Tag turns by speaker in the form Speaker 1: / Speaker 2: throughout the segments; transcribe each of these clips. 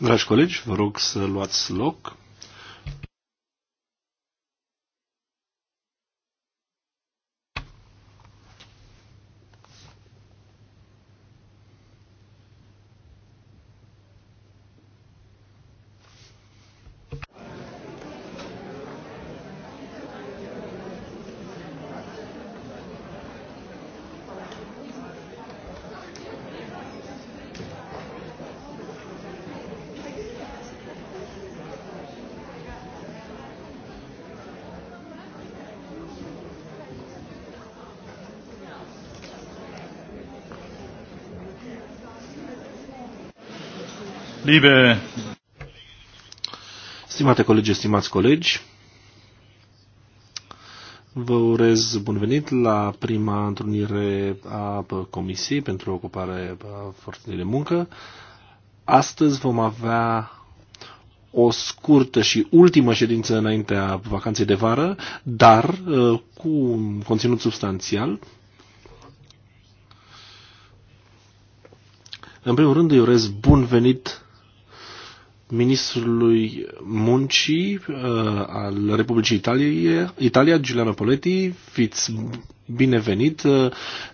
Speaker 1: Dragi colegi, vă rog să luați loc. Liebe
Speaker 2: Stimate colegi, stimați colegi, vă urez bun venit la prima întrunire a Comisiei pentru Ocupare a Forței de Muncă. Astăzi vom avea o scurtă și ultimă ședință înaintea vacanței de vară, dar uh, cu un conținut substanțial. În primul rând îi urez bun venit ministrului muncii uh, al Republicii Italie, Italia, Giuliano Poletti. Fiți binevenit. Uh,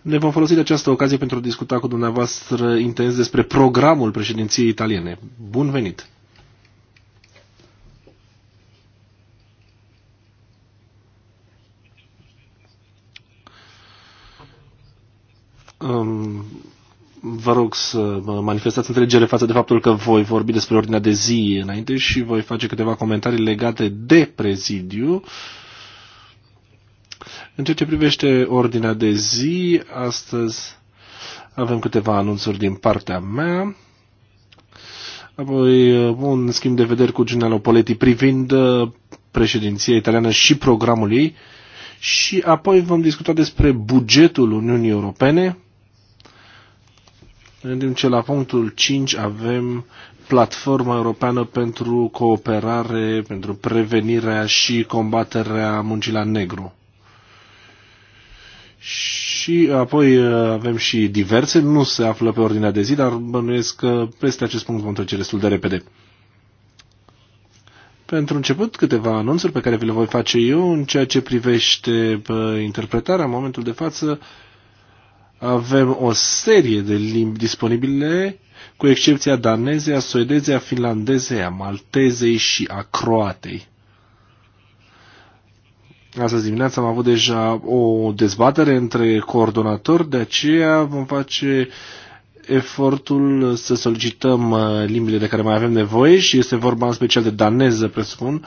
Speaker 2: ne vom folosi de această ocazie pentru a discuta cu dumneavoastră intens despre programul președinției italiene. Bun venit! rog să manifestați înțelegere față de faptul că voi vorbi despre ordinea de zi înainte și voi face câteva comentarii legate de prezidiu. În ceea ce privește ordinea de zi, astăzi avem câteva anunțuri din partea mea. Apoi un schimb de vederi cu Giuliano Poletti privind uh, președinția italiană și programul ei. Și apoi vom discuta despre bugetul Uniunii Europene în timp ce la punctul 5 avem platforma europeană pentru cooperare, pentru prevenirea și combaterea muncii la negru. Și apoi uh, avem și diverse, nu se află pe ordinea de zi, dar bănuiesc că peste acest punct vom trece destul de repede. Pentru început, câteva anunțuri pe care vi le voi face eu în ceea ce privește uh, interpretarea în momentul de față. Avem o serie de limbi disponibile, cu excepția danezei, a suedezei, a finlandezei, a maltezei și a croatei. Astăzi dimineața am avut deja o dezbatere între coordonatori, de aceea vom face efortul să solicităm uh, limbile de care mai avem nevoie și este vorba în special de daneză, presupun, uh,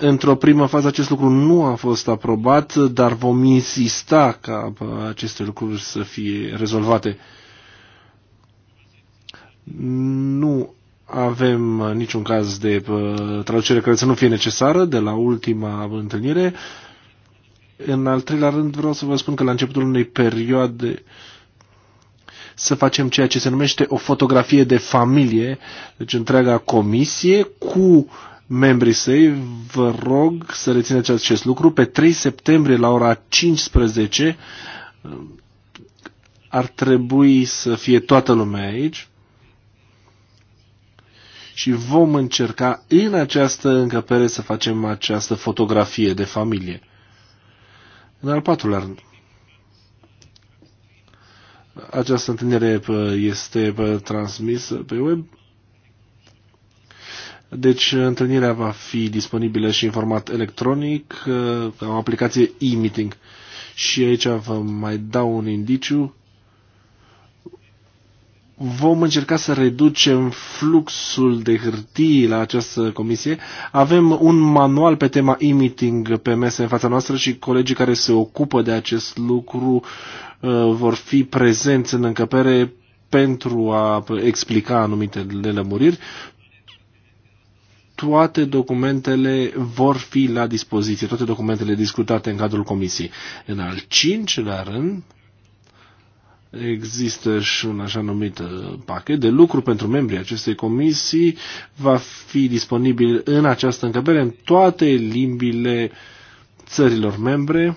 Speaker 2: Într-o primă fază acest lucru nu a fost aprobat, dar vom insista ca uh, aceste lucruri să fie rezolvate. Nu avem niciun caz de uh, traducere care să nu fie necesară de la ultima întâlnire. În al treilea rând vreau să vă spun că la începutul unei perioade să facem ceea ce se numește o fotografie de familie, deci întreaga comisie cu membrii săi, vă rog să rețineți acest lucru. Pe 3 septembrie la ora 15 ar trebui să fie toată lumea aici și vom încerca în această încăpere să facem această fotografie de familie. În al patrulea rând, această întâlnire este uh, transmisă pe web deci întâlnirea va fi disponibilă și în format electronic, uh, o aplicație e-meeting. Și aici vă mai dau un indiciu. Vom încerca să reducem fluxul de hârtii la această comisie. Avem un manual pe tema e-meeting pe mese în fața noastră și colegii care se ocupă de acest lucru uh, vor fi prezenți în încăpere pentru a explica anumite lămuriri toate documentele vor fi la dispoziție, toate documentele discutate în cadrul comisiei. În al cincilea rând, există și un așa numit uh, pachet de lucru pentru membrii acestei comisii, va fi disponibil în această încăpere în toate limbile țărilor membre,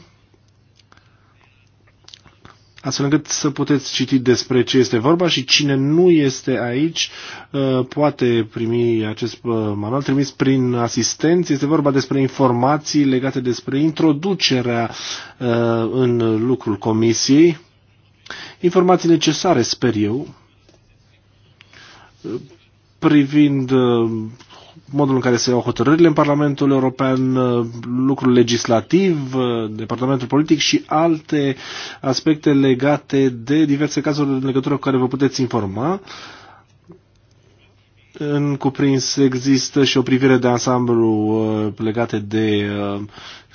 Speaker 2: astfel încât să puteți citi despre ce este vorba și cine nu este aici uh, poate primi acest uh, manual trimis prin asistenți. Este vorba despre informații legate despre introducerea uh, în lucrul comisiei, informații necesare, sper eu, privind modul în care se iau hotărârile în Parlamentul European, uh, lucrul legislativ, uh, departamentul politic și alte aspecte legate de diverse cazuri în legătură cu care vă puteți informa. În cuprins există și o privire de ansamblu uh, legate de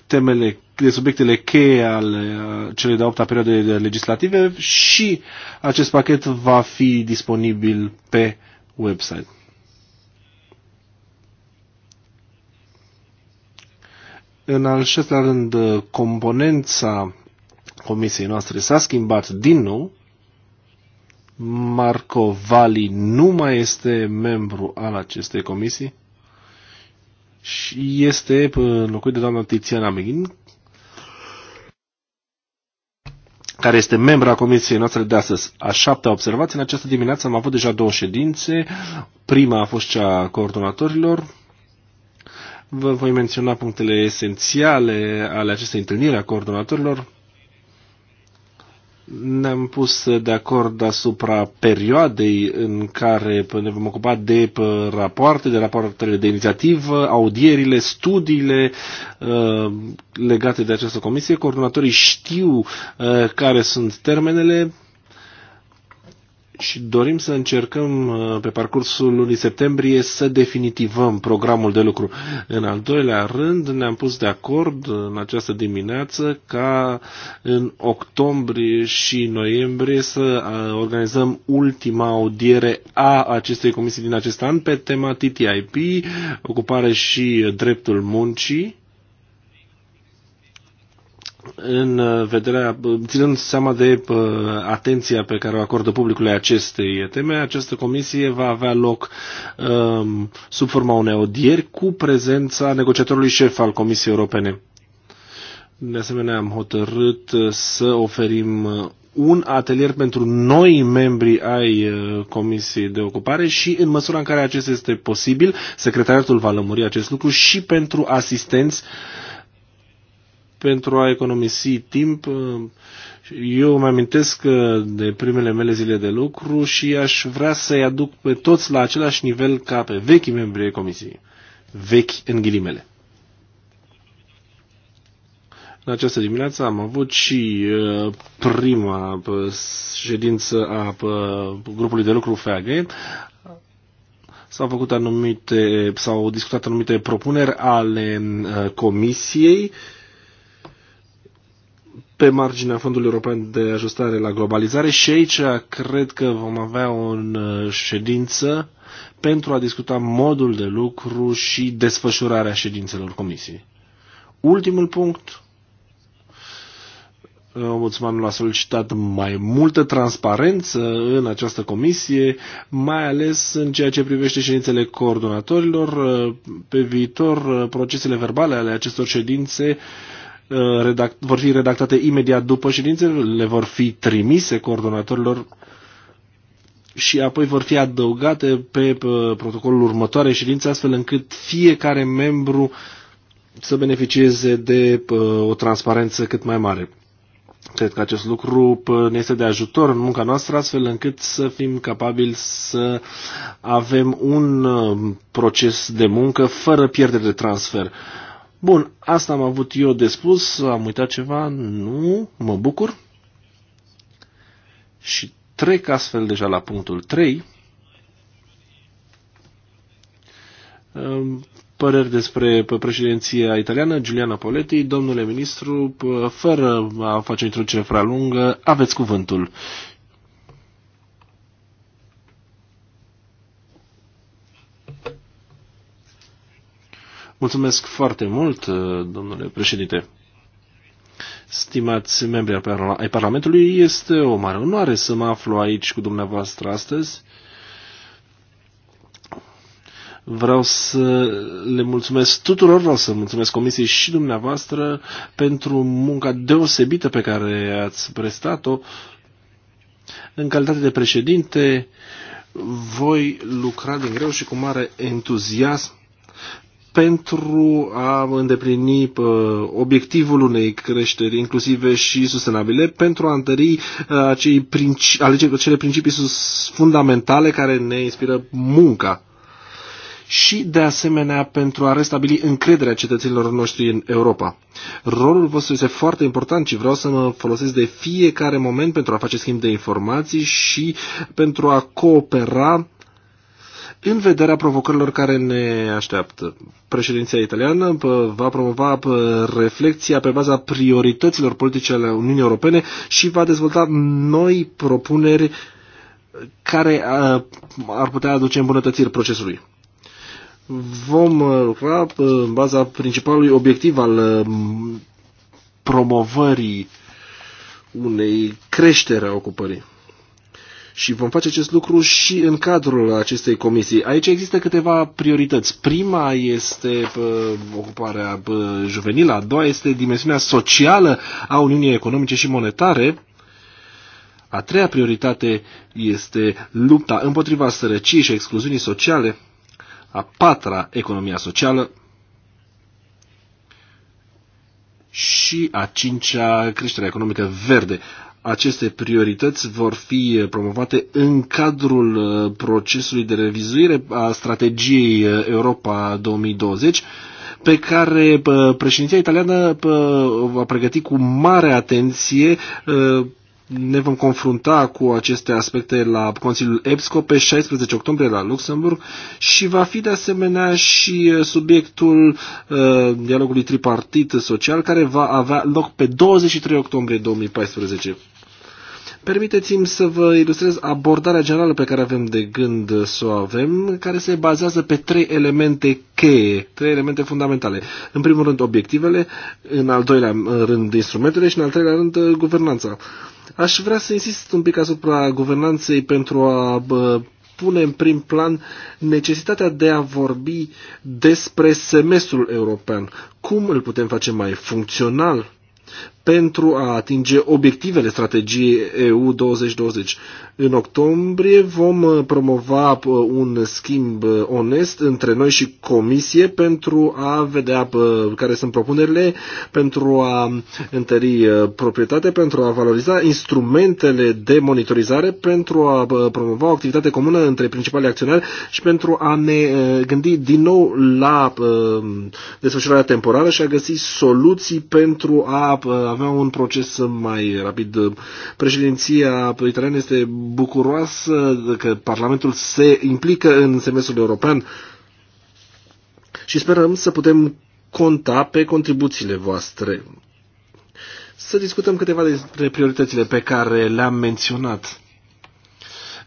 Speaker 2: temele, de subiectele cheie ale celei de-a opta perioade legislative și acest pachet va fi disponibil pe website. În al șaselea rând, uh, componența comisiei noastre s-a schimbat din nou. Marco Vali nu mai este membru al acestei comisii și este uh, înlocuit de doamna Tiziana Meghin, care este membra comisiei noastre de astăzi. A șaptea observație, în această dimineață am avut deja două ședințe. Prima a fost cea a coordonatorilor, Vă voi menționa punctele esențiale ale acestei întâlniri a coordonatorilor. Ne-am pus de acord asupra perioadei în care ne vom ocupa de rapoarte, de rapoartele de inițiativă, audierile, studiile uh, legate de această comisie. Coordonatorii știu uh, care sunt termenele și dorim să încercăm uh, pe parcursul lunii septembrie să definitivăm programul de lucru. În al doilea rând ne-am pus de acord uh, în această dimineață ca în octombrie și noiembrie să uh, organizăm ultima audiere a acestei comisii din acest an pe tema TTIP, ocupare și dreptul muncii în uh, vederea, uh, ținând seama de uh, atenția pe care o acordă publicului acestei teme, această comisie va avea loc um, sub forma unei audieri cu prezența negociatorului șef al Comisiei Europene. De asemenea, am hotărât să oferim un atelier pentru noi membri ai Comisiei de Ocupare și, în măsura în care acest este posibil, secretariatul va lămuri acest lucru și pentru asistenți uh, pentru a economisi timp. Eu îmi amintesc uh, de primele mele zile de lucru și aș vrea să-i aduc pe toți la același nivel ca pe vechi membri ai comisiei. Vechi în ghilimele. În această dimineață am avut și uh, prima uh, ședință a grupului de lucru FAG. S-au făcut anumite, s-au discutat anumite propuneri ale comisiei pe marginea Fondului European de Ajustare la Globalizare și aici cred că vom avea o uh, ședință pentru a discuta modul de lucru și desfășurarea ședințelor comisiei. Ultimul punct. Uh, ombudsmanul a solicitat mai multă transparență în această comisie, mai ales în ceea ce privește ședințele coordonatorilor. Uh, pe viitor, procesele verbale ale acestor ședințe uh, Uh, redact, vor fi redactate imediat după ședință, le vor fi trimise coordonatorilor și apoi vor fi adăugate pe protocolul următoare ședință, astfel încât fiecare membru să beneficieze de uh, o transparență cât mai mare. Cred că acest lucru uh, ne este de ajutor în munca noastră, astfel încât să fim capabili să avem un proces de muncă fără pierdere de transfer. Bun, asta am avut eu de spus, am uitat ceva, nu, mă bucur. Și trec astfel deja la punctul 3. Păreri despre președinția italiană, Giuliana Poletti, domnule ministru, fără a face o introducere prea lungă, aveți cuvântul. Mulțumesc foarte mult, uh, domnule președinte. Stimați membri ai Parlamentului, este o mare onoare să mă aflu aici cu dumneavoastră astăzi. Vreau să le mulțumesc tuturor, vreau să mulțumesc comisiei și dumneavoastră pentru munca deosebită pe care ați prestat-o. În calitate de președinte, voi lucra din greu și cu mare entuziasm pentru a îndeplini uh, obiectivul unei creșteri inclusive și sustenabile, pentru a întări uh, acei principi, acele principii fundamentale care ne inspiră munca și, de asemenea, pentru a restabili încrederea cetățenilor noștri în Europa. Rolul vostru este foarte important și vreau să mă folosesc de fiecare moment pentru a face schimb de informații și pentru a coopera în vederea provocărilor care ne așteaptă. Președinția italiană va promova reflexia pe baza priorităților politice ale Uniunii Europene și va dezvolta noi propuneri care ar putea aduce îmbunătățiri procesului. Vom uh, lucra în baza principalului obiectiv al um, promovării unei creștere a ocupării și vom face acest lucru și în cadrul acestei comisii. Aici există câteva priorități. Prima este ocuparea juvenilă, a doua este dimensiunea socială a Uniunii Economice și Monetare, a treia prioritate este lupta împotriva sărăciei și excluziunii sociale, a patra economia socială și a cincea creșterea economică verde aceste priorități vor fi promovate în cadrul uh, procesului de revizuire a strategiei uh, Europa 2020 pe care uh, președinția italiană va pregăti cu mare atenție ne vom confrunta cu aceste aspecte la Consiliul EPSCO pe 16 octombrie la Luxemburg și va fi de asemenea și subiectul uh, dialogului tripartit social care va avea loc pe 23 octombrie 2014. Permiteți-mi să vă ilustrez abordarea generală pe care avem de gând să o avem, care se bazează pe trei elemente cheie, trei elemente fundamentale. În primul rând obiectivele, în al doilea rând instrumentele și în al treilea rând guvernanța. Aș vrea să insist un pic asupra guvernanței pentru a pune în prim plan necesitatea de a vorbi despre semestrul european. Cum îl putem face mai funcțional, pentru a atinge obiectivele strategiei EU 2020. În octombrie vom uh, promova uh, un schimb uh, onest între noi și Comisie pentru a vedea care sunt propunerile, pentru a întări proprietatea, pentru a valoriza instrumentele de monitorizare, pentru a promova o activitate comună între principalii acționari și pentru a ne gândi din nou la desfășurarea temporară și a găsi soluții pentru a avea un proces mai rapid. Președinția italiană este bucuroasă că Parlamentul se implică în semestrul european și sperăm să putem conta pe contribuțiile voastre. Să discutăm câteva despre prioritățile pe care le-am menționat.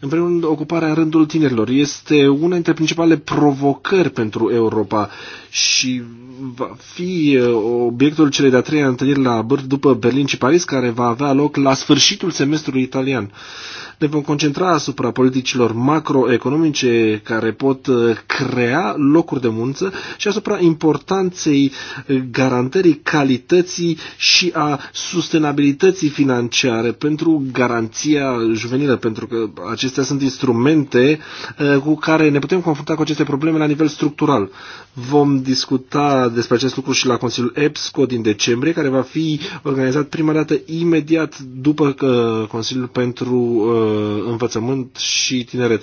Speaker 2: În primul rând, ocuparea în rândul tinerilor este una dintre principalele provocări pentru Europa și va fi uh, obiectul celei de-a treia întâlniri la Bârf după Berlin și Paris, care va avea loc la sfârșitul semestrului italian ne vom concentra asupra politicilor macroeconomice care pot uh, crea locuri de muncă și asupra importanței uh, garantării calității și a sustenabilității financiare pentru garanția juvenilă, pentru că acestea sunt instrumente uh, cu care ne putem confrunta cu aceste probleme la nivel structural. Vom discuta despre acest lucru și la Consiliul EPSCO din decembrie, care va fi organizat prima dată imediat după Consiliul pentru Uh, învățământ și tineret.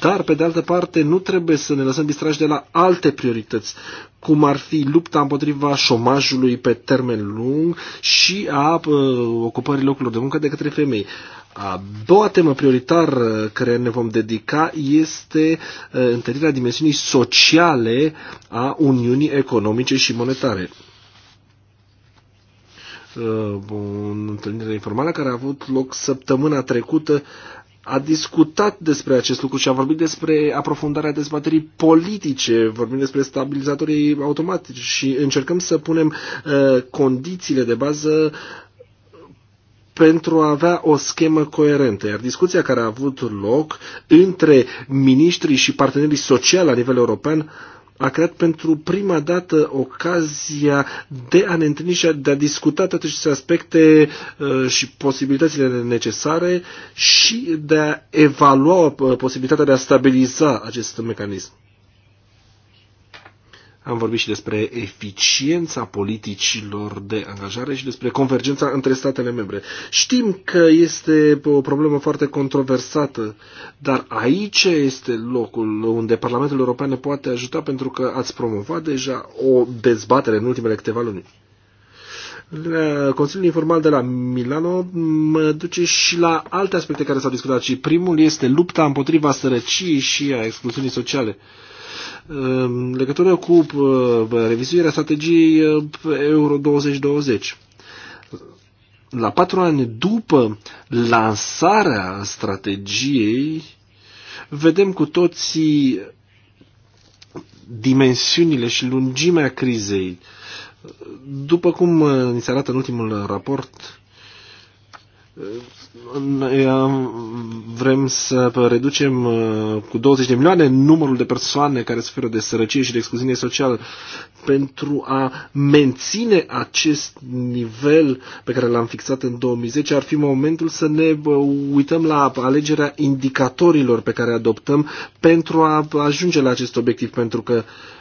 Speaker 2: Dar, pe de altă parte, nu trebuie să ne lăsăm distrași de la alte priorități, cum ar fi lupta împotriva șomajului pe termen lung și a uh, ocupării locurilor de muncă de către femei. A doua temă prioritară uh, care ne vom dedica este întărirea dimensiunii sociale a Uniunii Economice și Monetare. Uh, o întâlnire informală care a avut loc săptămâna trecută a discutat despre acest lucru și a vorbit despre aprofundarea dezbaterii politice, vorbim despre stabilizatorii automatici și încercăm să punem uh, condițiile de bază pentru a avea o schemă coerentă. Iar discuția care a avut loc între miniștrii și partenerii sociali la nivel european uh, a creat pentru prima dată ocazia de a ne întâlni și de a discuta toate aceste aspecte uh, și posibilitățile necesare și de a evalua uh, posibilitatea de a stabiliza acest mecanism. Am vorbit și despre eficiența politicilor de angajare și despre convergența între statele membre. Știm că este o problemă foarte controversată, dar aici este locul unde Parlamentul European poate ajuta pentru că ați promovat deja o dezbatere în ultimele câteva luni. Consiliul Informal de la Milano mă duce și la alte aspecte care s-au discutat și primul este lupta împotriva sărăciei și a excluziunii sociale. Uh, legătură cu revizuirea strategiei Euro 2020. La patru ani după lansarea strategiei, vedem cu toții dimensiunile și lungimea crizei. După cum ni se arată în ultimul raport, vrem să reducem uh, cu 20 de milioane numărul de persoane care suferă de sărăcie și de excluziune socială pentru a menține acest nivel pe care l-am fixat în 2010 ar fi momentul să ne uh, uităm la alegerea indicatorilor pe care adoptăm pentru a ajunge la acest obiectiv, pentru că uh,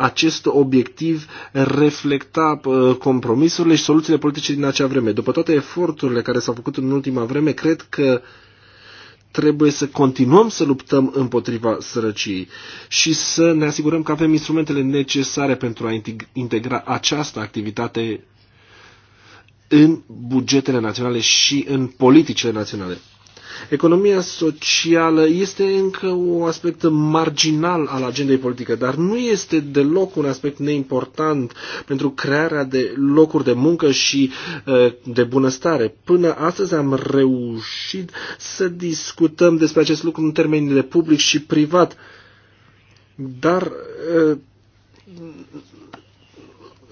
Speaker 2: acest obiectiv reflecta uh, compromisurile și soluțiile politice din acea vreme. După toate eforturile care s-au făcut în ultima vreme, cred că trebuie să continuăm să luptăm împotriva sărăciei și să ne asigurăm că avem instrumentele necesare pentru a integra această activitate în bugetele naționale și în politicile naționale. Economia socială este încă un aspect marginal al agendei politică, dar nu este deloc un aspect neimportant pentru crearea de locuri de muncă și uh, de bunăstare. Până astăzi am reușit să discutăm despre acest lucru în termenii de public și privat, dar uh,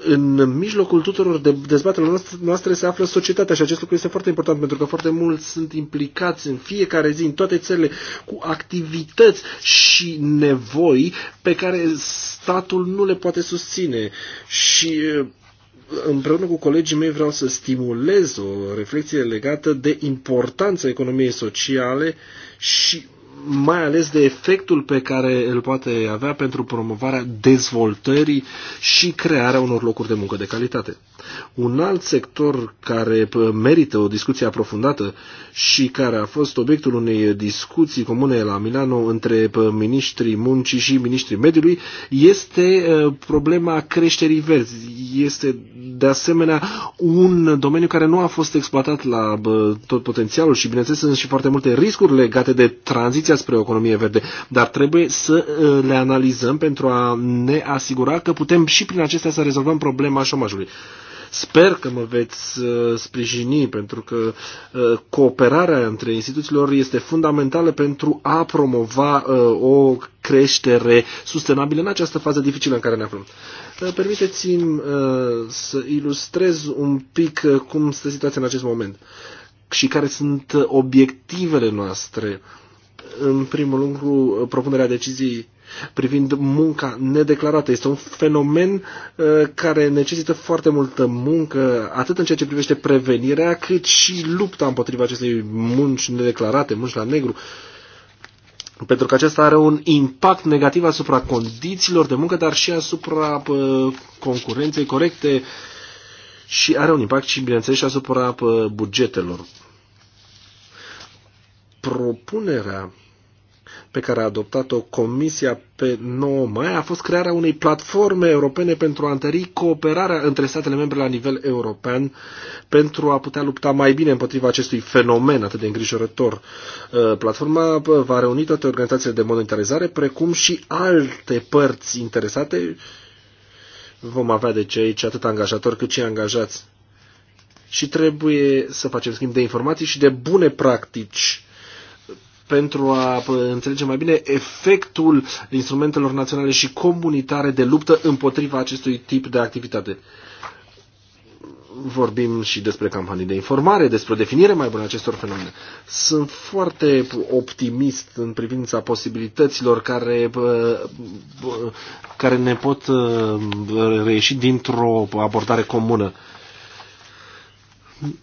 Speaker 2: în mijlocul tuturor de dezbaterilor noastre se află societatea și acest lucru este foarte important pentru că foarte mulți sunt implicați în fiecare zi, în toate țările, cu activități și nevoi pe care statul nu le poate susține. Și eh, împreună cu colegii mei vreau să stimulez o reflexie legată de importanța economiei sociale și mai ales de efectul pe care îl poate avea pentru promovarea dezvoltării și crearea unor locuri de muncă de calitate. Un alt sector care merită o discuție aprofundată și care a fost obiectul unei discuții comune la Milano între ministrii muncii și ministrii mediului este ă, problema creșterii verzi. Este de asemenea un domeniu care nu a fost exploatat la tot potențialul și bineînțeles sunt și foarte multe riscuri legate de tranziția spre o economie verde, dar trebuie să ă, le analizăm pentru a ne asigura că putem și prin acestea să rezolvăm problema șomajului. Sper că mă veți uh, sprijini, pentru că uh, cooperarea între instituțiilor este fundamentală pentru a promova uh, o creștere sustenabilă în această fază dificilă în care ne aflăm. Permiteți-mi să ilustrez un pic cum stă situația în acest moment și care sunt obiectivele noastre uh, în primul lucru, uh, propunerea deciziei privind munca nedeclarată. Este un fenomen uh, care necesită foarte multă muncă, atât în ceea ce privește prevenirea, cât și lupta împotriva acestei munci nedeclarate, munci la negru pentru că acesta are un impact negativ asupra condițiilor de muncă, dar și asupra uh, concurenței corecte și are un impact și, bineînțeles, și asupra bugetelor. Propunerea pe care a adoptat-o Comisia pe 9 mai a fost crearea unei platforme europene pentru a întări cooperarea între statele membre la nivel european pentru a putea lupta mai bine împotriva acestui fenomen atât de îngrijorător. Uh, platforma va reuni toate organizațiile de monetarizare precum și alte părți interesate. Vom avea de ce aici atât angajatori cât și angajați. Și trebuie să facem schimb de informații și de bune practici pentru a înțelege mai bine efectul instrumentelor naționale și comunitare de luptă împotriva acestui tip de activitate. Vorbim și despre campanii de informare, despre definire mai bună acestor fenomene. Sunt foarte optimist în privința posibilităților care, care ne pot reieși dintr-o abordare comună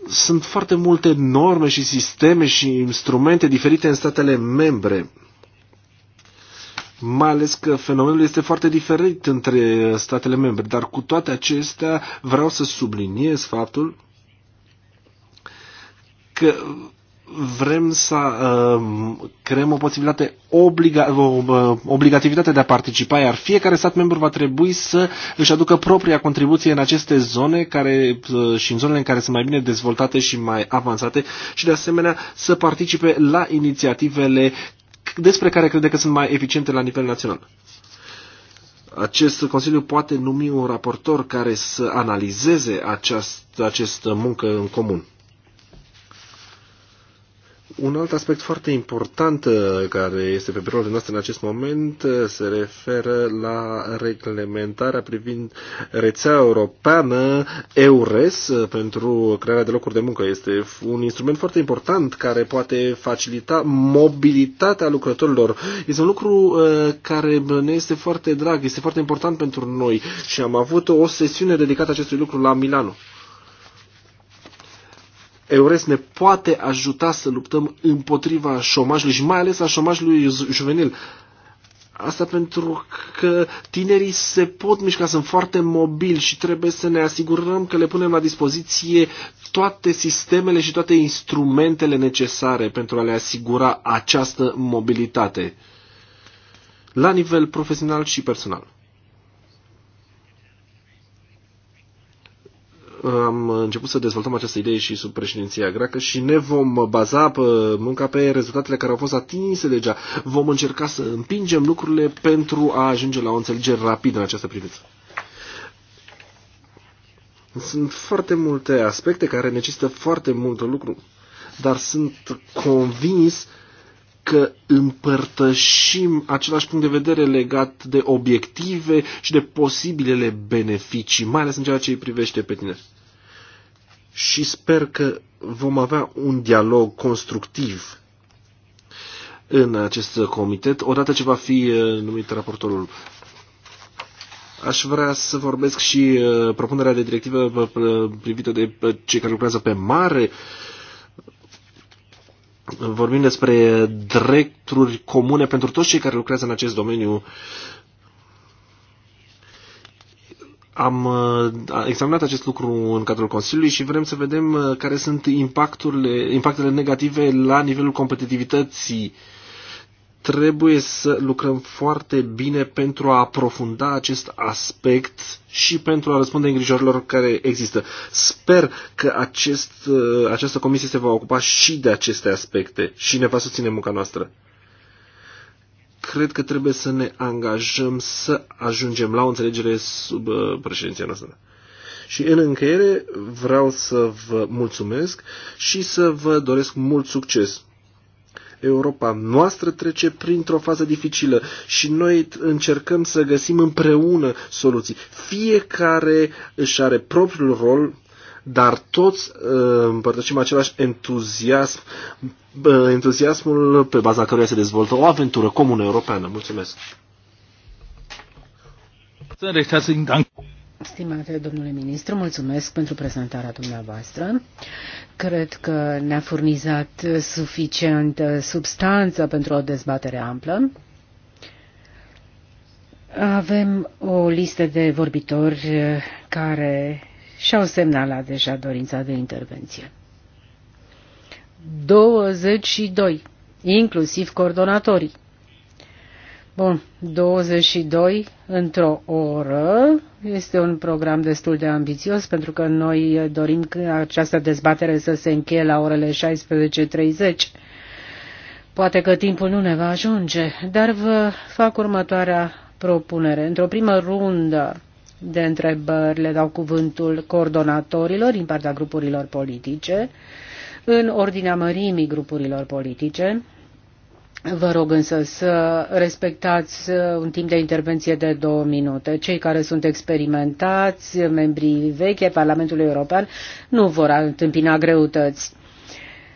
Speaker 2: sunt foarte multe norme și sisteme și instrumente diferite în statele membre. Mai ales că fenomenul este foarte diferit între statele membre, dar cu toate acestea vreau să subliniez faptul că vrem să uh, creăm o posibilitate, obliga, o uh, obligativitate de a participa, iar fiecare stat membru va trebui să își aducă propria contribuție în aceste zone care, uh, și în zonele în care sunt mai bine dezvoltate și mai avansate și de asemenea să participe la inițiativele despre care crede că sunt mai eficiente la nivel național acest Consiliu poate numi un raportor care să analizeze această, această muncă în comun. Un alt aspect foarte important uh, care este pe perioada noastră în acest moment uh, se referă la reglementarea privind rețea europeană EURES uh, pentru crearea de locuri de muncă. Este un instrument foarte important care poate facilita mobilitatea lucrătorilor. Este un lucru care ne este foarte drag, este foarte important pentru noi și am avut o sesiune dedicată acestui lucru la Milano. EURES ne poate ajuta să luptăm împotriva șomajului și mai ales a șomajului juvenil. Asta pentru că tinerii se pot mișca, sunt foarte mobili și trebuie să ne asigurăm că le punem la dispoziție toate sistemele și toate instrumentele necesare pentru a le asigura această mobilitate la nivel profesional și personal. am început să dezvoltăm această idee și sub președinția greacă și ne vom baza pe munca pe rezultatele care au fost atinse deja. Vom încerca să împingem lucrurile pentru a ajunge la o înțelegere rapidă în această privință. Sunt foarte multe aspecte care necesită foarte mult lucru, dar sunt convins că împărtășim același punct de vedere legat de obiective și de posibilele beneficii, mai ales în ceea ce îi privește pe tineri și sper că vom avea un dialog constructiv în acest comitet, odată ce va fi uh, numit raportorul. Aș vrea să vorbesc și uh, propunerea de directivă uh, privită de cei care lucrează pe mare. Vorbim despre drepturi comune pentru toți cei care lucrează în acest domeniu am uh, examinat acest lucru în cadrul Consiliului și vrem să vedem uh, care sunt impacturile, impactele negative la nivelul competitivității. Trebuie să lucrăm foarte bine pentru a aprofunda acest aspect și pentru a răspunde îngrijorilor care există. Sper că acest, uh, această comisie se va ocupa și de aceste aspecte și ne va susține munca noastră cred că trebuie să ne angajăm să ajungem la o înțelegere sub uh, președinția noastră. Și în încheiere vreau să vă mulțumesc și să vă doresc mult succes. Europa noastră trece printr-o fază dificilă și noi încercăm să găsim împreună soluții. Fiecare își are propriul rol dar toți uh, împărtășim același entuziasm, entuziasmul pe baza căruia se dezvoltă o aventură comună europeană. Mulțumesc!
Speaker 3: Stimate domnule ministru, mulțumesc pentru prezentarea dumneavoastră. Cred că ne-a furnizat suficientă substanță pentru o dezbatere amplă. Avem o listă de vorbitori uh, care și-au semnalat deja dorința de intervenție. 22, inclusiv coordonatorii. Bun, 22 într-o oră este un program destul de ambițios pentru că noi dorim ca această dezbatere să se încheie la orele 16.30. Poate că timpul nu ne va ajunge, dar vă fac următoarea propunere. Într-o primă rundă de întrebări le dau cuvântul coordonatorilor din partea grupurilor politice, în ordinea mărimii grupurilor politice. Vă rog însă să respectați uh, un timp de intervenție de două minute. Cei care sunt experimentați, membrii vechi ai Parlamentului European, nu vor întâmpina greutăți.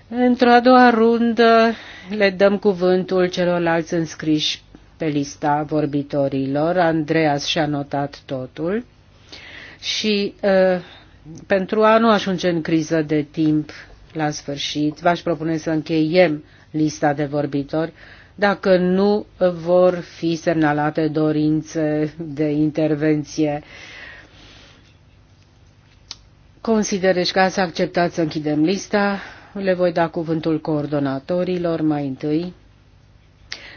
Speaker 3: Într-o a doua rundă le dăm cuvântul celorlalți înscriși pe lista vorbitorilor. Andreas și-a notat totul. Și uh, pentru a nu ajunge în criză de timp la sfârșit, v-aș propune să încheiem lista de vorbitori dacă nu vor fi semnalate dorințe de intervenție. Considerești că ați acceptat să închidem lista? Le voi da cuvântul coordonatorilor mai întâi.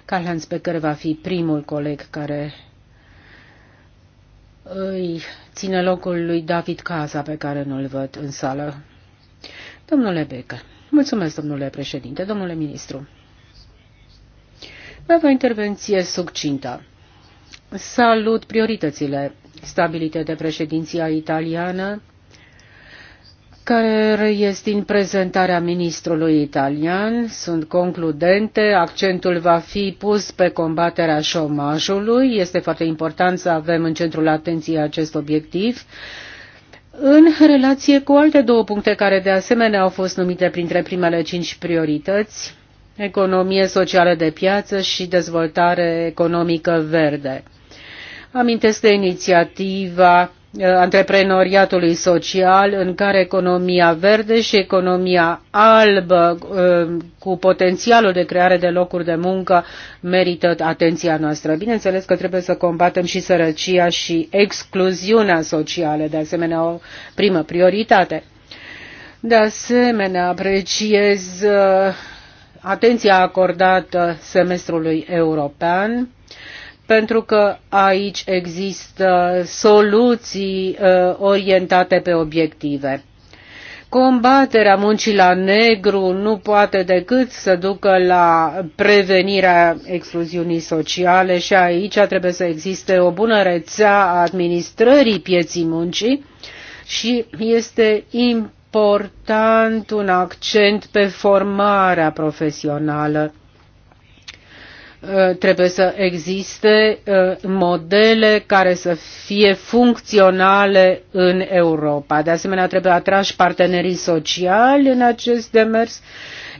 Speaker 3: Karl-Heinz Becker va fi primul coleg care îi ține locul lui David Casa, pe care nu-l văd în sală. Domnule Becker, mulțumesc, domnule președinte, domnule ministru. Mai o intervenție succintă. Salut prioritățile stabilite de președinția italiană care este din prezentarea ministrului italian sunt concludente, accentul va fi pus pe combaterea șomajului, este foarte important să avem în centrul atenției acest obiectiv, în relație cu alte două puncte care de asemenea au fost numite printre primele cinci priorități, economie socială de piață și dezvoltare economică verde. Amintesc de inițiativa Uh, antreprenoriatului social, în care economia verde și economia albă uh, cu potențialul de creare de locuri de muncă merită atenția noastră. Bineînțeles că trebuie să combatem și sărăcia și excluziunea socială, de asemenea o primă prioritate. De asemenea, apreciez uh, atenția acordată semestrului european pentru că aici există soluții uh, orientate pe obiective. Combaterea muncii la negru nu poate decât să ducă la prevenirea excluziunii sociale și aici trebuie să existe o bună rețea a administrării pieții muncii și este important un accent pe formarea profesională Eh, trebuie să existe eh, modele care să fie funcționale în Europa. De asemenea, trebuie atrași partenerii sociali în acest demers,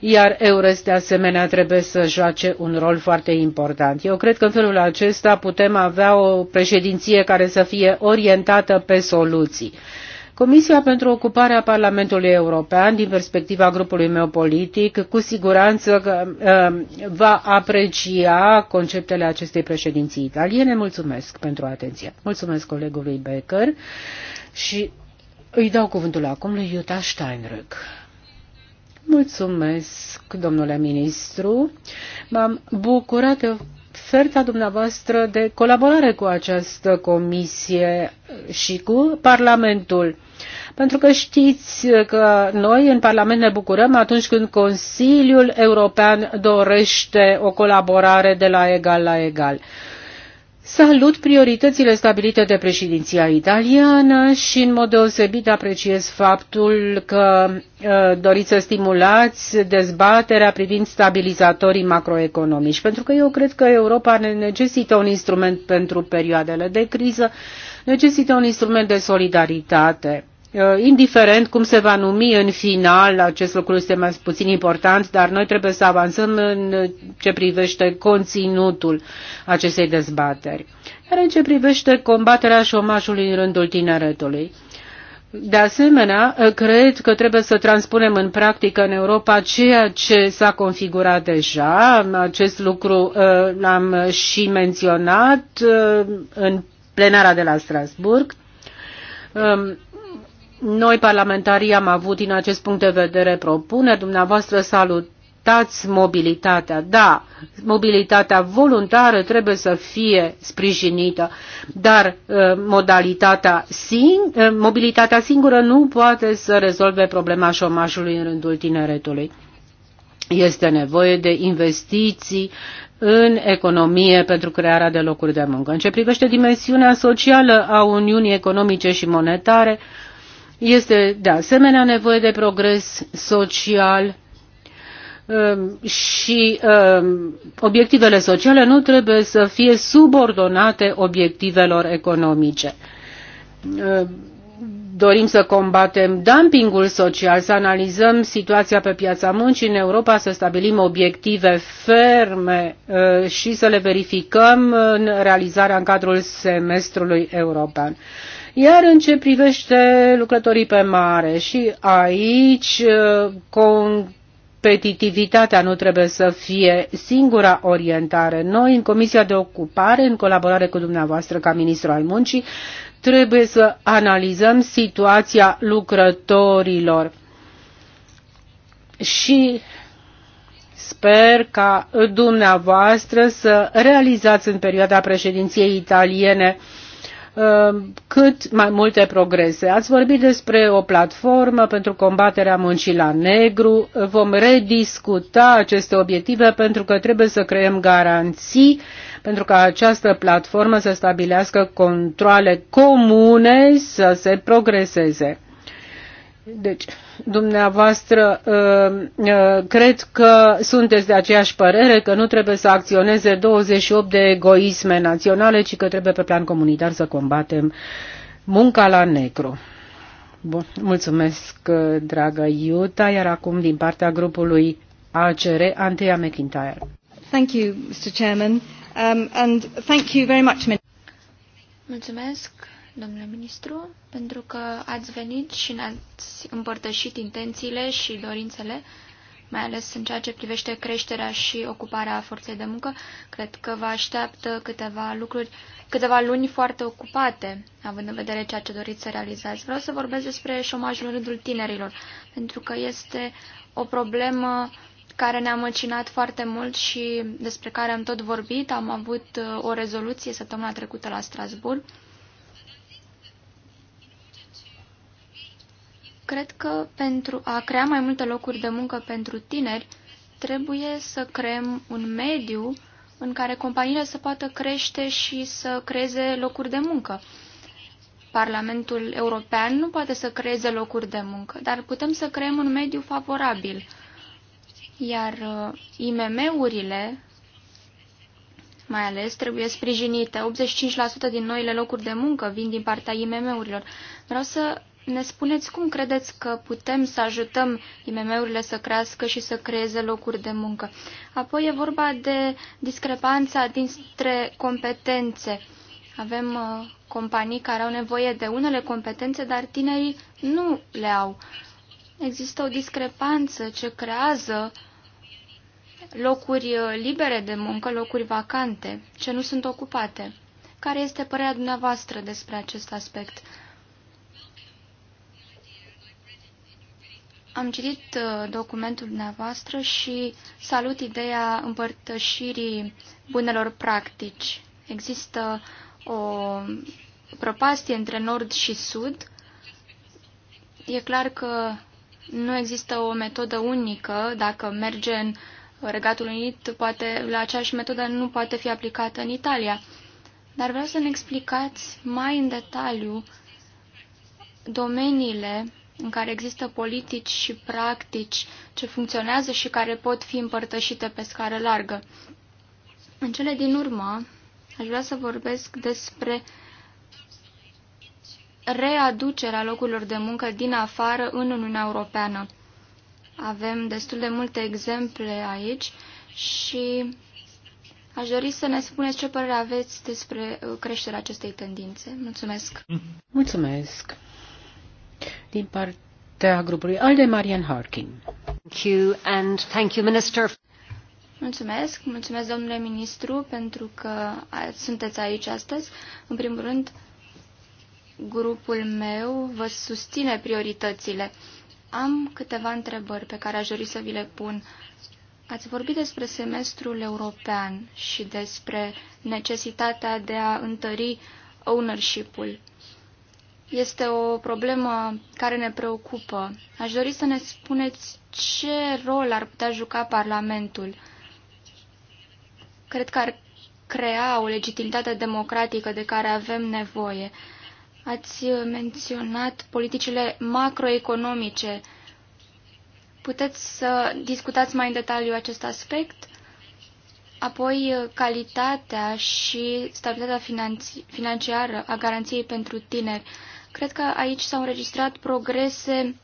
Speaker 3: iar EURES de asemenea trebuie să joace un rol foarte important. Eu cred că în felul acesta putem avea o președinție care să fie orientată pe soluții. Comisia pentru Ocuparea Parlamentului European, din perspectiva grupului meu politic, cu siguranță um, va aprecia conceptele acestei președinții italiene. Mulțumesc pentru atenție. Mulțumesc colegului Becker și îi dau cuvântul acum lui Jutta Steinrück. Mulțumesc, domnule ministru. M-am bucurat oferta dumneavoastră de colaborare cu această comisie și cu Parlamentul. Pentru că știți că noi în Parlament ne bucurăm atunci când Consiliul European dorește o colaborare de la egal la egal. Salut prioritățile stabilite de președinția italiană și în mod deosebit apreciez faptul că uh, doriți să stimulați dezbaterea privind stabilizatorii macroeconomici, pentru că eu cred că Europa ne necesită un instrument pentru perioadele de criză, necesită un instrument de solidaritate. Uh, indiferent cum se va numi în final, acest lucru este mai puțin important, dar noi trebuie să avansăm în ce privește conținutul acestei dezbateri. Iar în ce privește combaterea șomajului în rândul tineretului. De asemenea, uh, cred că trebuie să transpunem în practică în Europa ceea ce s-a configurat deja. Acest lucru uh, l-am și menționat în plenara de la Strasburg um, noi, parlamentarii, am avut din acest punct de vedere propuneri. Dumneavoastră salutați mobilitatea. Da, mobilitatea voluntară trebuie să fie sprijinită, dar uh, modalitatea sing- uh, mobilitatea singură nu poate să rezolve problema șomajului în rândul tineretului. Este nevoie de investiții în economie pentru crearea de locuri de muncă. În ce privește dimensiunea socială a Uniunii Economice și Monetare, este de asemenea nevoie de progres social um, și um, obiectivele sociale nu trebuie să fie subordonate obiectivelor economice um, dorim să combatem dumpingul social, să analizăm situația pe piața muncii în Europa, să stabilim obiective ferme uh, și să le verificăm în realizarea în cadrul semestrului european. Iar în ce privește lucrătorii pe mare și aici uh, competitivitatea nu trebuie să fie singura orientare. Noi, în Comisia de Ocupare, în colaborare cu dumneavoastră ca ministru al muncii, trebuie să analizăm situația lucrătorilor. Și Sper ca dumneavoastră să realizați în perioada președinției italiene uh, Uh, cât mai multe progrese. Ați vorbit despre o platformă pentru combaterea muncii la negru. Vom rediscuta aceste obiective pentru că trebuie să creăm garanții pentru ca această platformă să stabilească controle comune să se progreseze. Deci, dumneavoastră, uh, uh, cred că sunteți de aceeași părere că nu trebuie să acționeze 28 de egoisme naționale, ci că trebuie pe plan comunitar să combatem munca la negru. Bun, mulțumesc, uh, dragă Iuta, iar acum din partea grupului ACR, Antea McIntyre. Thank you, Mr. Chairman, um, and thank you very much,
Speaker 4: Mulțumesc, domnule ministru, pentru că ați venit și ne-ați împărtășit intențiile și dorințele, mai ales în ceea ce privește creșterea și ocuparea forței de muncă. Cred că vă așteaptă câteva lucruri, câteva luni foarte ocupate, având în vedere ceea ce doriți să realizați. Vreau să vorbesc despre șomajul în rândul tinerilor, pentru că este o problemă care ne-a măcinat foarte mult și despre care am tot vorbit. Am avut uh, o rezoluție săptămâna trecută la Strasburg cred că pentru a crea mai multe locuri de muncă pentru tineri, trebuie să creăm un mediu în care companiile să poată crește și să creeze locuri de muncă. Parlamentul European nu poate să creeze locuri de muncă, dar putem să creăm un mediu favorabil. Iar uh, IMM-urile, mai ales, trebuie sprijinite. 85% din noile locuri de muncă vin din partea IMM-urilor. Vreau să ne spuneți cum credeți că putem să ajutăm IMM-urile să crească și să creeze locuri de muncă. Apoi e vorba de discrepanța dintre competențe. Avem uh, companii care au nevoie de unele competențe, dar tinerii nu le au. Există o discrepanță ce creează locuri uh, libere de muncă, locuri vacante, ce nu sunt ocupate. Care este părerea dumneavoastră despre acest aspect? Am citit uh, documentul dumneavoastră și salut ideea împărtășirii bunelor practici. Există o propastie între nord și sud. E clar că nu există o metodă unică. Dacă merge în Regatul Unit, poate la aceeași metodă nu poate fi aplicată în Italia. Dar vreau să ne explicați mai în detaliu domeniile în care există politici și practici ce funcționează și care pot fi împărtășite pe scară largă. În cele din urmă, aș vrea să vorbesc despre readucerea locurilor de muncă din afară în Uniunea Europeană. Avem destul de multe exemple aici și aș dori să ne spuneți ce părere aveți despre creșterea acestei tendințe. Mulțumesc!
Speaker 3: Mulțumesc! din partea grupului ALDE Marian Harkin. Thank you and thank you, Minister.
Speaker 4: Mulțumesc, mulțumesc domnule ministru pentru că sunteți aici astăzi. În primul rând, grupul meu vă susține prioritățile. Am câteva întrebări pe care aș dori să vi le pun. Ați vorbit despre semestrul european și despre necesitatea de a întări ownership-ul. Este o problemă care ne preocupă. Aș dori să ne spuneți ce rol ar putea juca Parlamentul. Cred că ar crea o legitimitate democratică de care avem nevoie. Ați menționat politicile macroeconomice. Puteți să discutați mai în detaliu acest aspect? Apoi, calitatea și stabilitatea financiară a garanției pentru tineri. Cred că aici s-au înregistrat progrese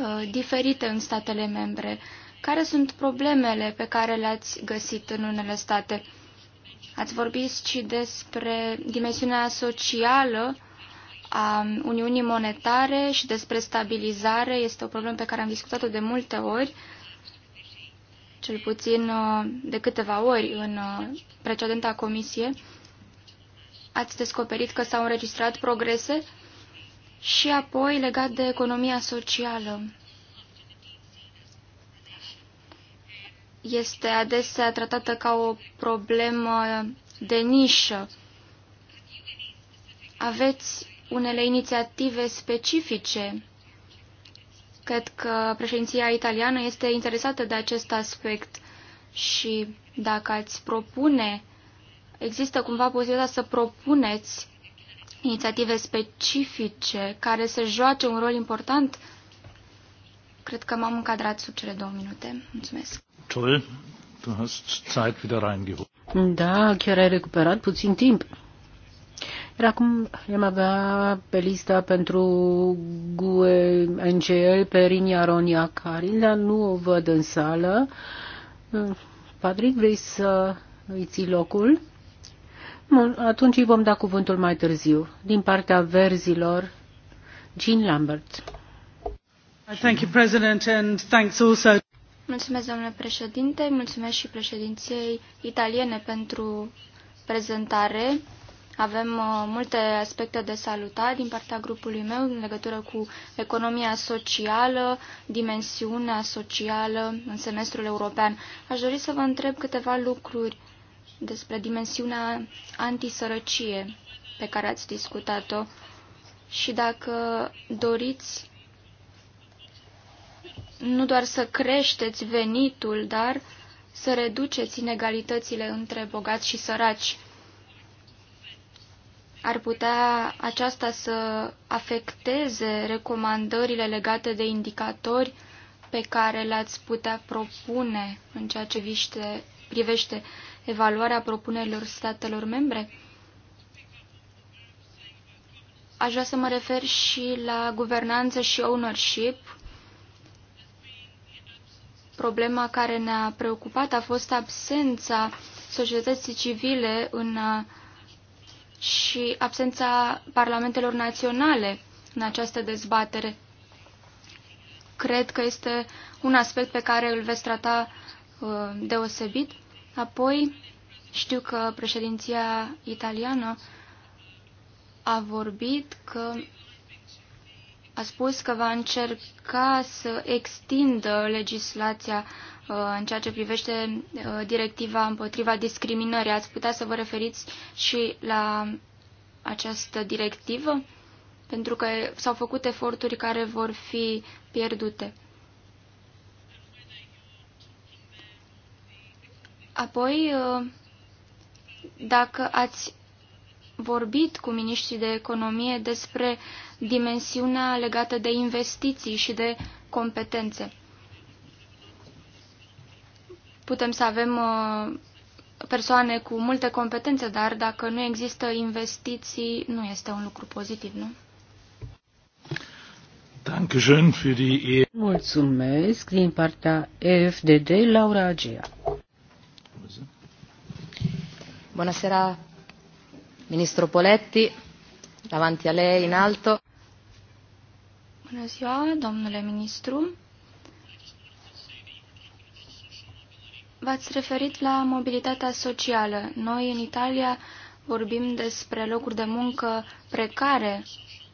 Speaker 4: uh, diferite în statele membre. Care sunt problemele pe care le-ați găsit în unele state? Ați vorbit și despre dimensiunea socială a Uniunii Monetare și despre stabilizare. Este o problemă pe care am discutat-o de multe ori, cel puțin uh, de câteva ori în uh, precedenta comisie. Ați descoperit că s-au înregistrat progrese? Și apoi legat de economia socială. Este adesea tratată ca o problemă de nișă. Aveți unele inițiative specifice. Cred că președinția italiană este interesată de acest aspect și dacă ați propune, există cumva posibilitatea să propuneți inițiative specifice care să joace un rol important? Cred că m-am încadrat sub cele două minute. Mulțumesc.
Speaker 1: Toll, tu hast Zeit wieder reingeholt.
Speaker 3: Da, chiar ai recuperat puțin timp.
Speaker 4: Iar acum am
Speaker 3: avea pe lista pentru GUE NGL pe Rinia Ronia Carina, nu o văd în sală. Patrick, vrei să îi ții locul? Bun, atunci îi vom da cuvântul mai târziu. Din partea verzilor, Jean Lambert. Thank you, President, and thanks also...
Speaker 4: Mulțumesc, domnule președinte, mulțumesc și președinției italiene pentru prezentare. Avem uh, multe aspecte de salutat din partea grupului meu în legătură cu economia socială, dimensiunea socială în semestrul european. Aș dori să vă întreb câteva lucruri despre dimensiunea antisărăcie pe care ați discutat-o și dacă doriți nu doar să creșteți venitul, dar să reduceți inegalitățile între bogați și săraci. Ar putea aceasta să afecteze recomandările legate de indicatori pe care le-ați putea propune în ceea ce viște, privește evaluarea propunerilor statelor membre? Aș vrea să mă refer și la guvernanță și ownership. Problema care ne-a preocupat a fost absența societății civile în, și absența parlamentelor naționale în această dezbatere. Cred că este un aspect pe care îl veți trata uh, deosebit. Apoi, știu că președinția italiană a vorbit că a spus că va încerca să extindă legislația uh, în ceea ce privește uh, directiva împotriva discriminării. Ați putea să vă referiți și la această directivă? Pentru că s-au făcut eforturi care vor fi pierdute. Apoi, uh, dacă ați vorbit cu miniștrii de economie despre dimensiunea legată de investiții și de competențe. Putem să avem uh, persoane cu multe competențe, dar dacă nu există investiții, nu este un lucru pozitiv, nu?
Speaker 1: Mulțumesc
Speaker 3: din partea FDD, Laura Agea.
Speaker 4: Buonasera, ministru Poletti, davanti a lei in alto. Bună ziua, domnule ministru. V-ați referit la mobilitatea socială. Noi, în Italia, vorbim despre locuri de muncă precare,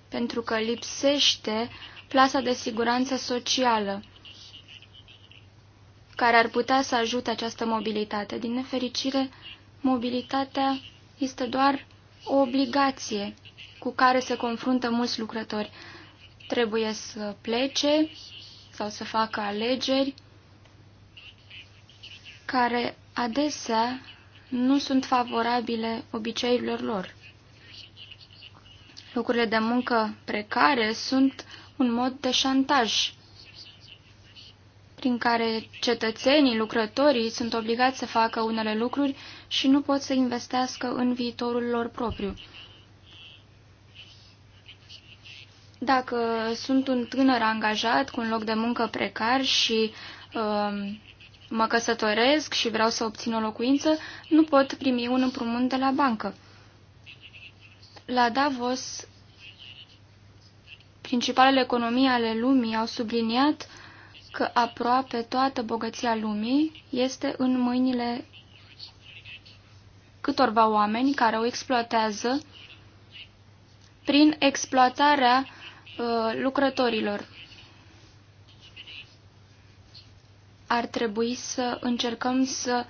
Speaker 4: pentru că lipsește plasa de siguranță socială, care ar putea să ajute această mobilitate. Din nefericire, mobilitatea este doar o obligație cu care se confruntă mulți lucrători. Trebuie să plece sau să facă alegeri care adesea nu sunt favorabile obiceiurilor lor. Lucrurile de muncă precare sunt un mod de șantaj prin care cetățenii, lucrătorii sunt obligați să facă unele lucruri și nu pot să investească în viitorul lor propriu. Dacă sunt un tânăr angajat cu un loc de muncă precar și uh, mă căsătoresc și vreau să obțin o locuință, nu pot primi un împrumut de la bancă. La Davos, principalele economii ale lumii au subliniat că aproape toată bogăția lumii este în mâinile câtorva oameni care o exploatează prin exploatarea uh, lucrătorilor. Ar trebui să încercăm să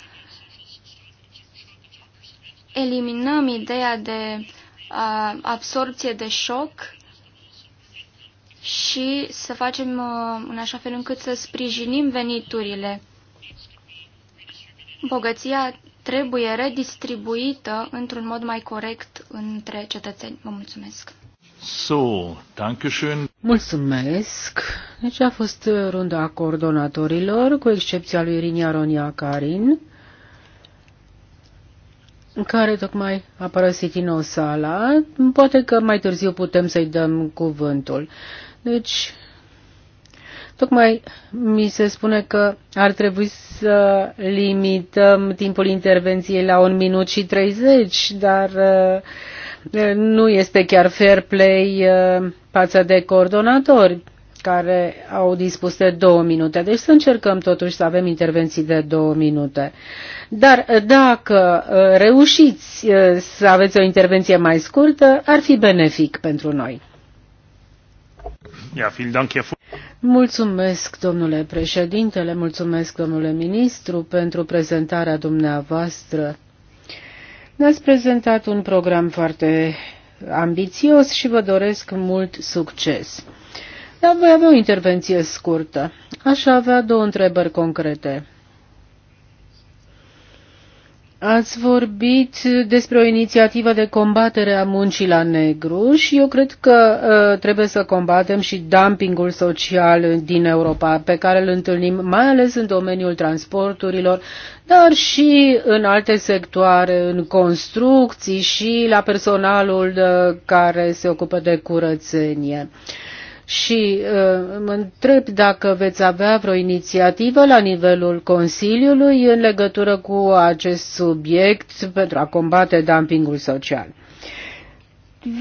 Speaker 4: eliminăm ideea de uh, absorpție de șoc și să facem uh, în așa fel încât să sprijinim veniturile. Bogăția trebuie redistribuită într-un mod mai corect între cetățeni. Vă mulțumesc!
Speaker 1: So, Dankeschön. Mulțumesc. Deci a fost runda
Speaker 3: coordonatorilor, cu excepția lui Rinia Ronia Karin, care tocmai a părăsit din o sala. Poate că mai târziu putem să-i dăm cuvântul. Deci, tocmai mi se spune că ar trebui să limităm timpul intervenției la un minut și 30, dar uh, nu este chiar fair play uh, față de coordonatori care au dispus de două minute. Deci să încercăm totuși să avem intervenții de două minute. Dar uh, dacă reușiți să aveți o intervenție mai scurtă, ar fi benefic pentru noi. Mulțumesc, domnule le mulțumesc, domnule ministru, pentru prezentarea dumneavoastră. Ne-ați prezentat un program foarte ambițios și vă doresc mult succes. Dar voi avea o intervenție scurtă. Aș avea două întrebări concrete. Ați vorbit despre o inițiativă de combatere a muncii la negru și eu cred că uh, trebuie să combatem și dumpingul social din Europa, pe care îl întâlnim mai ales în domeniul transporturilor, dar și în alte sectoare, în construcții și la personalul de, uh, care se ocupă de curățenie. Uh, și uh, mă întreb dacă veți avea vreo inițiativă la nivelul Consiliului în legătură cu acest subiect pentru a combate dumpingul social.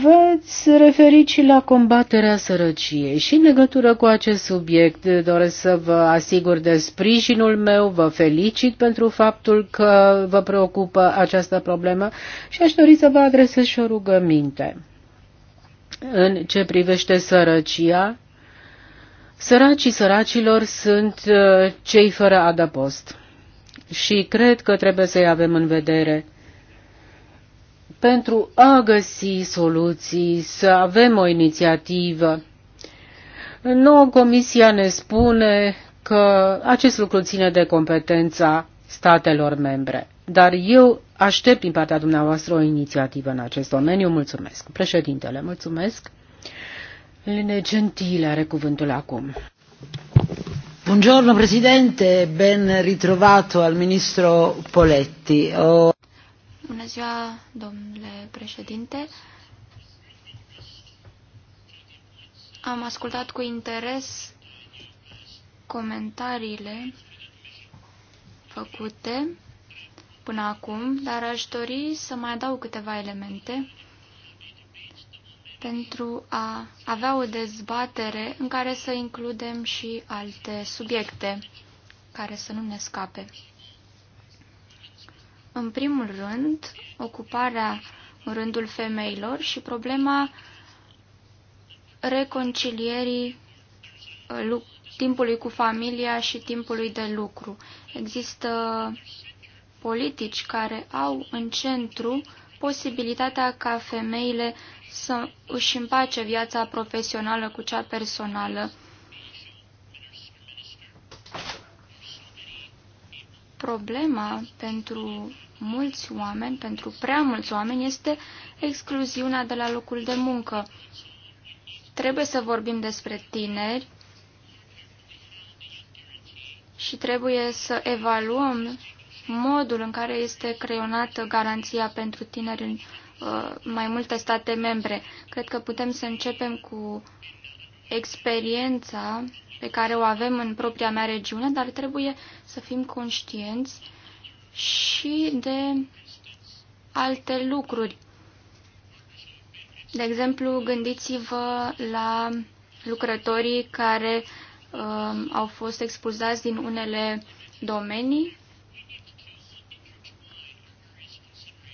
Speaker 3: V-ați referit și la combaterea sărăciei și în legătură cu acest subiect doresc să vă asigur de sprijinul meu, vă felicit pentru faptul că vă preocupă această problemă și aș dori să vă adresez și o rugăminte în ce privește sărăcia, săracii săracilor sunt uh, cei fără adăpost. Și cred că trebuie să-i avem în vedere pentru a găsi soluții, să avem o inițiativă. Noua comisia ne spune că acest lucru ține de competența statelor membre dar eu aștept din partea dumneavoastră o inițiativă în acest domeniu. Mulțumesc. Președintele, mulțumesc. Lene Gentile are cuvântul acum. Buongiorno Presidente, ben ritrovato al Ministro Poletti. O...
Speaker 4: Bună ziua, domnule președinte. Am ascultat cu interes comentariile făcute până acum, dar aș dori să mai adaug câteva elemente pentru a avea o dezbatere în care să includem și alte subiecte care să nu ne scape. În primul rând, ocuparea în rândul femeilor și problema reconcilierii eh, timpului cu familia și timpului de lucru. Există politici care au în centru posibilitatea ca femeile să își împace viața profesională cu cea personală. Problema pentru mulți oameni, pentru prea mulți oameni, este excluziunea de la locul de muncă. Trebuie să vorbim despre tineri și trebuie să evaluăm modul în care este creionată garanția pentru tineri în uh, mai multe state membre. Cred că putem să începem cu experiența pe care o avem în propria mea regiune, dar trebuie să fim conștienți și de alte lucruri. De exemplu, gândiți-vă la lucrătorii care uh, au fost expulzați din unele domenii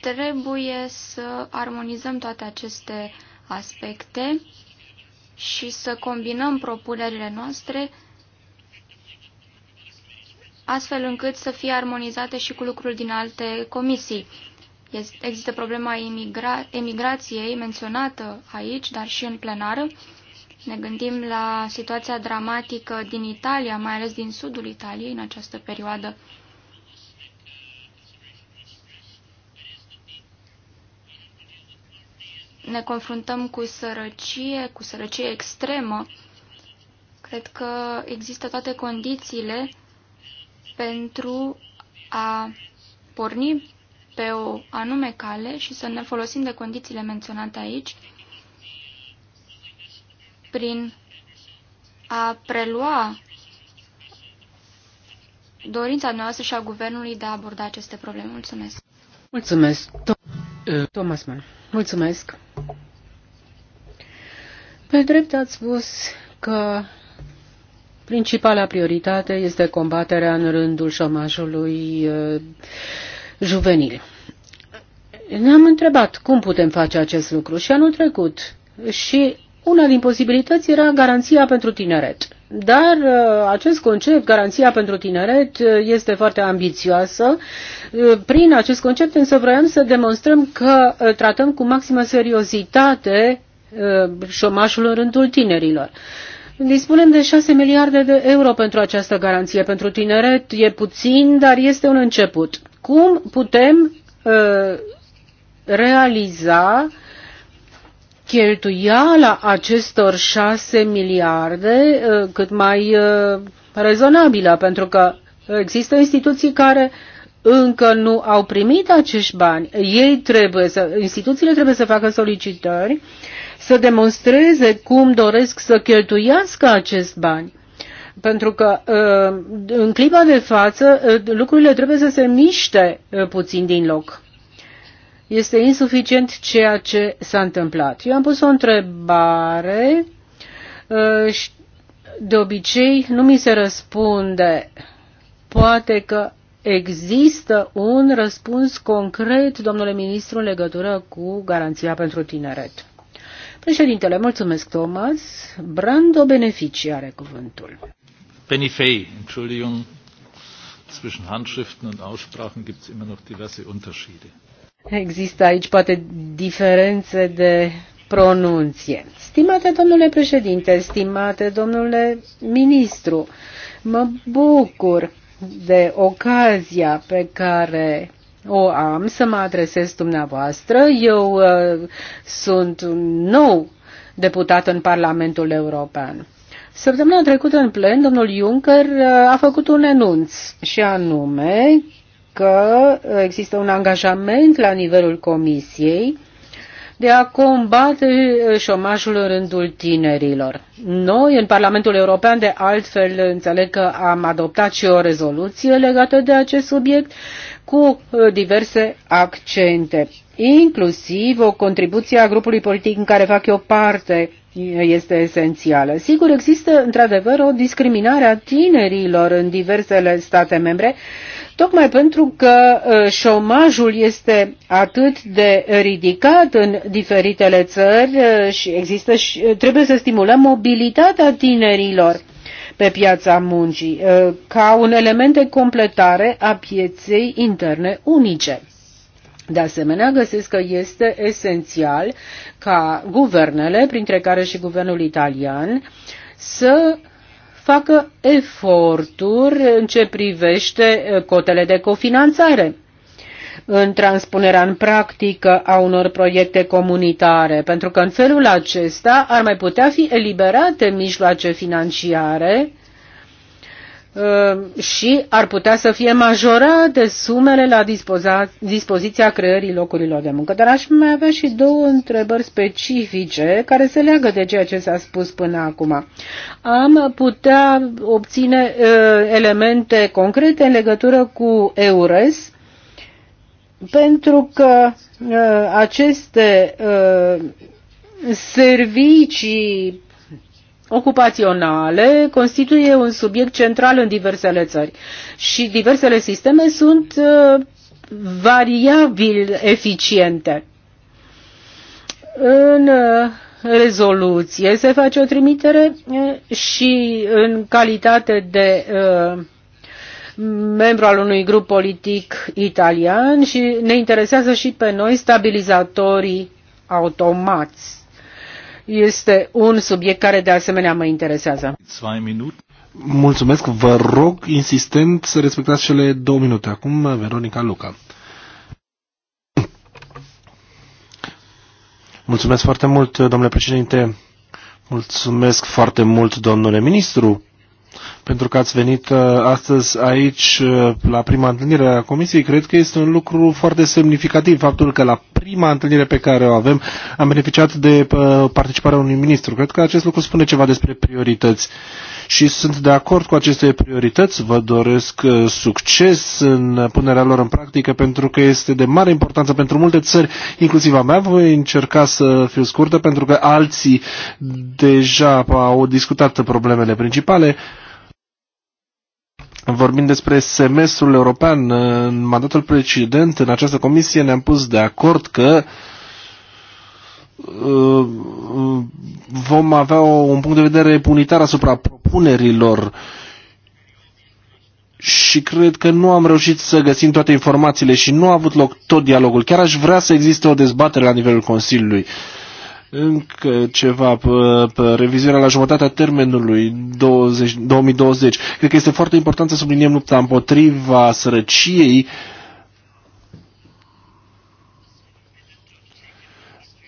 Speaker 4: Trebuie să armonizăm toate aceste aspecte și să combinăm propunerile noastre astfel încât să fie armonizate și cu lucruri din alte comisii. Există problema emigra emigrației menționată aici, dar și în plenară. Ne gândim la situația dramatică din Italia, mai ales din sudul Italiei, în această perioadă. ne confruntăm cu sărăcie, cu sărăcie extremă. Cred că există toate condițiile pentru a porni pe o anume cale și să ne folosim de condițiile menționate aici prin a prelua dorința noastră și a guvernului de a aborda aceste probleme. Mulțumesc!
Speaker 3: Mulțumesc! Uh, Thomas Mann. Mulțumesc. Pe drept ați spus că principala prioritate este combaterea în rândul șomajului uh, juvenil. Ne-am întrebat cum putem face acest lucru și anul trecut și una din posibilități era garanția pentru tineret. Dar uh, acest concept, garanția pentru tineret, uh, este foarte ambițioasă. Uh, prin acest concept însă vrem să demonstrăm că tratăm cu maximă seriozitate șomașul în rândul tinerilor. Dispunem de 6 miliarde de euro pentru această garanție pentru tineret. E puțin, dar este un început. Cum putem realiza uh, cheltuiala acestor șase miliarde uh, cât mai uh, rezonabilă, pentru că există instituții care încă nu au primit acești bani. Ei trebuie să, instituțiile trebuie să facă solicitări, să demonstreze cum doresc să cheltuiască acest bani. Pentru că uh, în clipa de față lucrurile trebuie să se miște puțin din loc este insuficient ceea ce s-a întâmplat. Eu am pus o întrebare uh, și de obicei nu mi se răspunde. Poate că există un răspuns concret, domnule ministru, în legătură cu garanția pentru tineret. Președintele, mulțumesc, Thomas. Brando Beneficii are
Speaker 1: cuvântul. Benifei, Entschuldigung, zwischen Handschriften und Aussprachen gibt es immer noch diverse Unterschiede.
Speaker 3: Există aici poate diferențe de pronunție. Stimate domnule președinte, stimate domnule ministru, mă bucur de ocazia pe care o am să mă adresez dumneavoastră. Eu uh, sunt nou deputat în Parlamentul European. Săptămâna trecută în plen, domnul Juncker uh, a făcut un enunț și anume că există un angajament la nivelul Comisiei de a combate șomajul în rândul tinerilor. Noi, în Parlamentul European, de altfel, înțeleg că am adoptat și o rezoluție legată de acest subiect cu uh, diverse accente, inclusiv o contribuție a grupului politic în care fac eu parte, este esențială. Sigur, există într-adevăr o discriminare a tinerilor în diversele state membre, tocmai pentru că ă, șomajul este atât de ridicat în diferitele țări ă, și există și trebuie să stimulăm mobilitatea tinerilor pe piața muncii ă, ca un element de completare a pieței interne unice. De asemenea, găsesc că este esențial ca guvernele, printre care și guvernul italian, să facă eforturi în ce privește eh, cotele de cofinanțare în transpunerea în practică a unor proiecte comunitare, pentru că în felul acesta ar mai putea fi eliberate mijloace financiare Ehm, și ar putea să fie majorate sumele la dispoziția creării locurilor de muncă. Dar aș mai avea și două întrebări specifice care se leagă de ceea ce s-a spus până acum. Am putea obține uh, elemente concrete în legătură cu EURES pentru că uh, aceste uh, servicii ocupaționale constituie un subiect central în diversele țări și diversele sisteme sunt uh, variabil eficiente. În uh, rezoluție se face o trimitere uh, și în calitate de membru al unui grup politic italian și ne interesează și pe noi stabilizatorii automați. Este un subiect care de asemenea mă interesează.
Speaker 2: Mulțumesc, vă rog insistent să respectați cele două minute. Acum Veronica Luca. Mulțumesc foarte mult, domnule președinte. Mulțumesc foarte mult, domnule ministru pentru că ați venit uh, astăzi aici uh, la prima întâlnire a Comisiei. Cred că este un lucru foarte semnificativ faptul că la prima întâlnire pe care o avem am beneficiat de uh, participarea unui ministru. Cred că acest lucru spune ceva despre priorități. Uh, și sunt de acord cu aceste priorități. Vă doresc uh, succes în punerea lor în practică pentru că este de mare importanță pentru multe țări, inclusiv a mea. Voi încerca să fiu scurtă pentru că alții deja au discutat problemele principale. Vorbind despre semestrul european, uh, în mandatul precedent, în această comisie ne-am pus de acord că uh, Uh, vom avea un punct de vedere punitar asupra propunerilor și cred că nu am reușit să găsim toate informațiile și nu a avut loc tot dialogul. Chiar aș vrea să existe o dezbatere la nivelul Consiliului. Încă ceva, pe, pe revizuirea la jumătatea termenului 20, 2020. Cred că este foarte important să subliniem lupta împotriva sărăciei uh,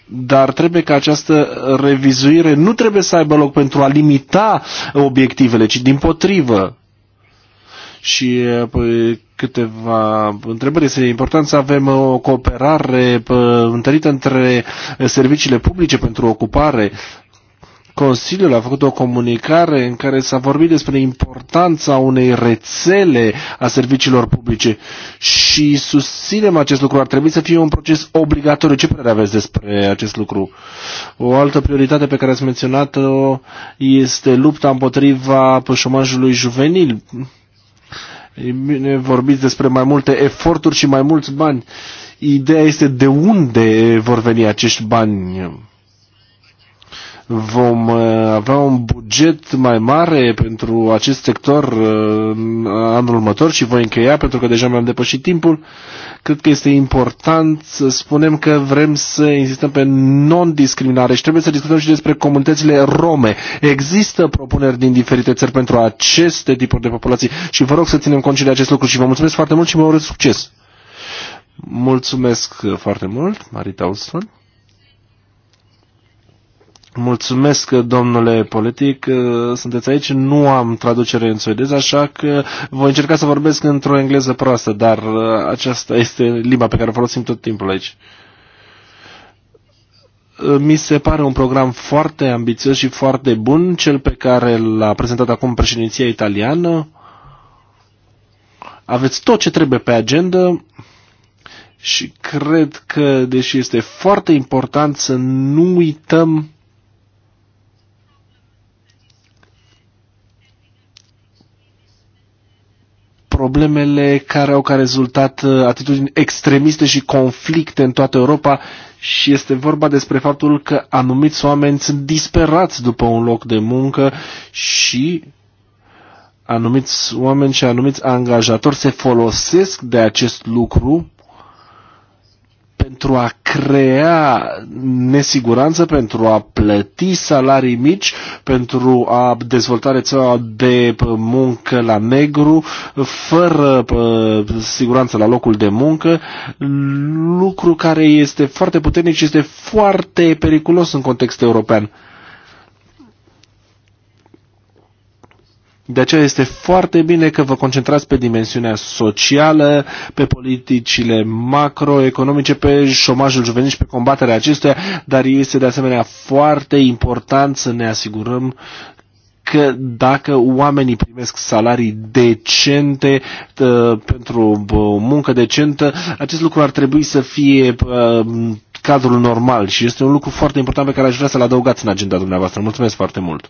Speaker 2: dar trebuie ca această revizuire nu trebuie să aibă loc pentru a limita obiectivele, ci din potrivă. Și păi, câteva întrebări. Este important să avem o cooperare întărită între serviciile publice pentru ocupare Consiliul a făcut o comunicare în care s-a vorbit despre importanța unei rețele a serviciilor publice și susținem acest lucru. Ar trebui să fie un proces obligatoriu. Ce părere aveți despre acest lucru? O altă prioritate pe care ați menționat-o este lupta împotriva șomajului juvenil. Bine, vorbiți despre mai multe eforturi și mai mulți bani. Ideea este de unde vor veni acești bani vom uh, avea un buget mai mare pentru acest sector uh, anul următor și voi încheia pentru că deja mi-am depășit timpul. Cred că este important să spunem că vrem să insistăm pe non-discriminare și trebuie să discutăm și despre comunitățile rome. Există propuneri din diferite țări pentru aceste tipuri de populații și vă rog să ținem cont și de acest lucru și vă mulțumesc foarte mult și vă urez succes! Mulțumesc foarte mult, Marita Uston. Mulțumesc, domnule politic, sunteți aici, nu am traducere în suedeză, așa că voi încerca să vorbesc într-o engleză proastă, dar uh, aceasta este limba pe care o folosim tot timpul aici. Uh, mi se pare un program foarte ambițios și foarte bun, cel pe care l-a prezentat acum președinția italiană. Aveți tot ce trebuie pe agenda și cred că, deși este foarte important să nu uităm problemele care au ca rezultat uh, atitudini extremiste și conflicte în toată Europa și este vorba despre faptul că anumiți oameni sunt disperați după un loc de muncă și anumiți oameni și anumiți angajatori se folosesc de acest lucru pentru a crea nesiguranță, pentru a plăti salarii mici, pentru a dezvolta rețeaua de muncă la negru, fără siguranță la locul de muncă, lucru care este foarte puternic și este foarte periculos în context european. De aceea este foarte bine că vă concentrați pe dimensiunea socială, pe politicile macroeconomice, pe șomajul juvenil și pe combaterea acestuia, dar este de asemenea foarte important să ne asigurăm că dacă oamenii primesc salarii decente ă, pentru o muncă decentă, acest lucru ar trebui să fie uh, cadrul normal și este un lucru foarte important pe care aș vrea să-l adăugați în agenda dumneavoastră. Mulțumesc foarte mult!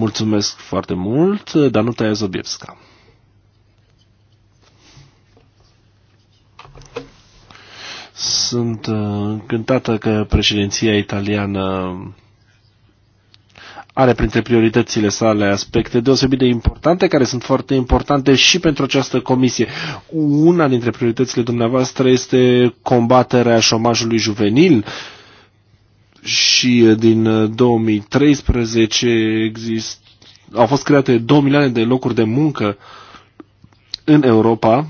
Speaker 2: Mulțumesc foarte mult, Danuta Iazobievska. Sunt uh, încântată că președinția italiană are printre prioritățile sale aspecte deosebit de importante, care sunt foarte importante și pentru această comisie. Una dintre prioritățile dumneavoastră este combaterea șomajului juvenil. Uh, și din 2013 exist, au fost create 2 milioane de locuri de muncă în Europa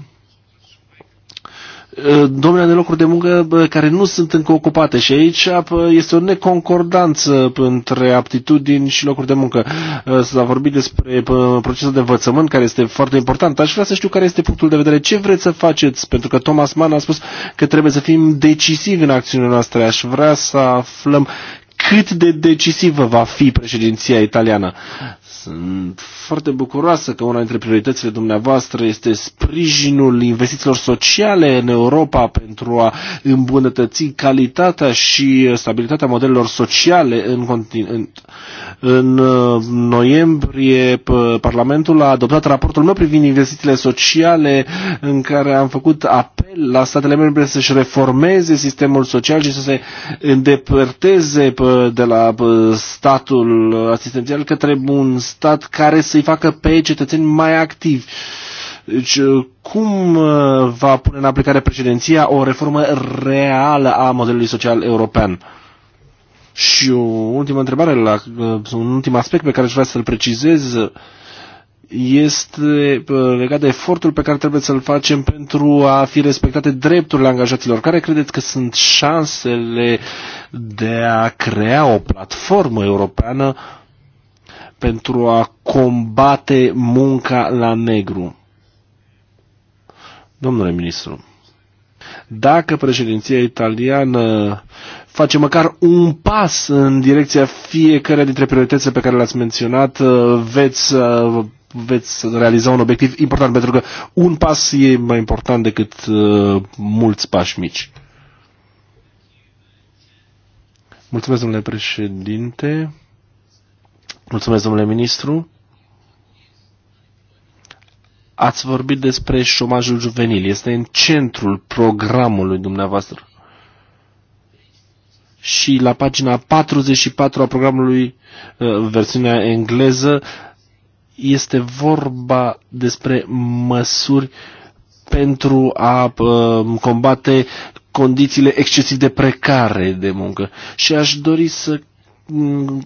Speaker 2: Uh, domnule, de locuri de muncă care nu sunt încă ocupate și aici uh, este o neconcordanță între aptitudini și locuri de muncă. Uh, s-a vorbit despre procesul de învățământ care este foarte important. Aș vrea să știu care este punctul de vedere. Ce vreți să faceți? Pentru că Thomas Mann a spus că trebuie să fim decisivi în acțiunile noastre. Aș vrea să aflăm cât de decisivă va fi președinția italiană. Sunt foarte bucuroasă că una dintre prioritățile dumneavoastră este sprijinul investițiilor sociale în Europa pentru a îmbunătăți calitatea și stabilitatea modelelor sociale în continent. În uh, noiembrie Parlamentul a adoptat raportul meu privind investițiile sociale în care am făcut apel la statele membre să-și reformeze sistemul social și să se îndepărteze de la statul asistențial către un stat care să-i facă pe cetățeni mai activi. Deci, cum uh, va pune în aplicare președinția o reformă reală a modelului social european? Și o ultimă întrebare, la, uh, un ultim aspect pe care aș vrea să-l precizez, este uh, legat de efortul pe care trebuie să-l facem pentru a fi respectate drepturile angajaților. Care credeți că sunt șansele de a crea o platformă europeană pentru a combate munca la negru? Domnule ministru, dacă președinția italiană face măcar un pas în direcția fiecare dintre prioritățile pe care le-ați menționat, uh, veți uh, veți realiza un obiectiv important, pentru că un pas e mai important decât uh, mulți pași mici. Mulțumesc, domnule președinte. Mulțumesc, domnule ministru. Ați vorbit despre șomajul juvenil. Este în centrul programului dumneavoastră. Și la pagina 44 a programului, uh, versiunea engleză, este vorba despre măsuri pentru a uh, combate condițiile excesiv de precare de muncă. Și aș dori să mm,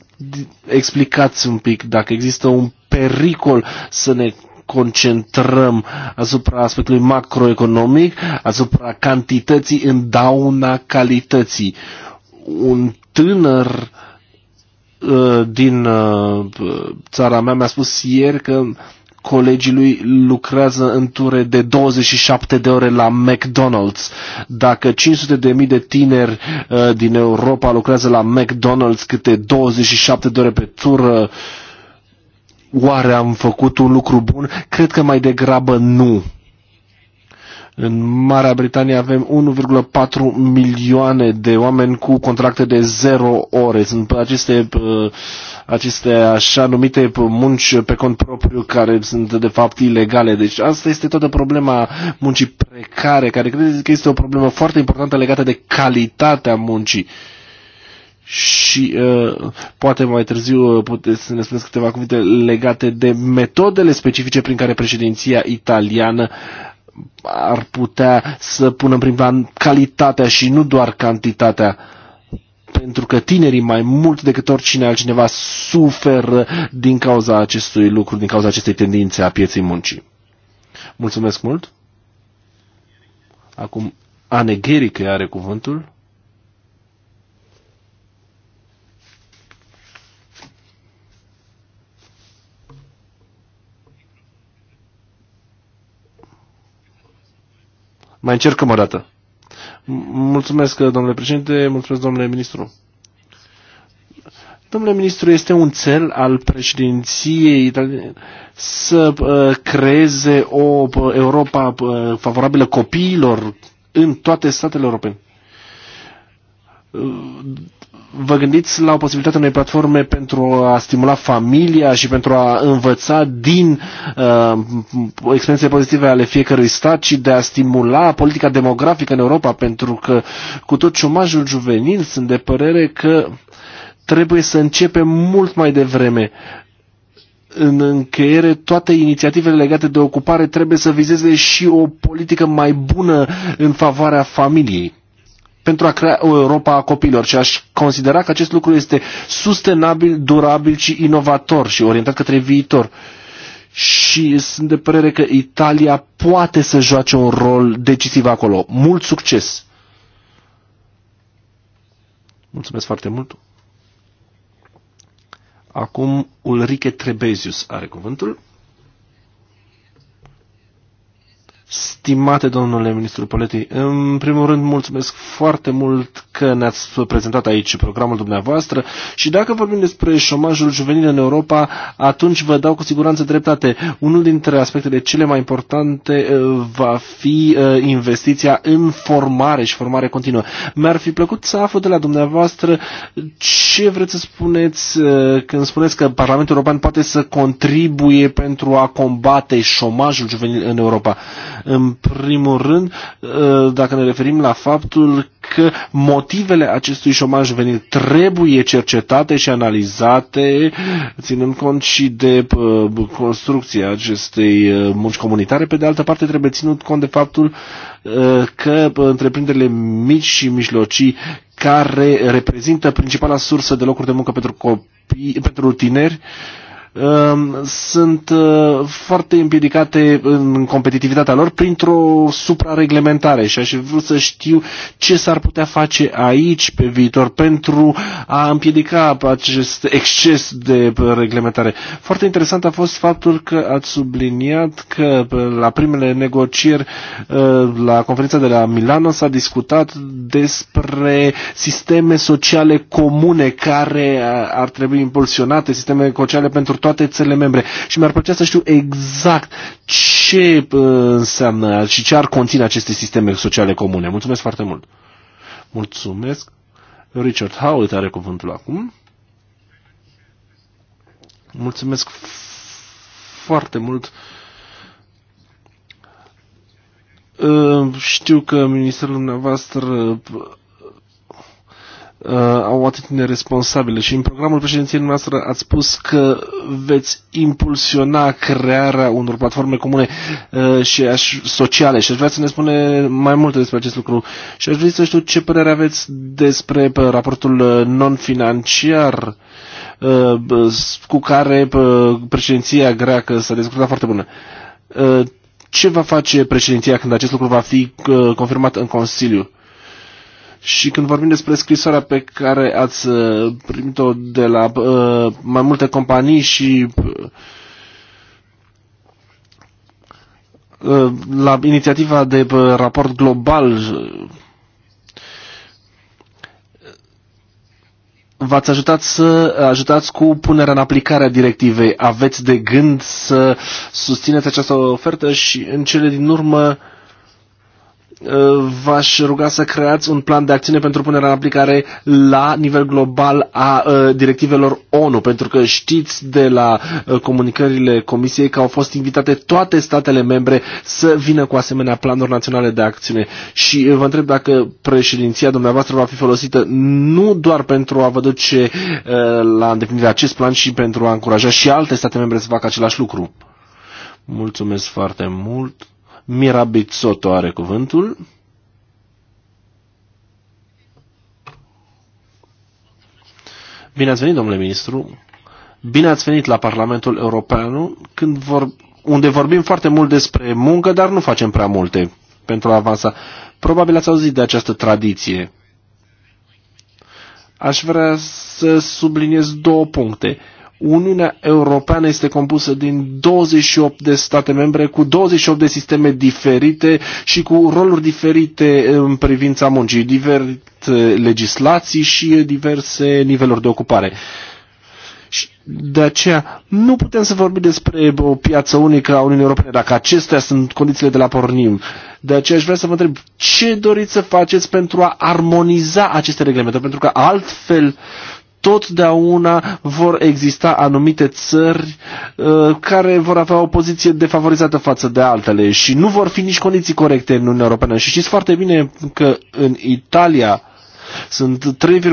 Speaker 2: explicați un pic dacă există un pericol să ne concentrăm asupra aspectului macroeconomic, asupra cantității în dauna calității. Un tânăr Uh, din uh, țara mea mi-a spus ieri că colegii lui lucrează în ture de 27 de ore la McDonald's. Dacă 500 de mii de tineri uh, din Europa lucrează la McDonald's câte 27 de ore pe tură, oare am făcut un lucru bun? Cred că mai degrabă nu. În Marea Britanie avem 1,4 milioane de oameni cu contracte de 0 ore. Sunt aceste, uh, aceste așa numite munci pe cont propriu care sunt de fapt ilegale. Deci asta este toată problema muncii precare, care cred că este o problemă foarte importantă legată de calitatea muncii și uh, poate mai târziu uh, puteți să ne spuneți câteva cuvinte legate de metodele specifice prin care președinția italiană ar putea să punem prin plan calitatea și nu doar cantitatea pentru că tinerii mai mult decât oricine altcineva suferă din cauza acestui lucru, din cauza acestei tendințe a pieței muncii. Mulțumesc mult! Acum Anegheri că are cuvântul. Mai încercăm o dată. Mulțumesc, domnule președinte, mulțumesc, domnule ministru. Domnule ministru, este un cel al președinției să uh, creeze o uh, Europa uh, favorabilă copiilor în toate statele europene vă gândiți la o posibilitate unei platforme pentru a stimula familia și pentru a învăța din uh, experiențele pozitive ale fiecărui stat și de a stimula politica demografică în Europa, pentru că cu tot șomajul juvenil sunt de părere că trebuie să începem mult mai devreme în încheiere, toate inițiativele legate de ocupare trebuie să vizeze și o politică mai bună în favoarea familiei pentru a crea o Europa a copilor și aș considera că acest lucru este sustenabil, durabil și inovator și orientat către viitor. Și sunt de părere că Italia poate să joace un rol decisiv acolo. Mult succes! Mulțumesc foarte mult! Acum Ulrike Trebezius are cuvântul. Stimate domnule ministru Poleti, în primul rând mulțumesc foarte mult că ne-ați prezentat aici programul dumneavoastră și dacă vorbim despre șomajul juvenil în Europa, atunci vă dau cu siguranță dreptate. Unul dintre aspectele cele mai importante uh, va fi uh, investiția în formare și formare continuă. Mi-ar fi plăcut să aflu de la dumneavoastră ce vreți să spuneți uh, când spuneți că Parlamentul European poate să contribuie pentru a combate șomajul juvenil în Europa. În primul rând, ă, dacă ne referim la faptul că motivele acestui șomaj venit trebuie cercetate și analizate, ținând cont și de ă, construcția acestei ă, munci comunitare. Pe de altă parte, trebuie ținut cont de faptul că întreprinderile mici și mijlocii care reprezintă principala sursă de locuri de muncă pentru copii, pentru tineri, uh, Ehm, sunt uh, foarte împiedicate în competitivitatea lor printr-o suprareglementare și aș vrea să știu ce s-ar putea face aici pe viitor pentru a împiedica acest exces de reglementare. Foarte interesant a fost faptul că ați subliniat că la primele negocieri uh, la conferința de la Milano s-a discutat despre sisteme sociale comune care ar trebui impulsionate, sisteme sociale pentru toate țările membre și mi-ar plăcea să știu exact ce uh, înseamnă și ce ar conține aceste sisteme sociale comune. Mulțumesc foarte mult! Mulțumesc! Richard Howard are cuvântul acum. Mulțumesc foarte mult! Uh, știu că ministrul dumneavoastră uh, uh, au o atitudine responsabilă și în programul președinției noastre ați spus că veți impulsiona crearea unor platforme comune uh, și aș, sociale și aș vrea să ne spune mai multe despre acest lucru și aș vrea să știu ce părere aveți despre pe, uh, raportul uh, non-financiar uh, cu care uh, președinția greacă s-a descurcat foarte bună. Uh, ce va face președinția când acest lucru va fi uh, confirmat în Consiliu? Și când vorbim despre scrisoarea pe care ați uh, primit-o de la uh, mai multe companii și uh, la inițiativa de uh, raport global, v-ați ajutat să ajutați cu punerea în aplicare a directivei. Aveți de gând să susțineți această ofertă și în cele din urmă uh, Uh, v-aș ruga să creați un plan de acțiune pentru punerea în aplicare la nivel global a uh, directivelor ONU, pentru că știți de la uh, comunicările Comisiei că au fost invitate toate statele membre să vină cu asemenea planuri naționale de acțiune. Și vă întreb dacă președinția dumneavoastră va fi folosită nu doar pentru a vă duce la îndeplinirea acest plan și pentru a încuraja și alte state membre să facă același lucru. Mulțumesc foarte mult. Mira Bizzotto are cuvântul. Bine ați venit, domnule ministru. Bine ați venit la Parlamentul European, când vor, unde vorbim foarte mult despre muncă, dar nu facem prea multe pentru a avansa. Probabil ați auzit de această tradiție. Aș vrea să subliniez două puncte. Uh, Uniunea Europeană este compusă din 28 de state membre cu 28 de sisteme diferite și cu roluri diferite eh, în privința muncii, diverse eh, legislații și diverse niveluri de ocupare. Și de aceea nu putem să vorbim despre o piață unică a Uniunii Europene dacă acestea sunt condițiile de la pornim. De aceea aș vrea să vă întreb ce doriți să faceți pentru a armoniza aceste reglementări, pentru că altfel uh, totdeauna vor exista anumite țări uh, care vor avea o poziție defavorizată față de altele și nu vor fi nici condiții corecte în Uniunea Europeană. Și știți foarte bine că în Italia sunt 3,2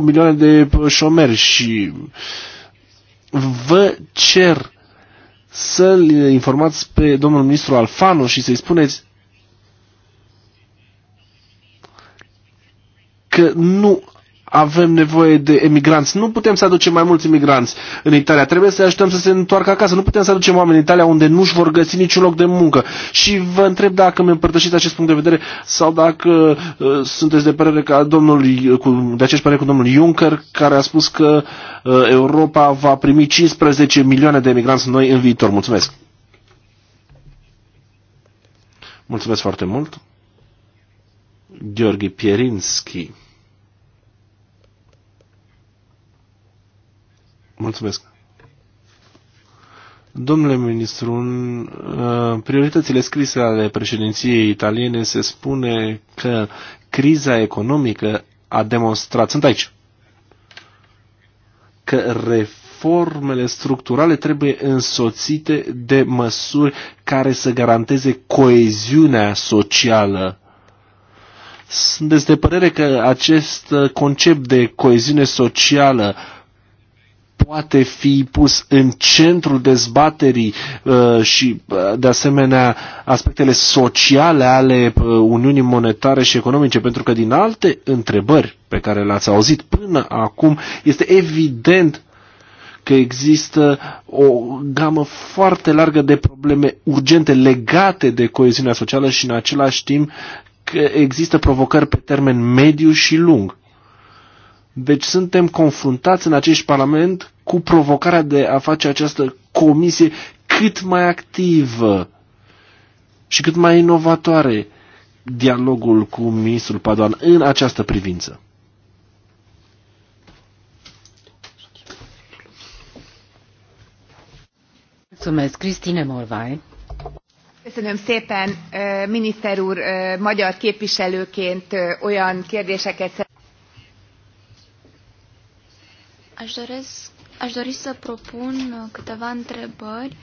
Speaker 2: milioane de șomeri și vă cer să-l informați pe domnul ministru Alfano și să-i spuneți că nu avem nevoie de emigranți. Nu putem să aducem mai mulți emigranți în Italia. Trebuie să ajutăm să se întoarcă acasă. Nu putem să aducem oameni în Italia unde nu-și vor găsi niciun loc de muncă. Și vă întreb dacă mi împărtășiți acest punct de vedere sau dacă uh, sunteți de părere ca domnul, cu, de aceeași părere cu domnul Juncker, care a spus că uh, Europa va primi 15 milioane de emigranți noi în viitor. Mulțumesc! Mulțumesc foarte mult! Gheorghe Pierinski Mulțumesc. Domnule ministru, în uh, prioritățile scrise ale președinției italiene se spune că criza economică a demonstrat, sunt aici, că reformele structurale trebuie însoțite de măsuri care să garanteze coeziunea socială. Sunteți de părere că acest concept de coeziune socială uh, poate fi pus în centrul dezbaterii uh, și, uh, de asemenea, aspectele sociale ale uh, Uniunii Monetare și Economice, pentru că din alte întrebări pe care le-ați auzit până acum, este evident că există o gamă foarte largă de probleme urgente legate de coeziunea socială și în același timp că există provocări pe termen mediu și lung. Deci suntem confruntați în acest Parlament cu provocarea de a face această comisie cât mai activă și cât mai inovatoare dialogul cu ministrul Padoan în această privință.
Speaker 3: Mulțumesc, Cristine Morvai. Köszönöm szépen, miniszter úr, magyar képviselőként olyan
Speaker 4: kérdéseket Aș, doresc, aș dori să propun uh, câteva întrebări,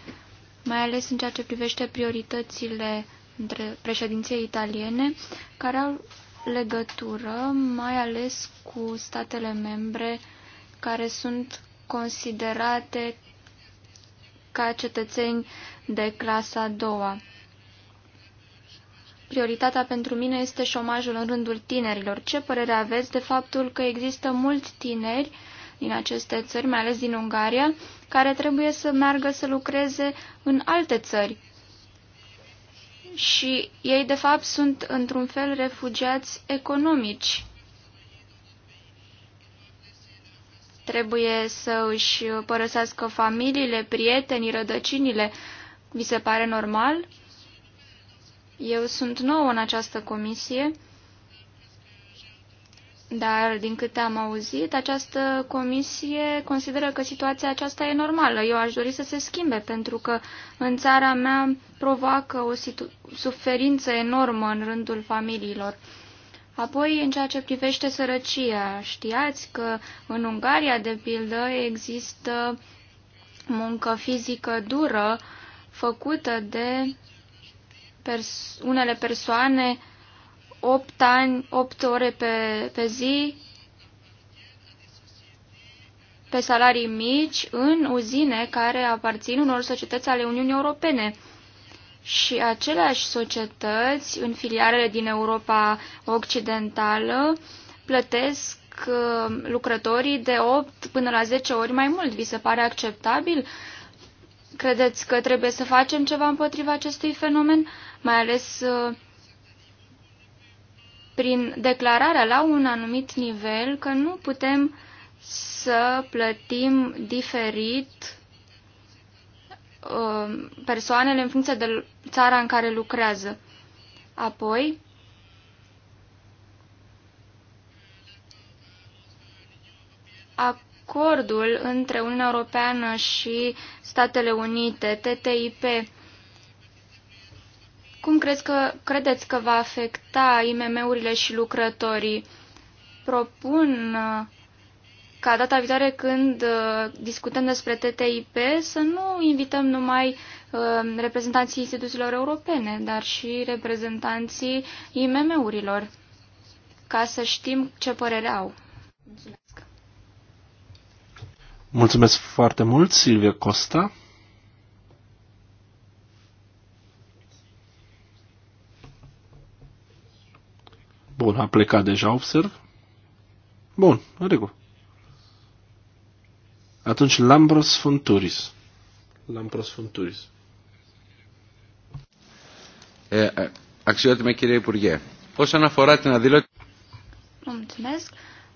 Speaker 4: mai ales în ceea ce privește prioritățile între președinției italiene, care au legătură mai ales cu statele membre care sunt considerate ca cetățeni de clasa a doua. Prioritatea pentru mine este șomajul în rândul tinerilor. Ce părere aveți de faptul că există mulți tineri din aceste țări, mai ales din Ungaria, care trebuie să meargă să lucreze în alte țări. Și ei, de fapt, sunt într-un fel refugiați economici. Trebuie să își părăsească familiile, prietenii, rădăcinile. Vi se pare normal? Eu sunt nou în această comisie dar, din câte am auzit, această comisie consideră că situația aceasta e normală. Eu aș dori să se schimbe, pentru că în țara mea provoacă o suferință enormă în rândul familiilor. Apoi, în ceea ce privește sărăcia, știați că în Ungaria, de pildă, există muncă fizică dură făcută de pers unele persoane 8 ani, 8 ore pe, pe zi, pe salarii mici, în uzine care aparțin unor societăți ale Uniunii Europene. Și aceleași societăți, în filiarele din Europa Occidentală, plătesc uh, lucrătorii de 8 până la 10 ori mai mult. Vi se pare acceptabil? Credeți că trebuie să facem ceva împotriva acestui fenomen, mai ales uh, prin declararea la un anumit nivel că nu putem să plătim diferit uh, persoanele în funcție de țara în care lucrează. Apoi, acordul între Uniunea Europeană și Statele Unite, TTIP, cum crezi că, credeți că va afecta IMM-urile și lucrătorii? Propun uh, ca data viitoare când uh, discutăm despre TTIP să nu invităm numai uh, reprezentanții instituțiilor europene, dar și reprezentanții IMM-urilor, ca să știm ce părere au. Mulțumesc!
Speaker 2: Mulțumesc foarte mult, Silvia Costa. Bun, a plecat deja, observ. Bun, în regulă. Atunci Lambros Funturis. Lambros Fonturis. Ε, αξιότιμε κύριε Υπουργέ, όσον αφορά την αδήλωτη...
Speaker 4: Mulțumesc.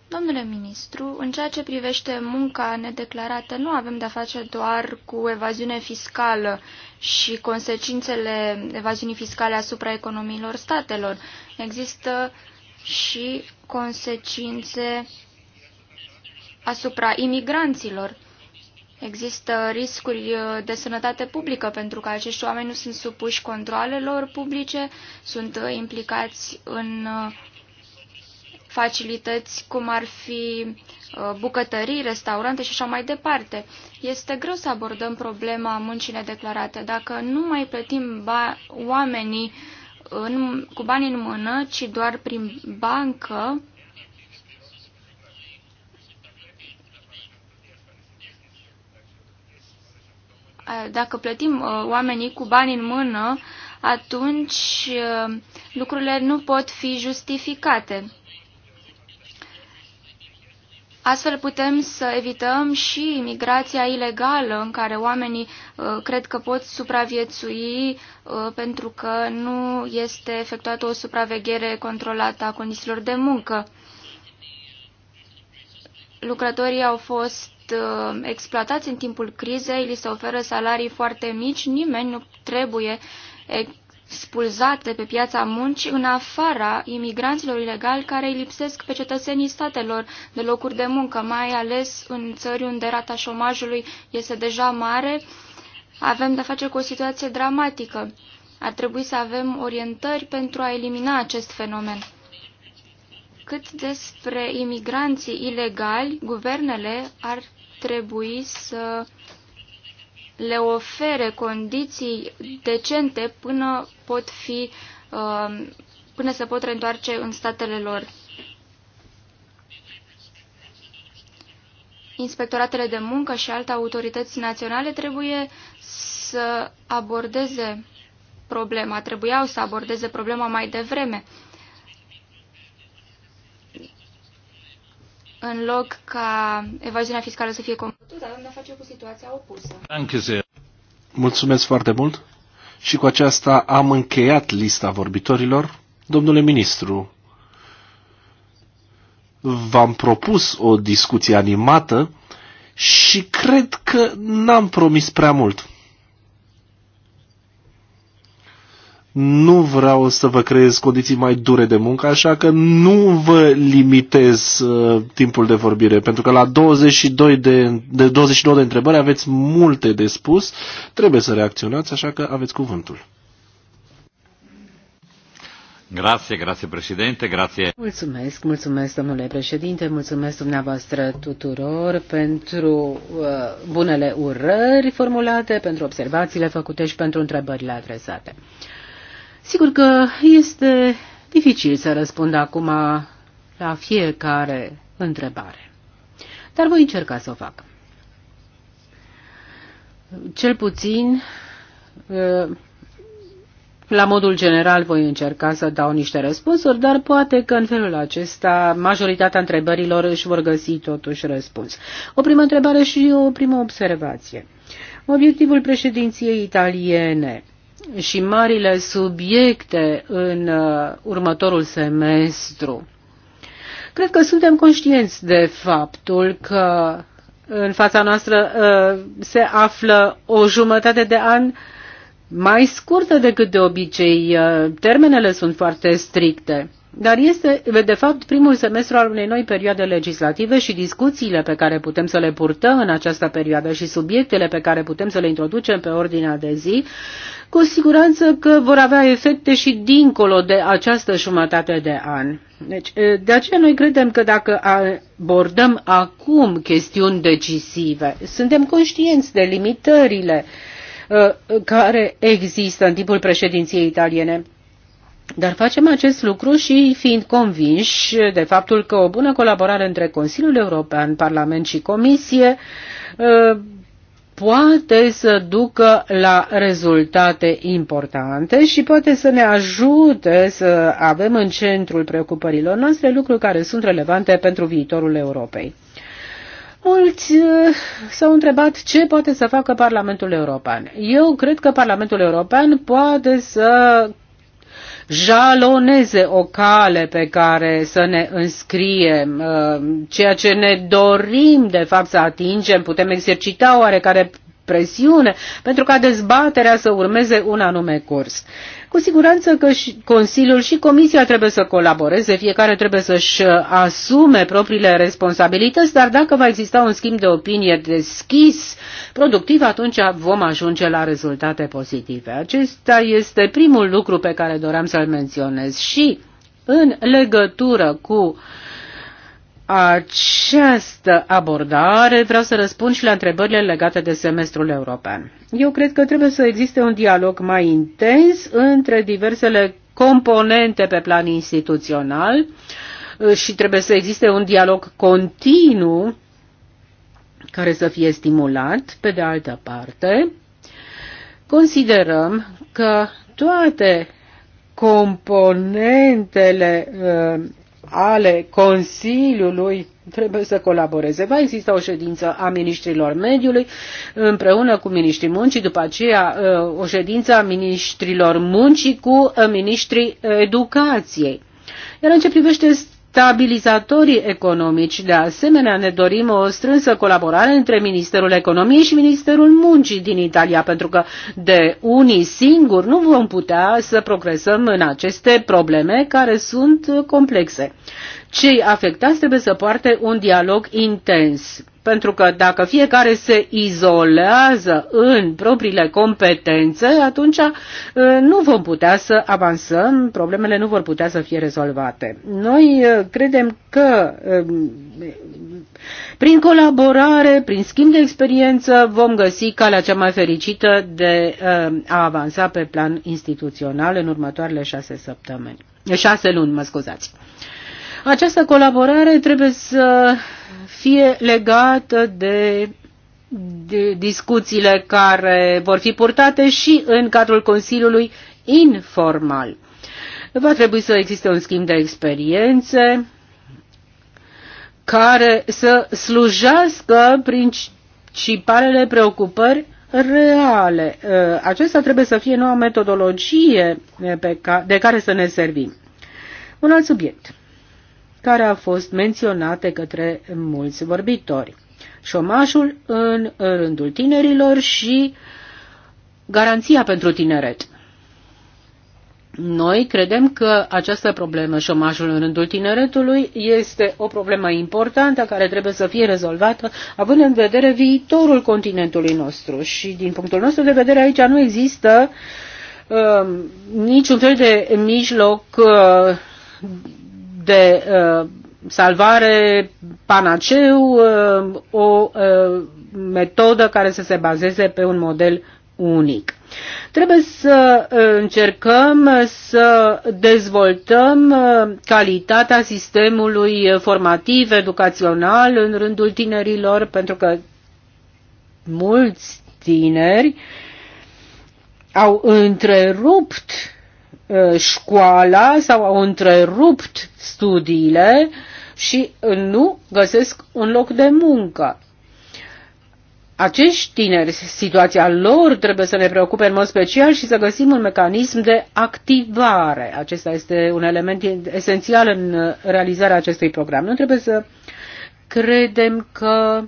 Speaker 4: Domnule ministru, în ceea ce privește munca nedeclarată, nu avem de-a face doar cu evaziune fiscală și consecințele evaziunii fiscale asupra economiilor statelor. Există și consecințe asupra imigranților. Există riscuri uh, de sănătate publică pentru că acești oameni nu sunt supuși controalelor publice, sunt uh, implicați în uh, facilități cum ar fi bucătării, restaurante și așa mai departe. Este greu să abordăm problema muncii nedeclarate. Dacă nu mai plătim oamenii în, cu bani în mână, ci doar prin bancă, dacă plătim uh, oamenii cu bani în mână, atunci uh, lucrurile nu pot fi justificate. Astfel putem să evităm și migrația ilegală în care oamenii uh, cred că pot supraviețui uh, pentru că nu este efectuată o supraveghere controlată a condițiilor de muncă. Lucrătorii au fost uh, exploatați în timpul crizei, li se oferă salarii foarte mici, nimeni nu trebuie spulzate pe piața muncii în afara imigranților ilegali care îi lipsesc pe cetățenii statelor de locuri de muncă, mai ales în țări unde rata șomajului este deja mare, avem de face cu o situație dramatică. Ar trebui să avem orientări pentru a elimina acest fenomen. Cât despre imigranții ilegali, guvernele ar trebui să le ofere condiții decente până pot fi uh, până se pot reîntoarce în statele lor. Inspectoratele de muncă și alte autorități naționale trebuie să abordeze problema, trebuiau să abordeze problema mai devreme. În loc ca evaziunea fiscală să fie cu situația opusă.
Speaker 2: Mulțumesc foarte mult și cu aceasta am încheiat lista vorbitorilor. Domnule ministru, v-am propus o discuție animată și cred că n-am promis prea mult. nu vreau să vă creez condiții mai dure de muncă, așa că nu vă limitez uh, timpul de vorbire, pentru că la 22 de, de 29 de întrebări aveți multe de spus, trebuie să reacționați, așa că aveți cuvântul.
Speaker 1: Grazie, grazie președinte, grazie.
Speaker 3: Mulțumesc, mulțumesc domnule președinte, mulțumesc dumneavoastră tuturor pentru uh, bunele urări formulate, pentru observațiile făcute și pentru întrebările adresate. Uh, Sigur că este dificil să răspund acum la fiecare întrebare, dar voi încerca să o fac. Cel puțin, la modul general voi încerca să dau niște răspunsuri, dar poate că în felul acesta majoritatea întrebărilor își vor găsi totuși răspuns. O primă întrebare și o primă observație. Obiectivul președinției italiene și marile subiecte în uh, următorul semestru. Cred că suntem conștienți de faptul că în fața noastră uh, se află o jumătate de an mai scurtă decât de obicei. Uh, termenele sunt foarte stricte. Dar este, de fapt, primul semestru al unei noi perioade legislative și discuțiile pe care putem să le purtăm în această perioadă și subiectele pe care putem să le introducem pe ordinea de zi, cu siguranță că vor avea efecte și dincolo de această jumătate de an. Deci, de aceea noi credem că dacă abordăm acum chestiuni decisive, suntem conștienți de limitările care există în timpul președinției italiene. Dar facem acest lucru și fiind convinși de faptul că o bună colaborare între Consiliul European, Parlament și Comisie ă, poate să ducă la rezultate importante și poate să ne ajute să avem în centrul preocupărilor noastre lucruri care sunt relevante pentru viitorul Europei. Mulți ă, s-au întrebat ce poate să facă Parlamentul European. Eu cred că Parlamentul European poate să jaloneze o cale pe care să ne înscriem. Uh, ceea ce ne dorim, de fapt, să atingem, putem exercita oarecare presiune pentru ca dezbaterea să urmeze un anume curs. Cu siguranță că și Consiliul și Comisia trebuie să colaboreze, fiecare trebuie să-și asume propriile responsabilități, dar dacă va exista un schimb de opinie deschis, productiv, atunci vom ajunge la rezultate pozitive. Acesta este primul lucru pe care doream să-l menționez și în legătură cu uh, această abordare, vreau să răspund și la întrebările legate de semestrul european. Eu cred că trebuie să existe un dialog mai intens între diversele componente pe plan instituțional uh, și trebuie să existe un dialog continuu care să fie stimulat. Pe de altă parte, considerăm că toate componentele uh, ale Consiliului trebuie să colaboreze. Va exista o ședință a ministrilor mediului împreună cu ministrii muncii, după aceea uh, o ședință a ministrilor muncii cu uh, ministrii uh, educației. Iar în ce privește stabilizatorii economici. De asemenea, ne dorim o strânsă colaborare între Ministerul Economiei și Ministerul Muncii din Italia, pentru că de unii singuri nu vom putea să progresăm în aceste probleme care sunt complexe. Cei afectați trebuie să poarte un dialog intens pentru că dacă fiecare se izolează în propriile competențe, atunci uh, nu vom putea să avansăm, problemele nu vor putea să fie rezolvate. Noi uh, credem că um, prin colaborare, prin schimb de experiență, vom găsi calea cea mai fericită de uh, a avansa pe plan instituțional în următoarele șase săptămâni. Șase luni, mă scuzați. Această colaborare trebuie să fie legată de discuțiile care vor fi purtate și în cadrul Consiliului informal. Va trebui să existe un schimb de experiențe care să slujească principalele preocupări reale. Uh, acesta trebuie să fie noua metodologie pe ca, de care să ne servim. Un alt subiect care au fost menționate către mulți vorbitori. Șomajul în rândul tinerilor și garanția pentru tineret. Noi credem că această problemă, șomajul în rândul tineretului, este o problemă importantă care trebuie să fie rezolvată, având în vedere viitorul continentului nostru. Și din punctul nostru de vedere aici nu există uh, niciun fel de mijloc uh, de uh, salvare panaceu, uh, o uh, metodă care să se bazeze pe un model unic. Trebuie să încercăm să dezvoltăm calitatea sistemului formativ, educațional în rândul tinerilor, pentru că mulți tineri au întrerupt școala sau au întrerupt studiile și nu găsesc un loc de muncă. Acești tineri, situația lor trebuie să ne preocupe în mod special și să găsim un mecanism de activare. Acesta este un element esențial în realizarea acestui program. Nu trebuie să credem că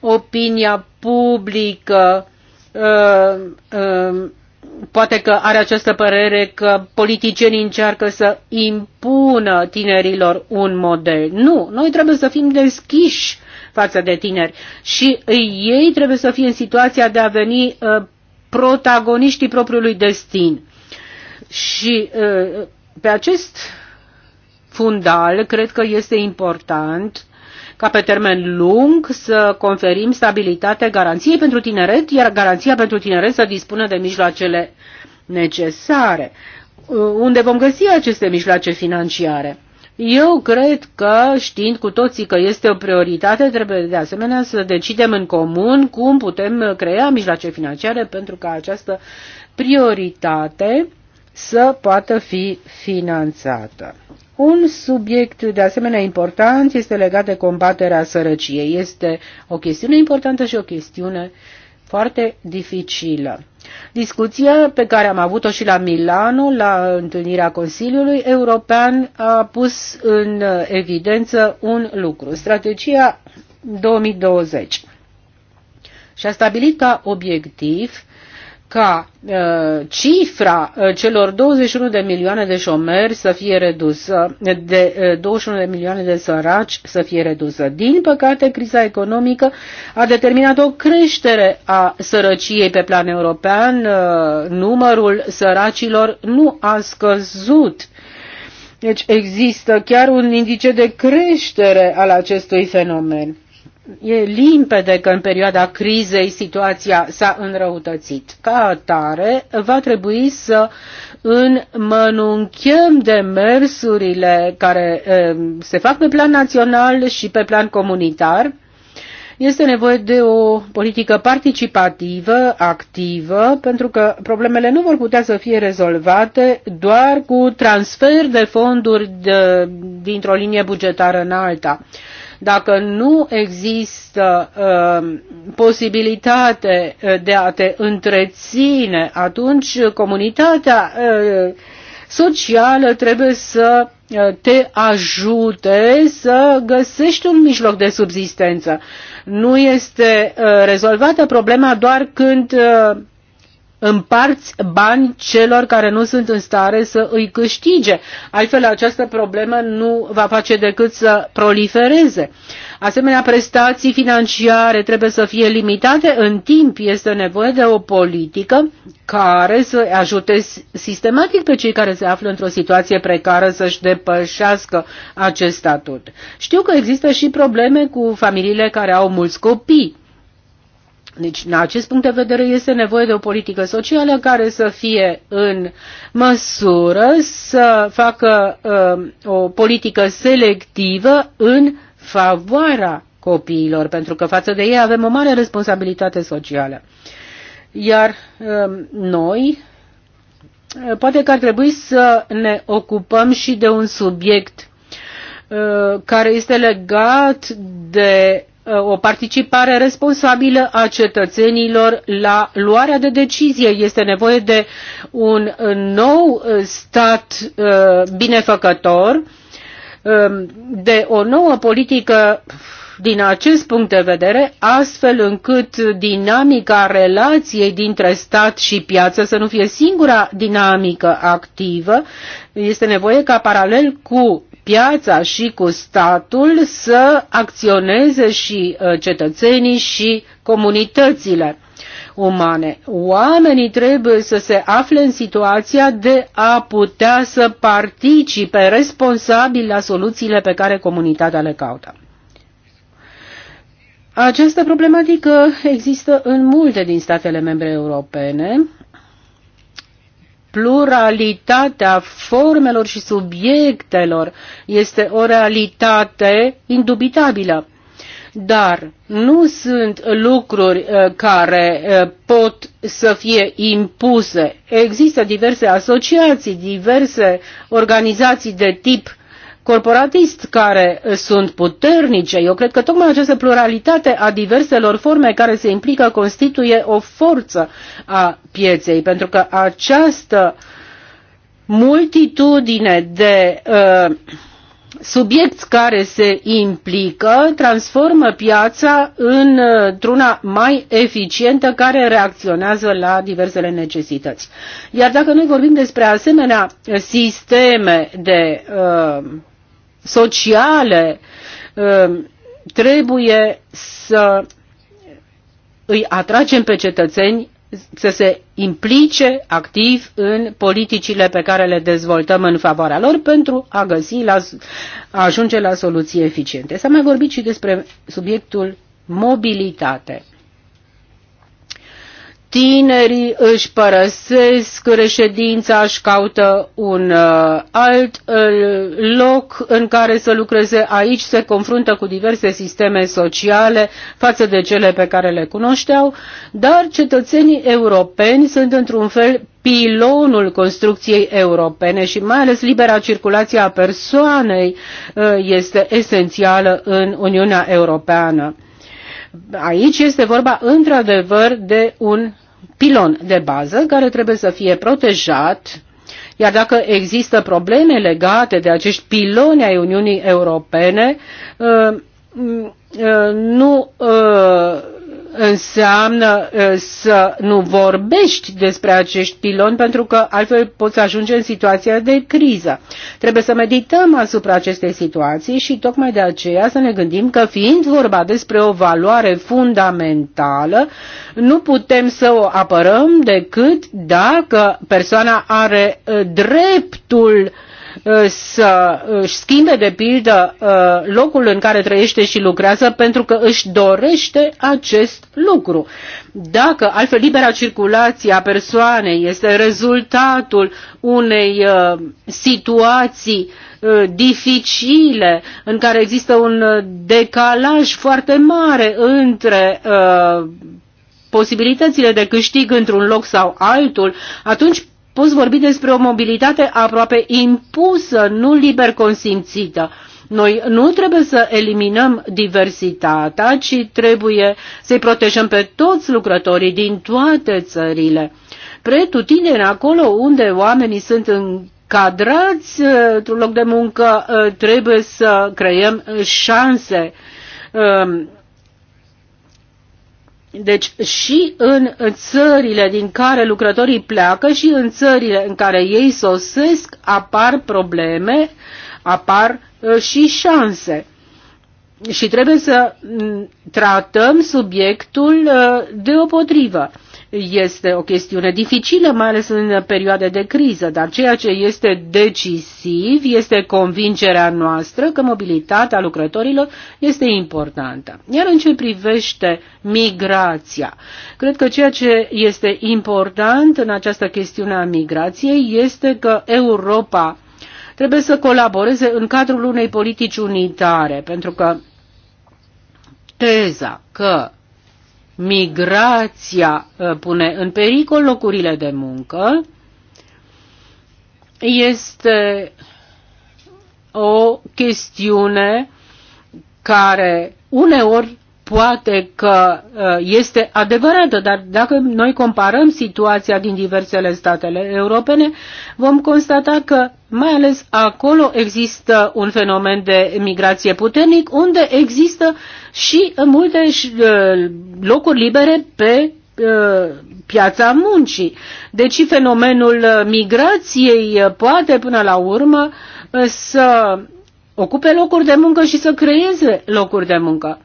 Speaker 3: opinia publică uh, uh, poate că are această părere că politicienii încearcă să impună tinerilor un model. Nu, noi trebuie să fim deschiși față de tineri și ei trebuie să fie în situația de a veni uh, protagoniștii propriului destin. Și uh, pe acest fundal cred că este important ca pe termen lung să conferim stabilitate garanției pentru tineret, iar garanția pentru tineret să dispună de mijloacele necesare. Uh, unde vom găsi aceste mijloace financiare? Eu cred că, știind cu toții că este o prioritate, trebuie de asemenea să decidem în comun cum putem crea mijloace financiare pentru ca această prioritate să poată fi finanțată. Un subiect de asemenea important este legat de combaterea sărăciei. Este o chestiune importantă și o chestiune foarte dificilă. Discuția pe care am avut-o și la Milano, la întâlnirea Consiliului European, a pus în evidență un lucru, strategia 2020. Și a stabilit ca obiectiv ca uh, cifra uh, celor 21 de milioane de șomeri să fie redusă, de uh, 21 de milioane de săraci să fie redusă. Din păcate, criza economică a determinat o creștere a sărăciei pe plan european. Uh, numărul săracilor nu a scăzut. Deci există chiar un indice de creștere al acestui fenomen. E limpede că în perioada crizei situația s-a înrăutățit. Ca atare, va trebui să înmănunchem demersurile care se fac pe plan național și pe plan comunitar. Este nevoie de o politică participativă, activă, pentru că problemele nu vor putea să fie rezolvate doar cu transfer de fonduri de, dintr-o linie bugetară în alta dacă nu există um, uh, posibilitate de a te întreține, atunci comunitatea uh, socială trebuie să uh, te ajute să găsești un mijloc de subsistență. Nu este uh, rezolvată problema doar când uh, împarți bani celor care nu sunt în stare să îi câștige. Altfel, această problemă nu va face decât să prolifereze. Asemenea, prestații financiare trebuie să fie limitate în timp. Este nevoie de o politică care să ajute sistematic pe cei care se află într-o situație precară să-și depășească acest statut. Știu că există și probleme cu familiile care au mulți copii deci, din acest punct de vedere, este nevoie de o politică socială care să fie în măsură să facă uh, o politică selectivă în favoarea copiilor, pentru că față de ei avem o mare responsabilitate socială. Iar um, uh, noi, poate că ar trebui să ne ocupăm și de un subiect uh, care este legat de o participare responsabilă a cetățenilor la luarea de decizie. Este nevoie de un nou uh, stat uh, binefăcător, um, de o nouă politică din acest punct de vedere, astfel încât dinamica relației dintre stat și piață să nu fie singura dinamică activă, este nevoie ca paralel cu piața și cu statul să acționeze și uh, cetățenii și comunitățile umane. Oamenii trebuie să se afle în situația de a putea să participe responsabil la soluțiile pe care comunitatea le caută. Această problematică există în multe din statele membre europene pluralitatea formelor și subiectelor este o realitate indubitabilă. Dar nu sunt lucruri uh, care uh, pot să fie impuse. Există diverse asociații, diverse organizații de tip corporatist care sunt puternice. Eu cred că tocmai această pluralitate a diverselor forme care se implică constituie o forță a pieței, pentru că această multitudine de uh, subiecti care se implică transformă piața uh, într-una mai eficientă care reacționează la diversele necesități. Iar dacă noi vorbim despre asemenea sisteme de uh, sociale um, trebuie să îi atragem pe cetățeni să se implice activ în politicile pe care le dezvoltăm în favoarea lor pentru a găsi la, a ajunge la soluții eficiente. S-a mai vorbit și despre subiectul mobilitate tinerii își părăsesc reședința, își caută un uh, alt uh, loc în care să lucreze. Aici se confruntă cu diverse sisteme sociale față de cele pe care le cunoșteau, dar cetățenii europeni sunt într-un fel pilonul construcției europene și mai ales libera circulație a persoanei uh, este esențială în Uniunea Europeană. Aici este vorba într-adevăr de un pilon de bază care trebuie să fie protejat, iar dacă există probleme legate de acești piloni ai Uniunii Europene, uh, mm, uh, nu uh, înseamnă să nu vorbești despre acești piloni pentru că altfel poți ajunge în situația de criză. Trebuie să medităm asupra acestei situații și tocmai de aceea să ne gândim că fiind vorba despre o valoare fundamentală, nu putem să o apărăm decât dacă persoana are dreptul uh, Uh, să își schimbe de pildă uh, locul în care trăiește și lucrează pentru că își dorește acest lucru. Dacă altfel libera circulație a persoanei este rezultatul unei uh, situații dificile în care există un decalaj foarte mare între posibilitățile de câștig într-un loc sau altul, atunci poți vorbi despre o mobilitate aproape impusă, nu liber consimțită. Noi nu trebuie să eliminăm diversitatea, ci trebuie să-i protejăm pe toți lucrătorii din toate țările. Pretutindeni acolo unde oamenii sunt încadrați eh, într-un loc de muncă, eh, trebuie să creăm șanse eh, deci și în țările din care lucrătorii pleacă și în țările în care ei sosesc apar probleme, apar uh, și șanse. Și trebuie să mm, tratăm subiectul uh, deopotrivă. Este o chestiune dificilă, mai ales în perioade de criză, dar ceea ce este decisiv este convingerea noastră că mobilitatea lucrătorilor este importantă. Iar în ce privește migrația, cred că ceea ce este important în această chestiune a migrației este că Europa trebuie să colaboreze în cadrul unei politici unitare, pentru că teza că migrația ă, pune în pericol locurile de muncă, este o chestiune care uneori poate că uh, este adevărată, dar dacă noi comparăm situația din diversele statele europene, vom constata că mai ales acolo există un fenomen de migrație puternic, unde există și multe uh, locuri libere pe uh, piața muncii. Deci fenomenul migrației poate până la urmă să ocupe locuri de muncă și să creeze locuri de muncă.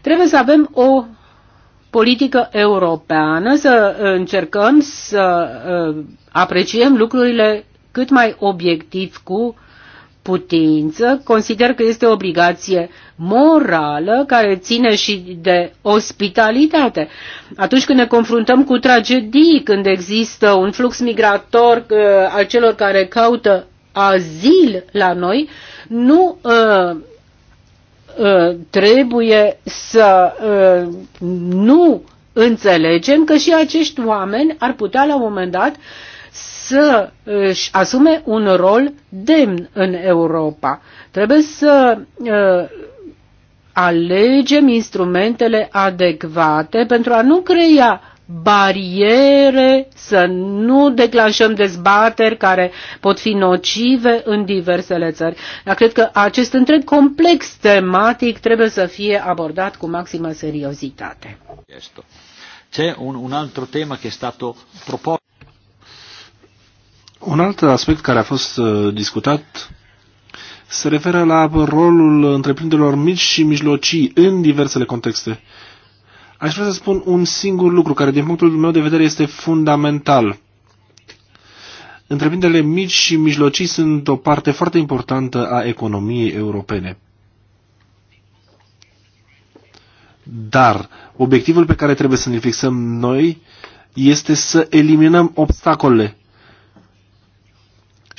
Speaker 3: Trebuie să avem o politică europeană, să încercăm să ă, apreciem lucrurile cât mai obiectiv cu putință. Consider că este o obligație morală care ține și de ospitalitate. Atunci când ne confruntăm cu tragedii, când există un flux migrator ă, al celor care caută azil la noi, nu uh, Uh, trebuie să uh, nu înțelegem că și acești oameni ar putea la un moment dat să își asume un rol demn în Europa. Trebuie să uh, alegem instrumentele adecvate pentru a nu crea bariere, să nu declanșăm dezbateri care pot fi nocive în diversele țări. Dar cred că acest întreg complex tematic trebuie să fie abordat cu maximă seriozitate.
Speaker 1: C'è un, un altro tema che è stato proposto.
Speaker 2: Un alt aspect care a fost uh, discutat se referă la rolul întreprinderilor mici și mijlocii în diversele contexte. Aș vrea să spun un singur lucru care, din punctul meu de vedere, este fundamental. Întreprinderile mici și mijlocii sunt o parte foarte importantă a economiei europene. Dar obiectivul pe care trebuie să ne fixăm noi este să eliminăm obstacolele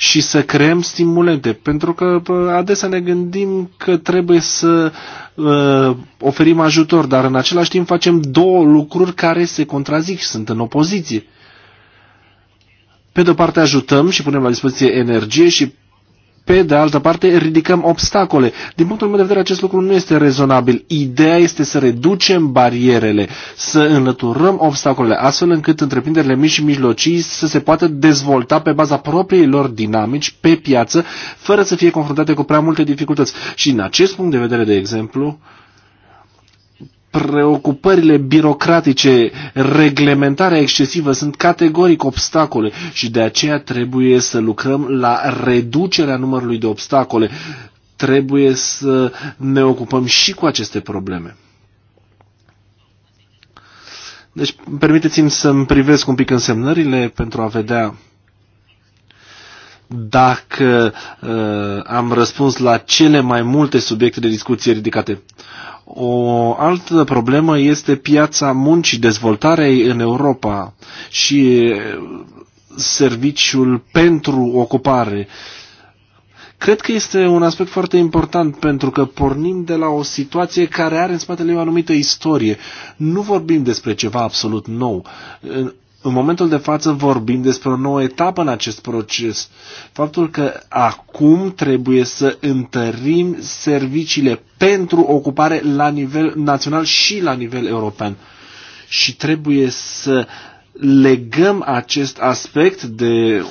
Speaker 2: și să creăm stimulente, pentru că adesea ne gândim că trebuie să uh, oferim ajutor, dar în același timp facem două lucruri care se contrazic și sunt în opoziție. Pe de-o parte ajutăm și punem la dispoziție energie și pe de altă parte, ridicăm obstacole. Din punctul meu de vedere, acest lucru nu este rezonabil. Ideea este să reducem barierele, să înlăturăm obstacolele, astfel încât întreprinderile mici și mijlocii să se poată dezvolta pe baza propriilor dinamici pe piață, fără să fie confruntate cu prea multe dificultăți. Și în acest punct de vedere, de exemplu, uh, preocupările birocratice, reglementarea excesivă sunt categoric obstacole și de aceea trebuie să lucrăm la reducerea numărului de obstacole. Trebuie să ne ocupăm și cu aceste probleme. Deci, permiteți-mi să-mi privesc un pic însemnările pentru a vedea dacă uh, am răspuns la cele mai multe subiecte de discuție ridicate. O altă problemă este piața muncii, dezvoltarei în Europa și serviciul pentru ocupare. Cred că este un aspect foarte important pentru că pornim de la o situație care are în spatele ei o anumită istorie. Nu vorbim despre ceva absolut nou. În momentul de față vorbim despre o nouă etapă în acest proces. Faptul că acum trebuie să întărim serviciile pentru ocupare la nivel național și la nivel european. Și trebuie să legăm acest aspect de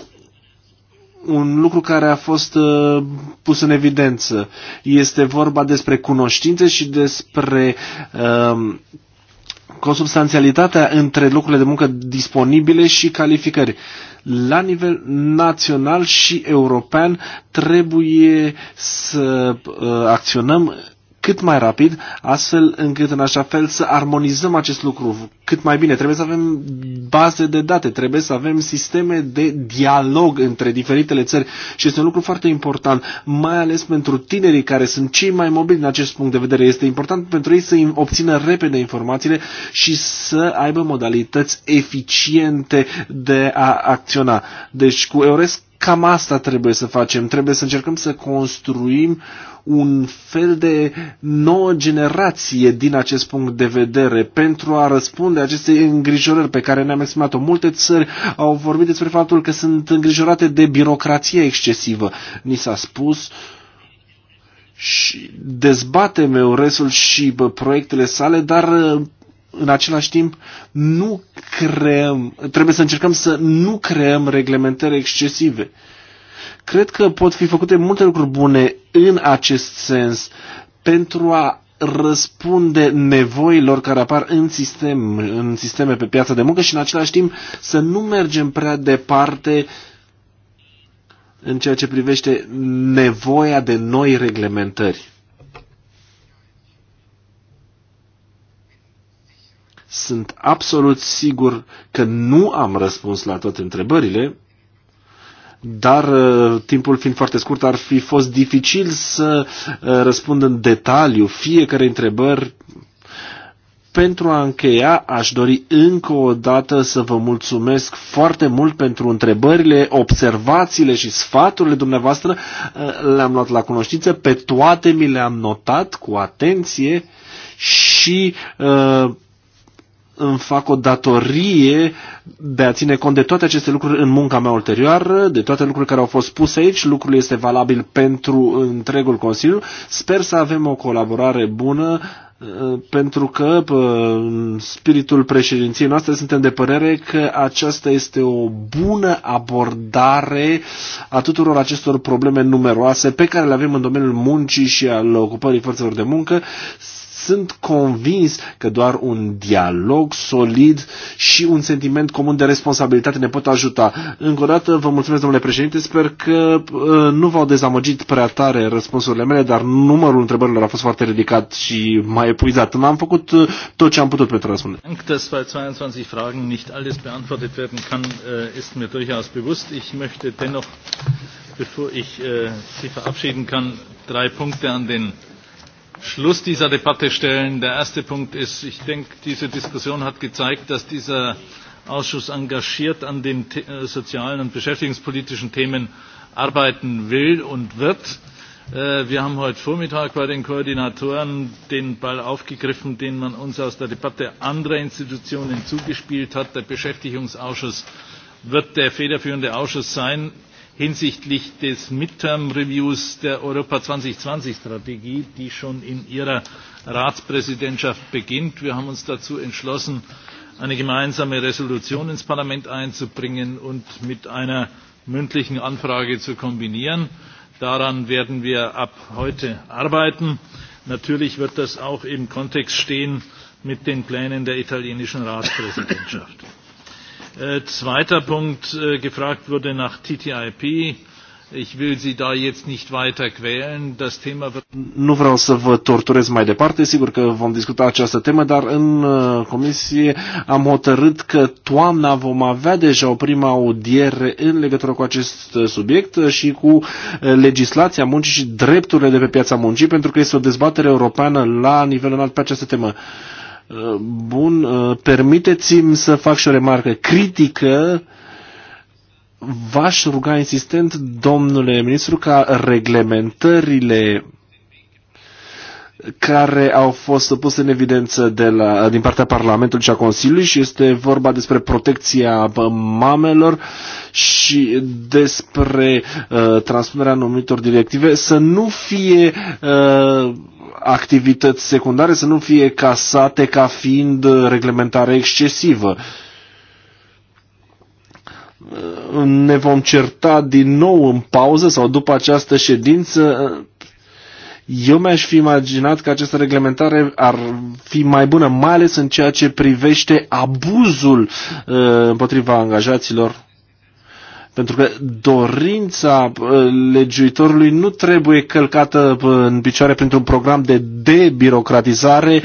Speaker 2: un lucru care a fost uh, pus în evidență. Este vorba despre cunoștințe și despre uh, consubstanțialitatea între locurile de muncă disponibile și calificări. La nivel național și european trebuie să uh, acționăm cât mai rapid, astfel încât în așa fel să armonizăm acest lucru cât mai bine. Trebuie să avem baze de date, trebuie să avem sisteme de dialog între diferitele țări și este un lucru foarte important, mai ales pentru tinerii care sunt cei mai mobili din acest punct de vedere. Este important pentru ei să obțină repede informațiile și să aibă modalități eficiente de a acționa. Deci cu EURES cam asta trebuie să facem. Trebuie să încercăm să construim un fel de nouă generație din acest punct de vedere pentru a răspunde aceste îngrijorări pe care ne-am exprimat-o. Multe țări au vorbit despre faptul că sunt îngrijorate de birocrație excesivă. Ni s-a spus și dezbatem Euresul și proiectele sale, dar în același timp nu creăm, trebuie să încercăm să nu creăm reglementări excesive. Cred că pot fi făcute multe lucruri bune în acest sens pentru a răspunde nevoilor care apar în sistem, în sisteme pe piața de muncă și în același timp să nu mergem prea departe în ceea ce privește nevoia de noi reglementări. Sunt absolut sigur că nu am răspuns la toate întrebările, dar uh, timpul fiind foarte scurt ar fi fost dificil să uh, răspund în detaliu fiecare întrebări. Pentru a încheia, aș dori încă o dată să vă mulțumesc foarte mult pentru întrebările, observațiile și sfaturile dumneavoastră. Uh, le-am luat la cunoștință, pe toate mi le-am notat cu atenție și uh, îmi fac o datorie de a ține cont de toate aceste lucruri în munca mea ulterioară, de toate lucrurile care au fost puse aici. Lucrul este valabil pentru întregul Consiliu. Sper să avem o colaborare bună uh, pentru că uh, în spiritul președinției noastre suntem de părere că aceasta este o bună abordare a tuturor acestor probleme numeroase pe care le avem în domeniul muncii și al ocupării forțelor de muncă sunt convins că doar un dialog solid și un sentiment comun de responsabilitate ne pot ajuta. Încă o dată vă mulțumesc, domnule președinte, sper că uh, nu v-au dezamăgit prea tare răspunsurile mele, dar numărul întrebărilor a fost foarte ridicat și mai epuizat. M-am făcut uh, tot ce am putut pentru a răspunde.
Speaker 1: Dass 22 äh, Ich möchte äh, Sie verabschieden kann, drei Punkte an den Schluss dieser Debatte stellen. Der erste Punkt ist, ich denke, diese Diskussion hat gezeigt, dass dieser Ausschuss engagiert an den äh, sozialen und beschäftigungspolitischen Themen arbeiten will und wird. Äh, wir haben heute Vormittag bei den Koordinatoren den Ball aufgegriffen, den man uns aus der Debatte anderer Institutionen zugespielt hat. Der Beschäftigungsausschuss wird der federführende Ausschuss sein hinsichtlich des Midterm Reviews der Europa zweitausendzwanzig Strategie, die schon in ihrer Ratspräsidentschaft beginnt. Wir haben uns dazu entschlossen, eine gemeinsame entschließung ins Parlament einzubringen und mit einer mündlichen Anfrage zu kombinieren. Daran werden wir ab heute arbeiten. Natürlich wird das auch im Kontext stehen mit den Plänen der italienischen Ratspräsidentschaft. Äh, zweiter Punkt, äh, gefragt wurde nach TTIP. Ich will Sie da jetzt nicht weiter quälen. Das Thema wird nu vreau să
Speaker 2: vă torturez mai departe, sigur că vom discuta această temă, dar în uh, comisie am hotărât că toamna vom avea deja o prima audiere în legătură cu acest uh, subiect și cu uh, legislația muncii și drepturile de pe piața muncii, pentru că este o dezbatere europeană la nivel înalt pe această temă. Uh, Uh, bun, uh, permiteți-mi să fac și o remarcă critică. V-aș ruga insistent, domnule ministru, ca reglementările care au fost puse în evidență de la, din partea Parlamentului și a Consiliului și este vorba despre protecția mamelor și despre uh, transpunerea anumitor directive să nu fie uh, activități secundare să nu fie casate ca fiind reglementare excesivă. Ne vom certa din nou în pauză sau după această ședință. Eu mi-aș fi imaginat că această reglementare ar fi mai bună, mai ales în ceea ce privește abuzul uh, împotriva angajaților pentru că dorința uh, legiuitorului nu trebuie călcată uh, în picioare printr-un program de debirocratizare.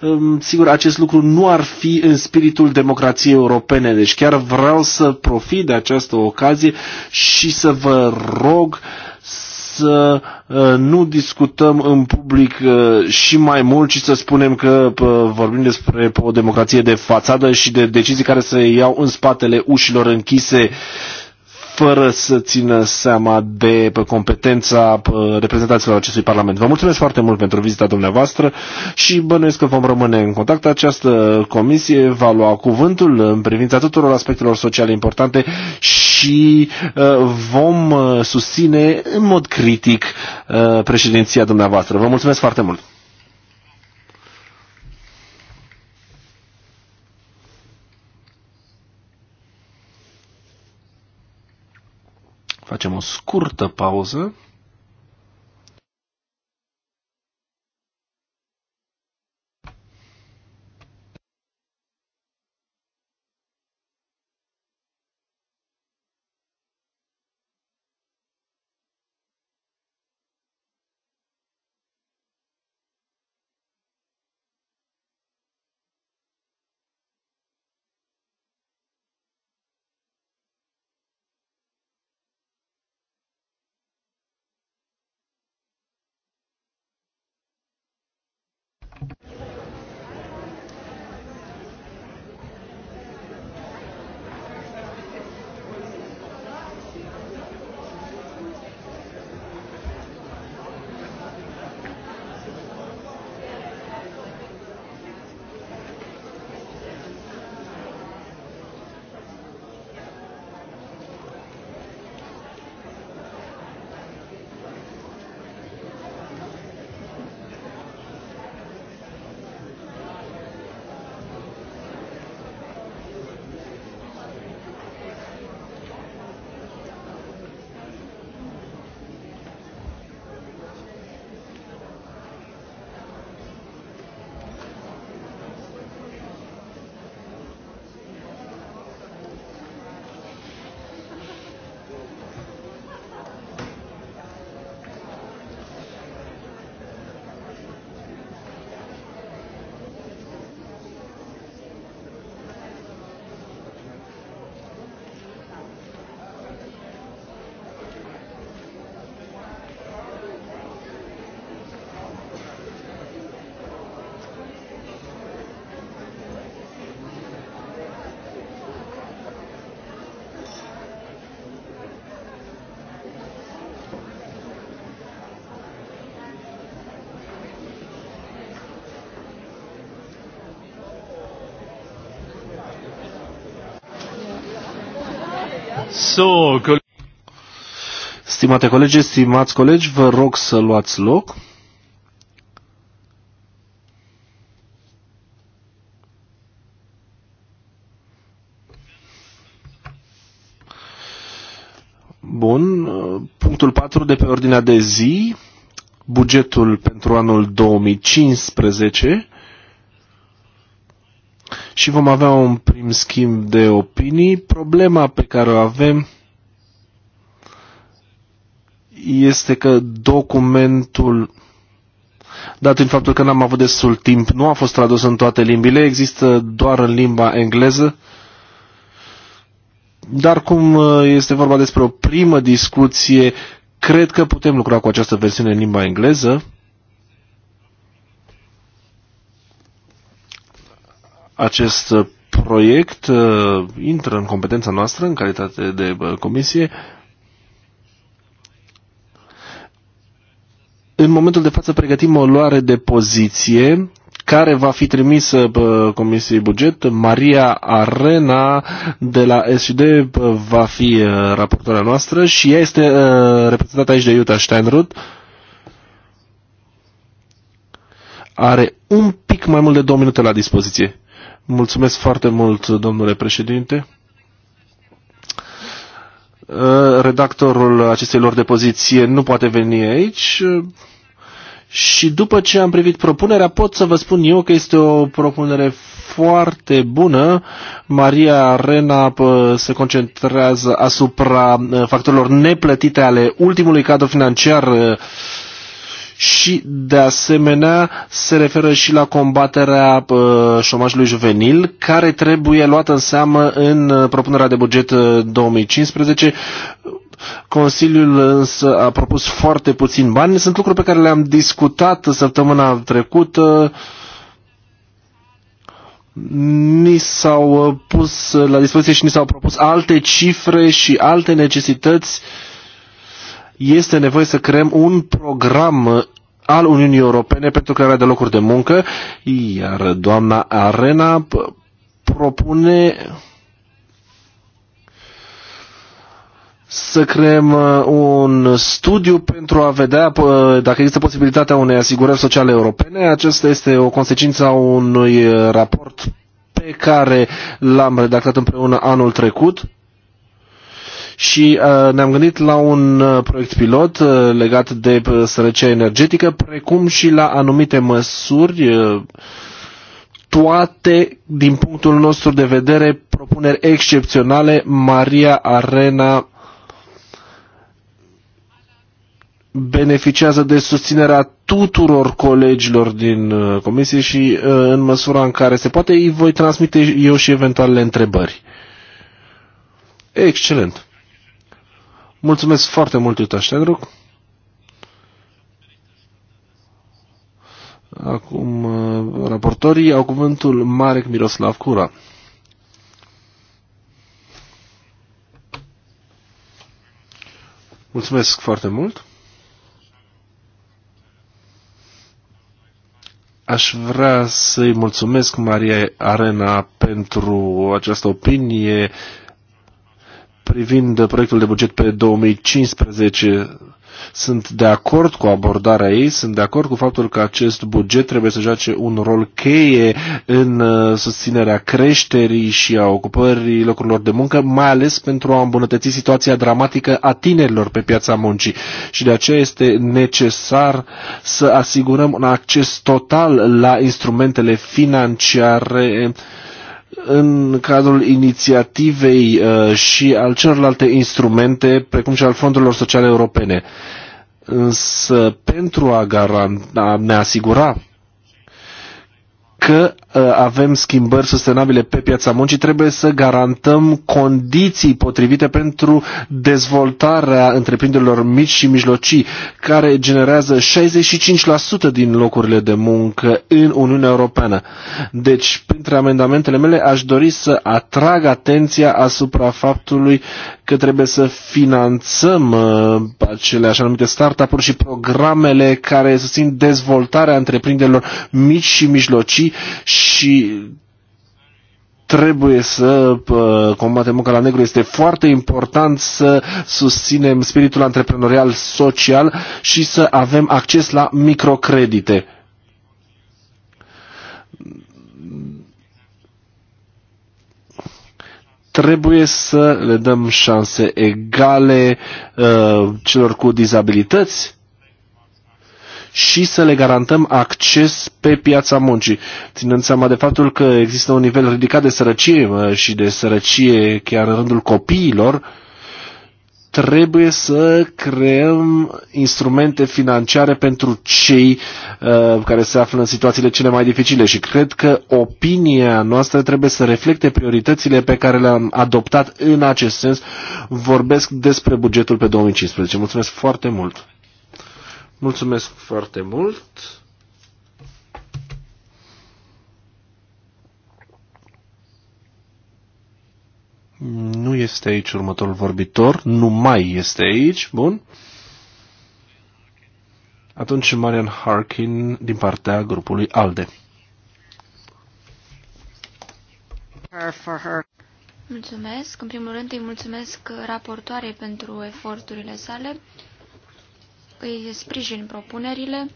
Speaker 2: Um, sigur, acest lucru nu ar fi în spiritul democrației europene. Deci chiar vreau să profit de această ocazie și să vă rog să uh, nu discutăm în public și mai mult, și să spunem că vorbim despre o democrație de fațadă și de decizii care se iau în spatele ușilor închise fără să țină seama de competența reprezentanților acestui Parlament. Vă mulțumesc foarte mult pentru vizita dumneavoastră și bănuiesc că vom rămâne în contact. Această comisie va lua cuvântul în privința tuturor aspectelor sociale importante și uh, vom uh, susține în mod critic uh, președinția dumneavoastră. Vă mulțumesc foarte mult! Facem o scurtă pauză Stimate colegi, stimați colegi, vă rog să luați loc. Bun, punctul 4 de pe ordinea de zi, bugetul pentru anul 2015, și vom avea un prim schimb de opinii. Problema pe care o avem este că documentul dat în faptul că n-am avut destul timp, nu a fost tradus în toate limbile, există doar în limba engleză, dar cum uh, este vorba despre o primă discuție, cred că putem lucra cu această versiune în limba engleză. Acest uh, proiect uh, intră în competența noastră în calitate de uh, comisie. În momentul de față pregătim o luare de poziție care va fi trimisă Comisiei Buget. Maria Arena de la SD va fi raportoarea noastră și ea este reprezentată aici de Iuta Steinrud. Are un pic mai mult de două minute la dispoziție. Mulțumesc foarte mult, domnule președinte. Ă, redactorul acestei lor de poziție nu poate veni aici ă, și după ce am privit propunerea pot să vă spun eu că este o propunere foarte bună. Maria Rena ă, se concentrează asupra factorilor neplătite ale ultimului cadru financiar și, de asemenea, se referă și la combaterea uh, șomajului juvenil, care trebuie luată în seamă în uh, propunerea de buget 2015. Uh, Consiliul însă a propus foarte puțin bani. Sunt lucruri pe care le-am discutat săptămâna trecută ni s-au pus la dispoziție și ni s-au propus alte cifre și alte necesități uh, este nevoie să creăm un program uh, al Uniunii Europene pentru crearea de locuri de muncă, iar doamna Arena propune să creăm uh, un studiu pentru a vedea uh, dacă există posibilitatea unei asigurări sociale europene. Aceasta este o consecință a unui raport pe care l-am redactat împreună anul trecut și uh, ne-am gândit la un uh, proiect pilot uh, legat de sărăcia energetică, precum și la anumite măsuri toate, din punctul nostru de vedere, propuneri excepționale. Maria Arena beneficiază de susținerea tuturor colegilor din comisie și în măsura în care se poate îi voi transmite eu și eventualele întrebări. Excelent. Mulțumesc foarte mult, Iuta Ștegruc. Acum uh, raportorii au cuvântul Marek Miroslav Cura. Mulțumesc foarte mult. Aș vrea să-i mulțumesc Maria Arena pentru această opinie privind proiectul de buget pe 2015 sunt de acord cu abordarea ei, sunt de acord cu faptul că acest buget trebuie să joace un rol cheie în uh, susținerea creșterii și a ocupării locurilor de muncă, mai ales pentru a îmbunătăți situația dramatică a tinerilor pe piața muncii. Și de aceea este necesar să asigurăm un acces total la instrumentele financiare uh, în cadrul inițiativei uh, și al celorlalte instrumente, precum și al fondurilor sociale europene. Însă, pentru a, garanta, a ne asigura că uh, avem schimbări sustenabile pe piața muncii, trebuie să garantăm condiții potrivite pentru dezvoltarea întreprinderilor mici și mijlocii, care generează 65% din locurile de muncă în Uniunea Europeană. Deci, printre amendamentele mele, aș dori să atrag atenția asupra faptului că trebuie să finanțăm uh, acele așa numite startup-uri și programele care susțin dezvoltarea întreprinderilor mici și mijlocii și trebuie să uh, combatem munca la negru. Este foarte important să susținem spiritul antreprenorial social și să avem acces la microcredite trebuie să le dăm șanse egale uh, celor cu dizabilități și să le garantăm acces pe piața muncii, ținând seama de faptul că există un nivel ridicat de sărăcie și de sărăcie chiar în rândul copiilor, uh, trebuie să creăm instrumente financiare pentru cei uh, care se află în situațiile cele mai dificile și cred că opinia noastră trebuie să reflecte prioritățile pe care le-am adoptat în acest sens. Vorbesc despre bugetul pe 2015. Mulțumesc foarte mult! Mulțumesc foarte mult! Nu este aici următorul vorbitor, nu mai este aici, bun. Atunci Marian Harkin din partea grupului ALDE.
Speaker 4: Mulțumesc. În primul rând îi mulțumesc raportoarei pentru eforturile sale. Îi sprijin propunerile.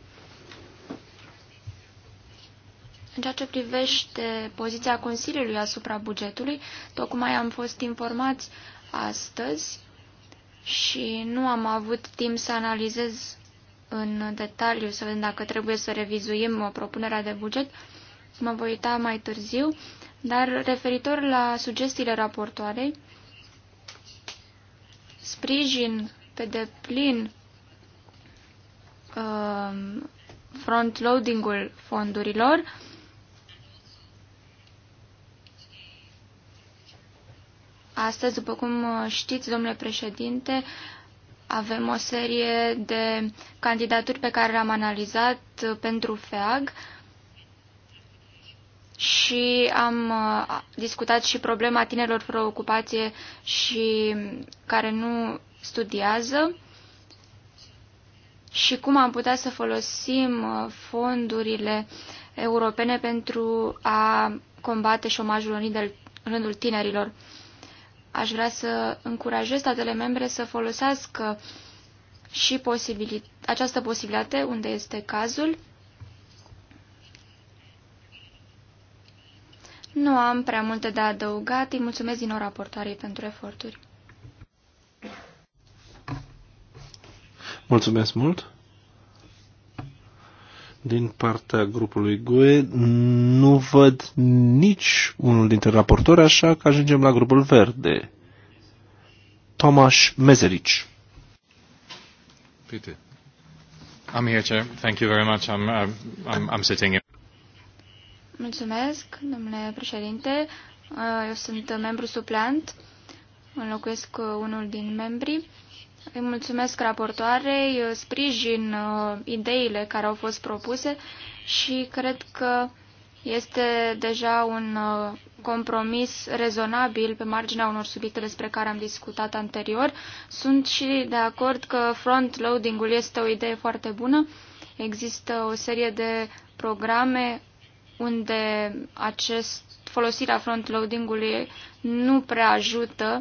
Speaker 4: În ceea ce privește poziția Consiliului asupra bugetului, tocmai am fost informați astăzi și nu am avut timp să analizez în detaliu, să vedem dacă trebuie să revizuim propunerea de buget. Mă voi uita mai târziu, dar referitor la sugestiile raportoarei, sprijin pe deplin uh, front-loading-ul fondurilor, Astăzi, după cum uh, știți, domnule președinte, avem o serie de candidaturi pe care le-am analizat uh, pentru FEAG și am uh, discutat și problema tinerilor fără ocupație și um, care nu studiază și cum am putea să folosim fondurile europene pentru a combate șomajul în rândul tinerilor. Aș vrea să încurajez statele membre să folosească și posibilit această posibilitate unde este cazul. Nu am prea multe de adăugat. Îi mulțumesc din nou raportoarei pentru eforturi.
Speaker 2: Mulțumesc mult! din partea grupului GUE nu văd nici unul dintre raportori, așa că ajungem la grupul verde. Tomas Mezerici.
Speaker 1: Peter. I'm here, Chair. Thank you very much. I'm, I'm, uh, I'm, I'm sitting here.
Speaker 4: Mulțumesc, domnule președinte. Uh, eu sunt membru suplant. Înlocuiesc uh, unul din membrii. Îi mulțumesc raportoarei, uh, sprijin uh, ideile care au fost propuse și cred că este deja un uh, compromis rezonabil pe marginea unor subiecte despre care am discutat anterior. Sunt și de acord că front-loading-ul este o idee foarte bună. Există o serie de programe unde acest, folosirea front-loading-ului nu prea ajută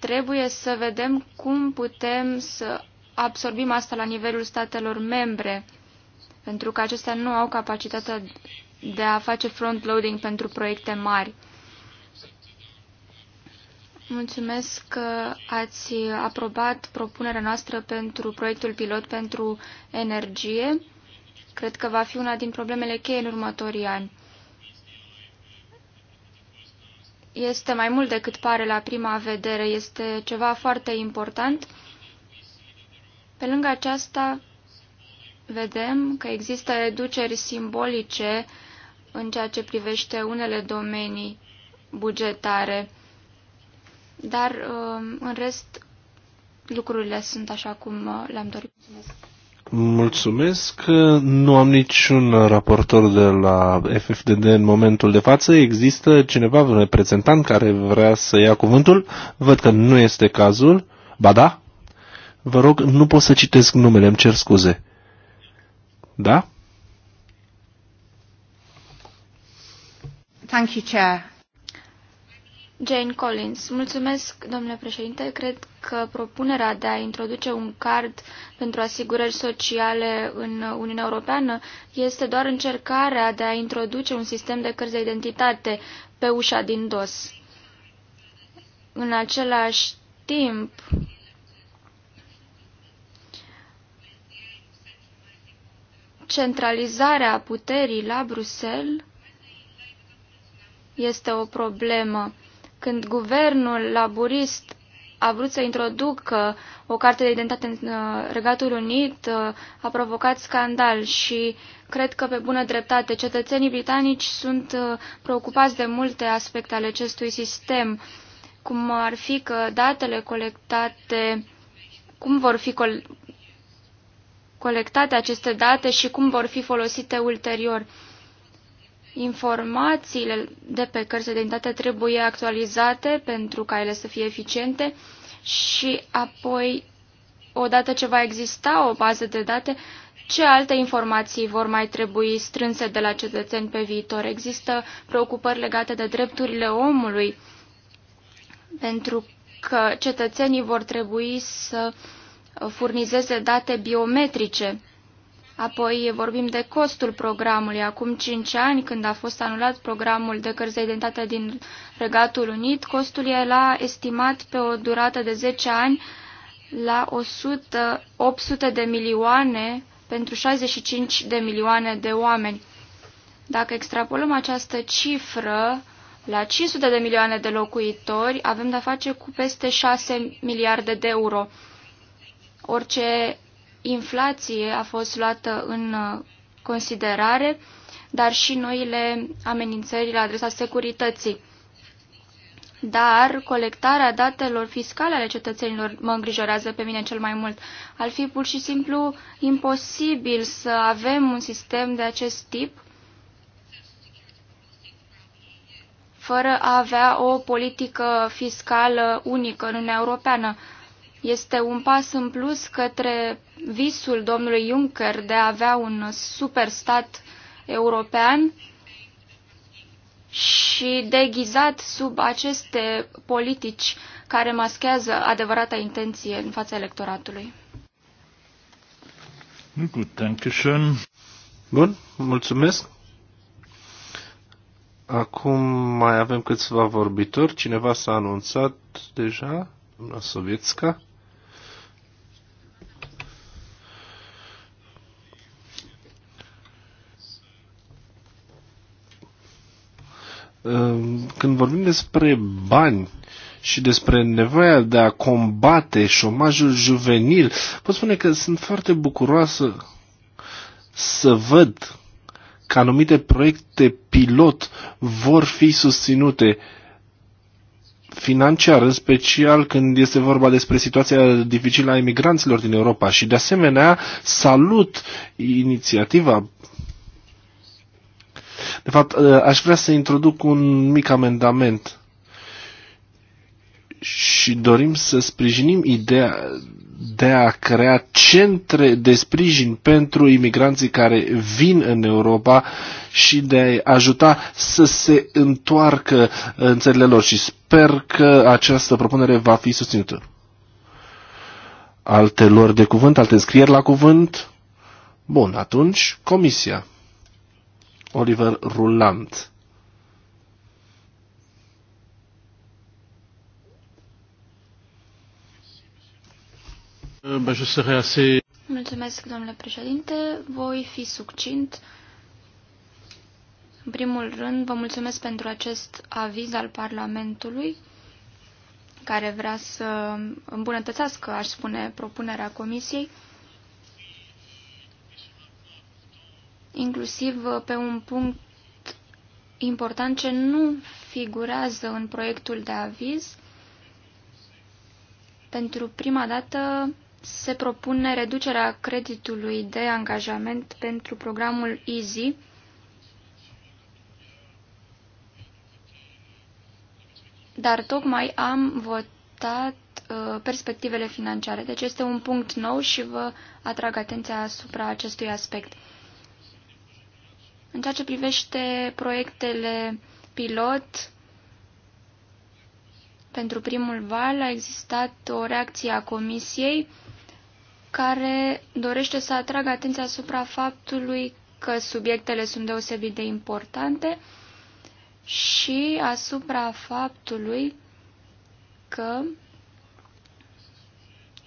Speaker 4: Trebuie să vedem cum putem să absorbim asta la nivelul statelor membre, pentru că acestea nu au capacitatea de a face front-loading pentru proiecte mari. Mulțumesc că ați aprobat propunerea noastră pentru proiectul pilot pentru energie. Cred că va fi una din problemele cheie în următorii ani. este mai mult decât pare la prima vedere, este ceva foarte important. Pe lângă aceasta, vedem că există reduceri simbolice în ceea ce privește unele domenii bugetare, dar uh, în rest lucrurile sunt așa cum uh, le-am dorit. Mulțumesc.
Speaker 2: Mulțumesc. Nu am niciun raportor de la FFDD în momentul de față. Există cineva, un reprezentant care vrea să ia cuvântul? Văd că nu este cazul. Ba da? Vă rog, nu pot să citesc numele, îmi cer scuze. Da?
Speaker 4: Thank you, Chair. Jane Collins. Mulțumesc, domnule președinte. Cred că propunerea de a introduce un card pentru asigurări sociale în Uniunea Europeană este doar încercarea de a introduce un sistem de cărți de identitate pe ușa din dos. În același timp, centralizarea puterii la Bruxelles este o problemă când guvernul laburist a vrut să introducă o carte de identitate în uh, Regatul Unit, uh, a provocat scandal și cred că pe bună dreptate cetățenii britanici sunt uh, preocupați de multe aspecte ale acestui sistem, cum ar fi că datele colectate, cum vor fi colectate aceste date și cum vor fi folosite ulterior informațiile de pe cărți de identitate trebuie actualizate pentru ca ele să fie eficiente și apoi, odată ce va exista o bază de date, ce alte informații vor mai trebui strânse de la cetățeni pe viitor? Există preocupări legate de drepturile omului, pentru că cetățenii vor trebui să furnizeze date biometrice. Apoi vorbim de costul programului. Acum 5 ani, când a fost anulat programul de cărți de identitate din Regatul Unit, costul la estimat pe o durată de 10 ani la 100, 800 de milioane pentru 65 de milioane de oameni. Dacă extrapolăm această cifră la 500 de milioane de locuitori, avem de-a face cu peste 6 miliarde de euro. Orice inflație a fost luată în uh, considerare, dar și noile amenințări la adresa securității. Dar colectarea datelor fiscale ale cetățenilor mă îngrijorează pe mine cel mai mult. Ar fi pur și simplu imposibil să avem un sistem de acest tip fără a avea o politică fiscală unică în Uniunea Europeană. Este un pas în plus către visul domnului Juncker de a avea un superstat european și deghizat sub aceste politici care maschează adevărata intenție în fața electoratului.
Speaker 1: Bun,
Speaker 2: mulțumesc. Acum mai avem câțiva vorbitori. Cineva s-a anunțat deja, la Sovietska. Ehm, când vorbim despre bani și despre nevoia de a combate șomajul juvenil, pot spune că sunt foarte bucuroasă să văd că anumite proiecte pilot vor fi susținute financiar, în special când este vorba despre situația dificilă a emigranților din Europa. Și de asemenea salut inițiativa de fapt, ă, aș vrea să introduc un mic amendament și dorim să sprijinim ideea de a crea centre de sprijin pentru imigranții care vin în Europa și de a ajuta să se întoarcă în țările lor și sper că această propunere va fi susținută. Alte lor de cuvânt, alte scrieri la cuvânt? Bun, atunci, Comisia. Oliver Rulant.
Speaker 4: Mulțumesc, domnule președinte. Voi fi succint. În primul rând, vă mulțumesc pentru acest aviz al Parlamentului care vrea să îmbunătățească, aș spune, propunerea Comisiei. inclusiv uh, pe un punct important ce nu figurează în proiectul de aviz. Pentru prima dată se propune reducerea creditului de angajament pentru programul EASY, dar tocmai am votat uh, perspectivele financiare, deci este un punct nou și vă atrag atenția asupra acestui aspect. În ceea ce privește proiectele pilot, pentru primul val a existat o reacție a Comisiei care dorește să atragă atenția asupra faptului că subiectele sunt deosebit de importante și asupra faptului că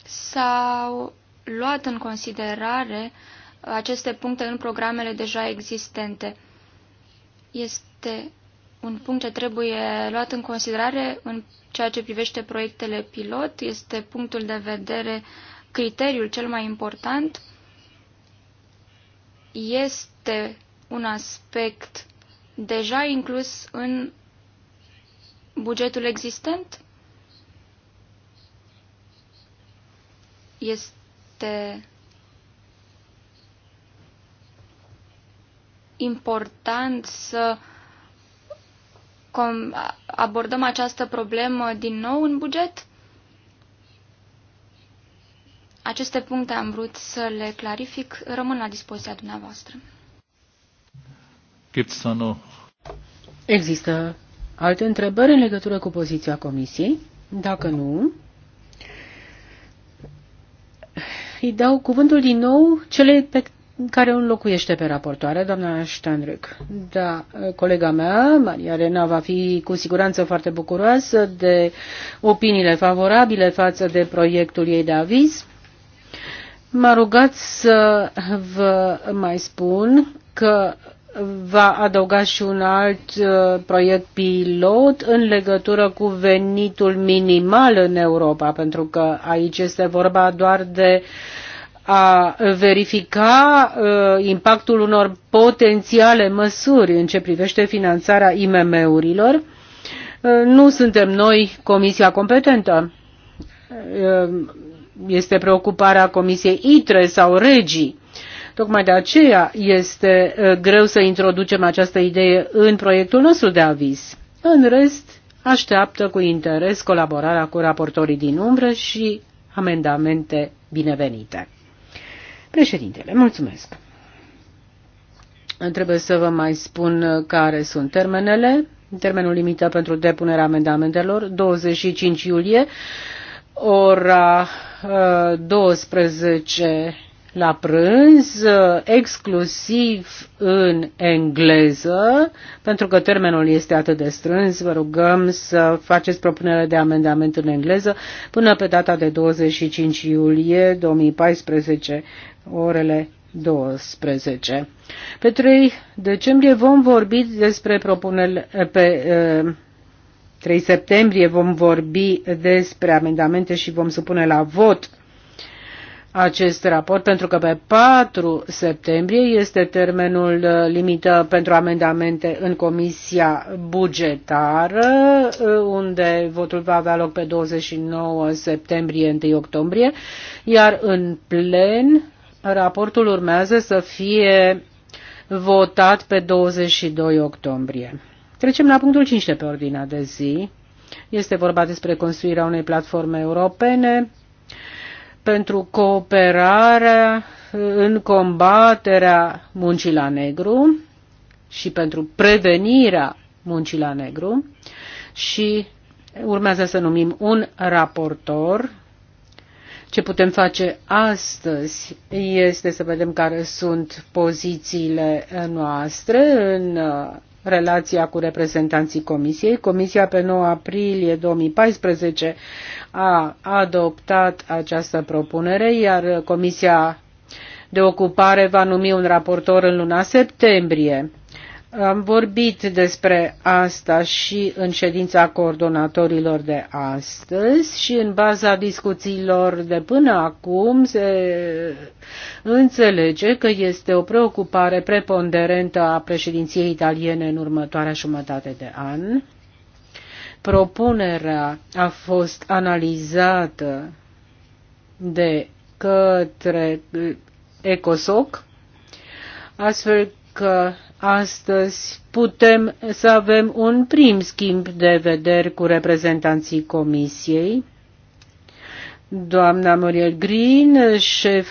Speaker 4: s-au luat în considerare aceste puncte în programele deja existente. Este un punct ce trebuie luat în considerare în ceea ce privește proiectele pilot. Este punctul de vedere, criteriul cel mai important. Este un aspect deja inclus în bugetul existent? Este important să abordăm această problemă din nou în buget? Aceste puncte am vrut să le clarific. Rămân la dispoziția dumneavoastră.
Speaker 3: Există alte întrebări în legătură cu poziția Comisiei? Dacă nu, îi dau cuvântul din nou celei pe care o înlocuiește pe raportoare, doamna Ștandrâc. Da, colega mea, Maria Rena, va fi cu siguranță foarte bucuroasă de opiniile favorabile față de proiectul ei de aviz. M-a rugat să vă mai spun că va adăuga și un alt uh, proiect pilot în legătură cu venitul minimal în Europa, pentru că aici este vorba doar de uh, a verifica uh, impactul unor potențiale măsuri în ce privește finanțarea IMM-urilor. Uh, nu suntem noi comisia competentă. Uh, este preocuparea comisiei ITRE sau regii. Tocmai de aceea este uh, greu să introducem această idee în proiectul nostru de aviz. În rest, așteaptă cu interes colaborarea cu raportorii din umbră și amendamente binevenite. Președintele, mulțumesc. Trebuie să vă mai spun care sunt termenele. Termenul limită pentru depunerea amendamentelor, 25 iulie, ora 12 uh, la prânz, uh, exclusiv în engleză, pentru că termenul este atât de strâns, vă rugăm să faceți propunere de amendament în engleză până pe data de 25 iulie 2014 orele 12. Pe 3 decembrie vom vorbi despre propunerile pe 3 septembrie vom vorbi despre amendamente și vom supune la vot acest raport, pentru că pe 4 septembrie este termenul limită pentru amendamente în Comisia Bugetară, unde votul va avea loc pe 29 septembrie, 1 octombrie, iar în plen Raportul urmează să fie votat pe 22 octombrie. Trecem la punctul 5 de pe ordinea de zi. Este vorba despre construirea unei platforme europene pentru cooperarea în combaterea muncii la negru și pentru prevenirea muncii la negru și urmează să numim un raportor ce putem face astăzi este să vedem care sunt pozițiile noastre în uh, relația cu reprezentanții Comisiei. Comisia pe 9 aprilie 2014 a adoptat această propunere, iar Comisia de Ocupare va numi un raportor în luna septembrie. Am vorbit despre asta și în ședința coordonatorilor de astăzi și în baza discuțiilor de până acum se înțelege că este o preocupare preponderentă a președinției italiene în următoarea jumătate de an. Propunerea a fost analizată de către ECOSOC, astfel că astăzi putem să avem un prim schimb de vederi cu reprezentanții Comisiei. Doamna Muriel Green, șef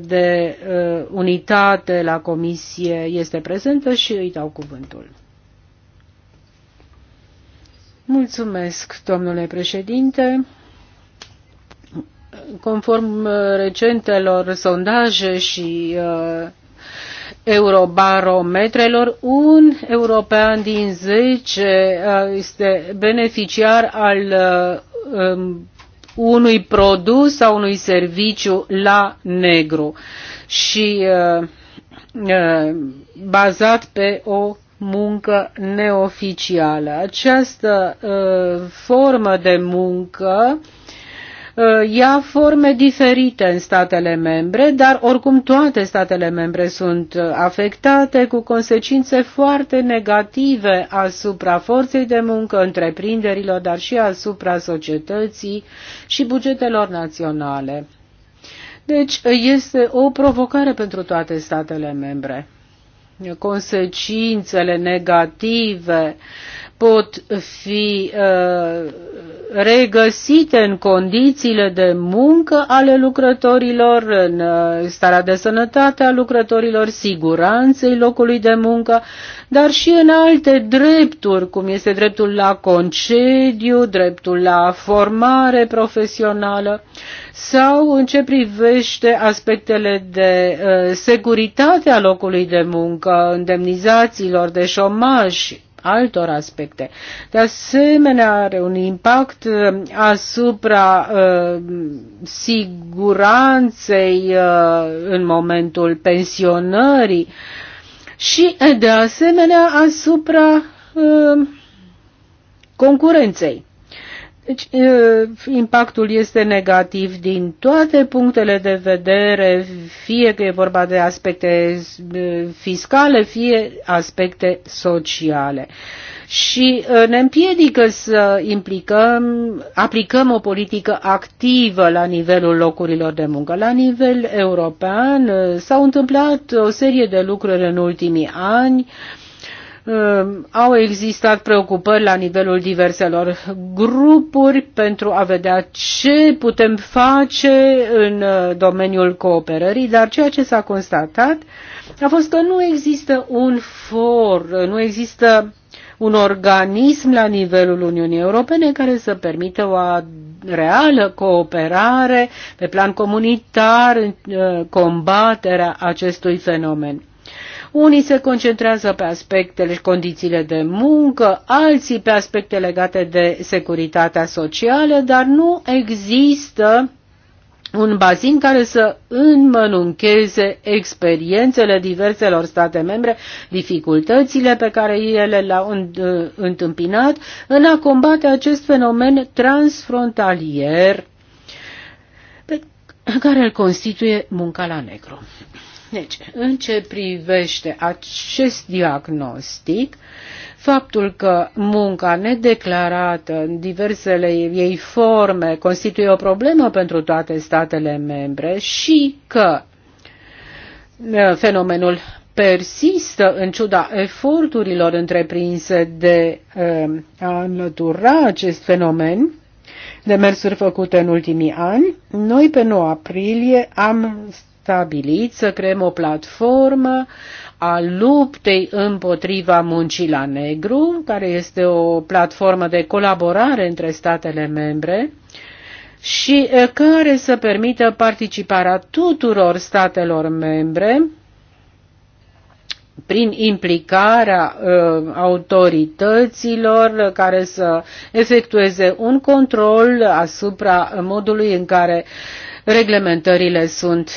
Speaker 3: de uh, unitate la Comisie, este prezentă și îi dau cuvântul. Mulțumesc, domnule președinte. Conform uh, recentelor sondaje și uh, eurobarometrelor, un european din 10 uh, este beneficiar al uh, um, unui produs sau unui serviciu la negru și uh, bazat pe o muncă neoficială. Această formă de muncă uh, Uh, ia forme diferite în statele membre, dar oricum toate statele membre sunt uh, afectate cu consecințe foarte negative asupra forței de muncă, întreprinderilor, dar și asupra societății și bugetelor naționale. Deci uh, este o provocare pentru toate statele membre. Consecințele negative uh, pot fi uh, regăsite în condițiile de muncă ale lucrătorilor, în uh, starea de sănătate a lucrătorilor, siguranței locului de muncă, dar și în alte drepturi, cum este dreptul la concediu, dreptul la formare profesională sau în ce privește aspectele de uh, securitate a locului de muncă, indemnizațiilor de șomaj, altor aspecte. De asemenea, are un impact uh, asupra uh, siguranței uh, în momentul pensionării și, de asemenea, asupra uh, concurenței. Deci, impactul este negativ din toate punctele de vedere, fie că e vorba de aspecte fiscale, fie aspecte sociale. Și ne împiedică să implicăm, aplicăm o politică activă la nivelul locurilor de muncă. La nivel european s-au întâmplat o serie de lucruri în ultimii ani, uh, Ehm, au existat preocupări la nivelul diverselor grupuri pentru a vedea ce putem face în eh, domeniul cooperării, dar ceea ce s-a constatat a fost că nu există un for, nu există un organism la nivelul Uniunii Europene care să permită o reală cooperare pe plan comunitar în eh, combaterea acestui fenomen. Unii se concentrează pe aspectele și condițiile de muncă, alții pe aspecte legate de securitatea socială, dar nu există un bazin care să înmănuncheze experiențele diverselor state membre, dificultățile pe care ele le-au uh, întâmpinat în a combate acest fenomen transfrontalier pe care îl constituie munca la negru. Deci, în ce privește acest diagnostic, faptul că munca nedeclarată în diversele ei forme constituie o problemă pentru toate statele membre și că uh, fenomenul persistă în ciuda eforturilor întreprinse de uh, a înlătura acest fenomen, demersuri făcute în ultimii ani, noi pe 9 aprilie am stabilit să creăm o platformă a luptei împotriva muncii la negru, care este o platformă de colaborare între statele membre și care să permită participarea tuturor statelor membre prin implicarea uh, autorităților care să efectueze un control asupra modului în care reglementările sunt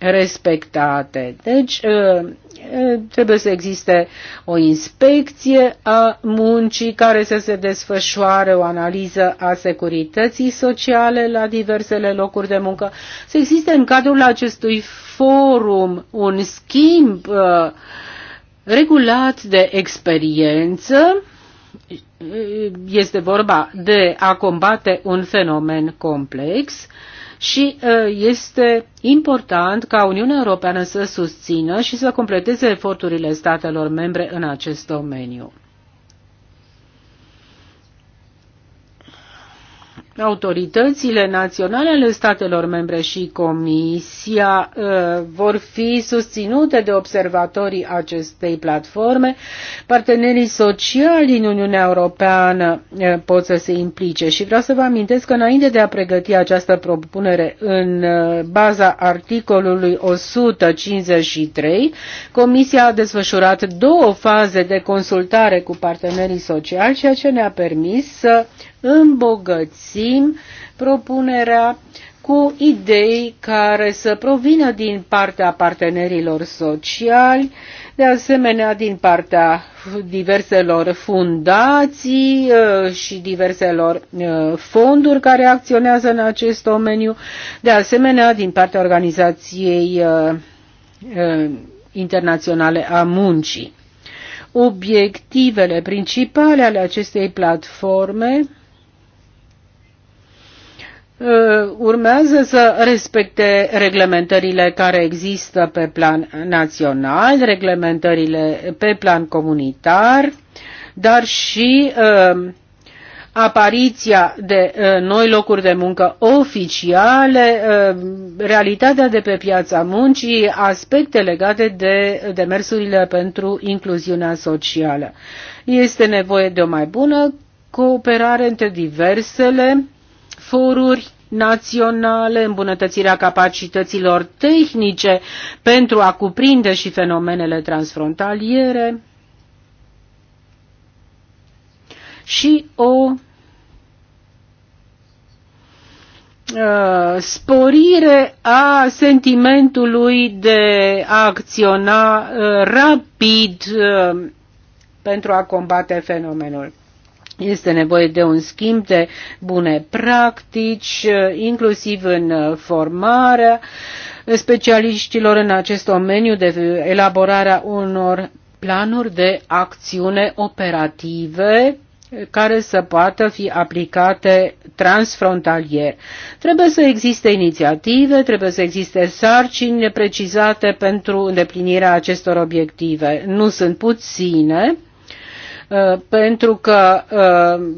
Speaker 3: respectate. Deci uh, uh, trebuie să existe o inspecție a muncii care să se desfășoare, o analiză a securității sociale la diversele locuri de muncă. Să existe în cadrul acestui forum un schimb uh, regulat de experiență. Este vorba de a combate un fenomen complex și uh, este important ca Uniunea Europeană să susțină și să completeze eforturile statelor membre în acest domeniu. autoritățile naționale ale statelor membre și Comisia uh, vor fi susținute de observatorii acestei platforme. Partenerii sociali din Uniunea Europeană uh, pot să se implice și vreau să vă amintesc că înainte de a pregăti această propunere în uh, baza articolului 153, Comisia a desfășurat două faze de consultare cu partenerii sociali, ceea ce ne-a permis să îmbogățim propunerea cu idei care să provină din partea partenerilor sociali, de asemenea din partea diverselor fundații uh, și diverselor uh, fonduri care acționează în acest domeniu, de asemenea din partea Organizației uh, Internaționale a Muncii. Obiectivele principale ale acestei platforme Uh, urmează să respecte reglementările care există pe plan național, reglementările pe plan comunitar, dar și uh, apariția de uh, noi locuri de muncă oficiale, realitatea de pe piața muncii, aspecte legate de demersurile pentru incluziunea socială. Este nevoie de o mai bună cooperare între diversele eforturi naționale, îmbunătățirea capacităților tehnice pentru a cuprinde și fenomenele transfrontaliere și o uh, sporire a sentimentului de a acționa uh, rapid uh, pentru a combate fenomenul. Este nevoie de un schimb de bune practici, inclusiv în formarea specialiștilor în acest domeniu, de elaborarea unor planuri de acțiune operative care să poată fi aplicate transfrontalier. Trebuie să existe inițiative, trebuie să existe sarcini precizate pentru îndeplinirea acestor obiective. Nu sunt puține Uh, pentru că uh,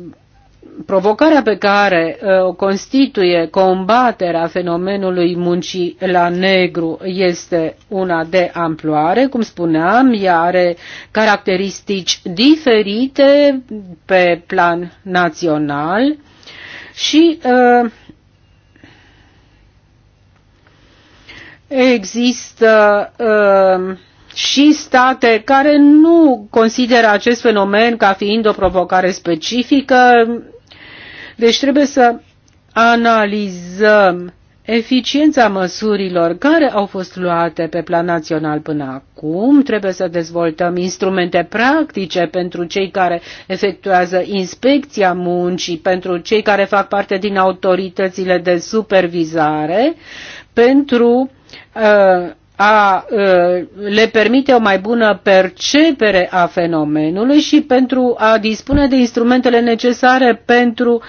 Speaker 3: provocarea pe care uh, o constituie combaterea fenomenului muncii la negru este una de amploare, cum spuneam, ea are caracteristici diferite pe plan național și există uh, și state care nu consideră acest fenomen ca fiind o provocare specifică. Deci trebuie să analizăm eficiența măsurilor care au fost luate pe plan național până acum. Trebuie să dezvoltăm instrumente practice pentru cei care efectuează inspecția muncii, pentru cei care fac parte din autoritățile de supervizare, pentru uh, a le permite o mai bună percepere a fenomenului și pentru a dispune de instrumentele necesare pentru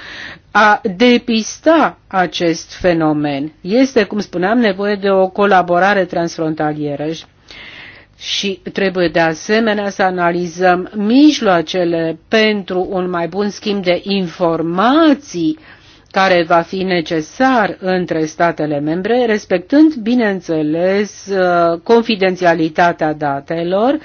Speaker 3: a depista acest fenomen. Este, cum spuneam, nevoie de o colaborare transfrontalieră și trebuie de asemenea să analizăm mijloacele pentru un mai bun schimb de informații uh, care va fi necesar între statele membre, respectând, bineînțeles, uh, confidențialitatea datelor,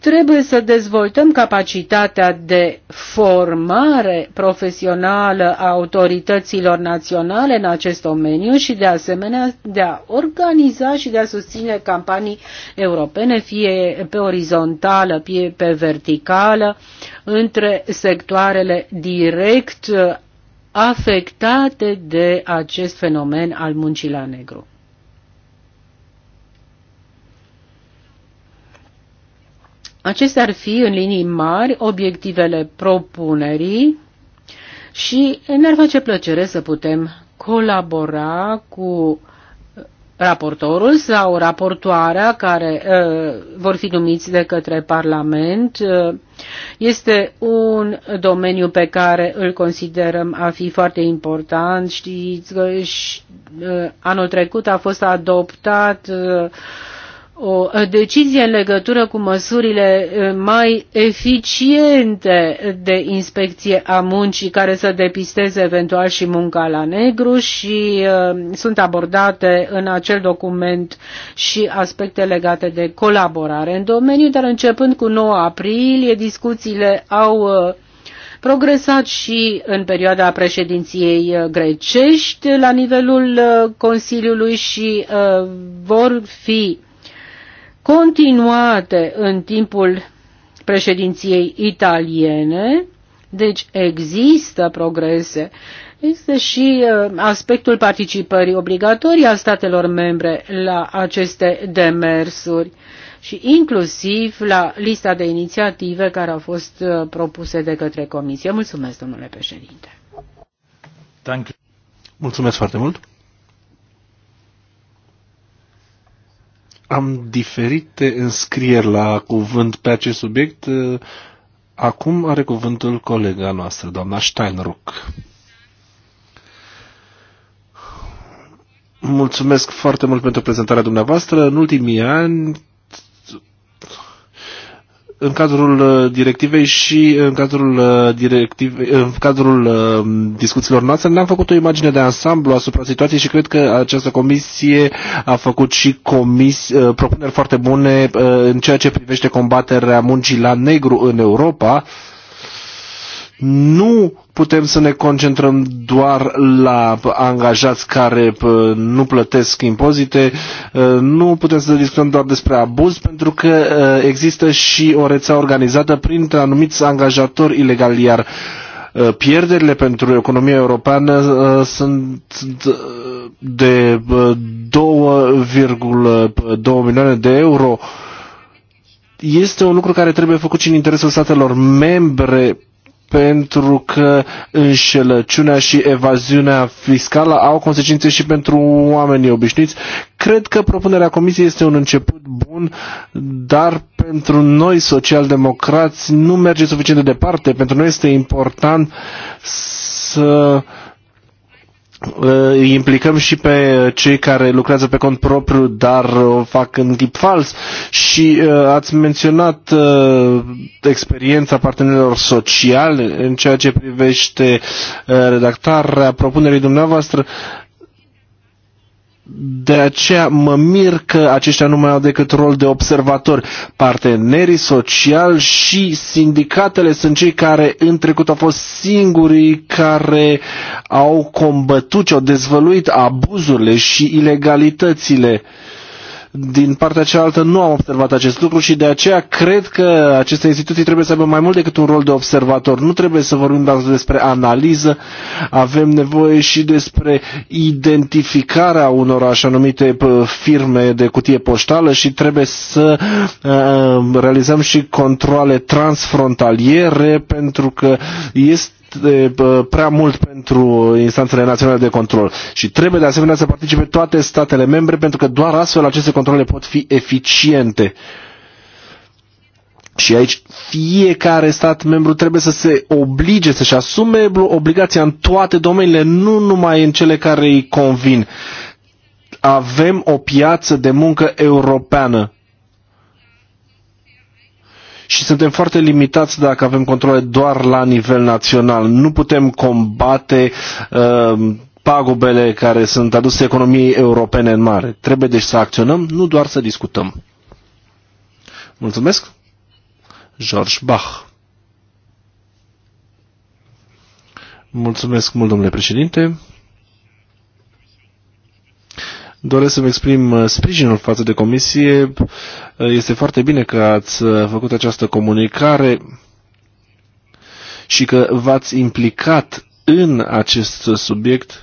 Speaker 3: trebuie să dezvoltăm capacitatea de formare profesională a autorităților naționale în acest domeniu și, de asemenea, de a organiza și de a susține campanii europene, fie pe orizontală, fie pe verticală, între sectoarele direct afectate de acest fenomen al muncii la negru. Acestea ar fi, în linii mari, obiectivele propunerii și ne-ar face plăcere să putem colabora cu raportorul sau raportoarea care uh, vor fi numiți de către Parlament. Uh, este un domeniu pe care îl considerăm a fi foarte important. Știți că uh, anul trecut a fost adoptat uh, o decizie în legătură cu măsurile mai eficiente de inspecție a muncii care să depisteze eventual și munca la negru și uh, sunt abordate în acel document și aspecte legate de colaborare în domeniu, dar începând cu 9 aprilie discuțiile au uh, progresat și în perioada președinției grecești la nivelul Consiliului și uh, vor fi continuate în timpul președinției italiene, deci există progrese. este și uh, aspectul participării obligatorii a statelor membre la aceste demersuri și inclusiv la lista de inițiative care au fost uh, propuse de către Comisie. Mulțumesc, domnule președinte.
Speaker 1: Mulțumesc foarte mult.
Speaker 2: Am diferite înscrieri la cuvânt pe acest subiect. Acum are cuvântul colega noastră, doamna Steinruck. Mulțumesc foarte mult pentru prezentarea dumneavoastră. În ultimii ani, în cadrul uh, directivei și în cadrul, uh, directive, în cadrul uh, discuțiilor noastre ne-am făcut o imagine de ansamblu asupra situației și cred că această comisie a făcut și comis, propuneri foarte bune în ceea ce privește combaterea muncii la negru în Europa nu putem să ne concentrăm doar la angajați care nu plătesc impozite, ă, nu putem să discutăm doar despre abuz, pentru că ă, există și o rețea organizată printre anumiți angajatori ilegali, iar ă, pierderile pentru economia europeană sunt de 2,2 milioane de euro este un lucru care trebuie făcut și în interesul statelor membre pentru că înșelăciunea și evaziunea fiscală au consecințe și pentru oamenii obișnuiți. Cred că propunerea Comisiei este un început bun, dar pentru noi socialdemocrați nu merge suficient de departe. Pentru noi este important să îi implicăm și pe cei care lucrează pe cont propriu, dar o fac în tip fals. Și uh, ați menționat uh, experiența partenerilor sociale în ceea ce privește uh, redactarea propunerii dumneavoastră. Uh, de aceea mă mir că aceștia nu mai au decât rol de observatori. Partenerii sociali și sindicatele sunt cei care în trecut au fost singurii care au combătut și au dezvăluit abuzurile și ilegalitățile uh, din partea cealaltă nu am observat acest lucru și de aceea cred că aceste instituții trebuie să aibă mai mult decât un rol de observator. Nu trebuie să vorbim doar despre analiză, avem nevoie și despre identificarea unor așa numite firme de cutie poștală și trebuie să uh, realizăm și controle transfrontaliere pentru că este prea mult pentru instanțele naționale de control și trebuie de asemenea să participe toate statele membre pentru că doar astfel aceste controle pot fi eficiente. Și aici fiecare stat membru trebuie să se oblige, să-și asume obligația în toate domeniile, nu numai în cele care îi convin. Avem o piață de muncă europeană și suntem foarte limitați dacă avem controle doar la nivel național. Nu putem combate uh, pagubele care sunt aduse economiei europene în mare. Trebuie deci să acționăm, nu doar să discutăm. Mulțumesc. George Bach. Mulțumesc mult, domnule președinte. Doresc să-mi exprim uh, sprijinul față de comisie. Uh, este foarte bine că ați uh, făcut această comunicare și că v-ați implicat în acest subiect.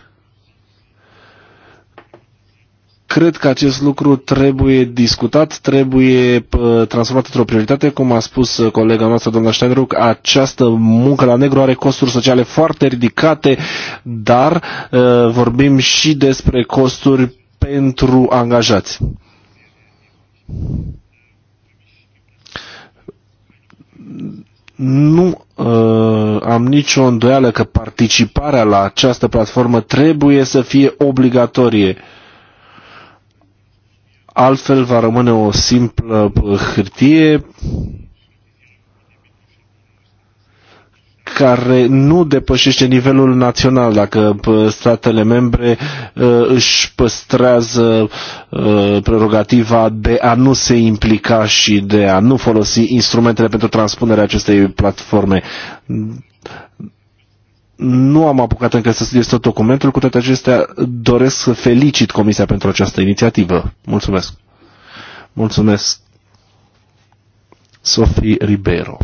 Speaker 2: Cred că acest lucru trebuie discutat, trebuie transformat într-o prioritate. Cum a spus colega noastră, doamna Steinruck, această muncă la negru are costuri sociale foarte ridicate, dar uh, vorbim și despre costuri pentru angajați. Nu uh, am nicio îndoială că participarea la această platformă trebuie să fie obligatorie. Altfel va rămâne o simplă hârtie care nu depășește nivelul național dacă statele membre ă, își păstrează ă, prerogativa de a nu se implica și de a nu folosi instrumentele pentru transpunerea acestei platforme nu am apucat încă să studiez tot documentul, cu toate acestea doresc să felicit Comisia pentru această inițiativă. Mulțumesc. Mulțumesc. Sofie Ribeiro.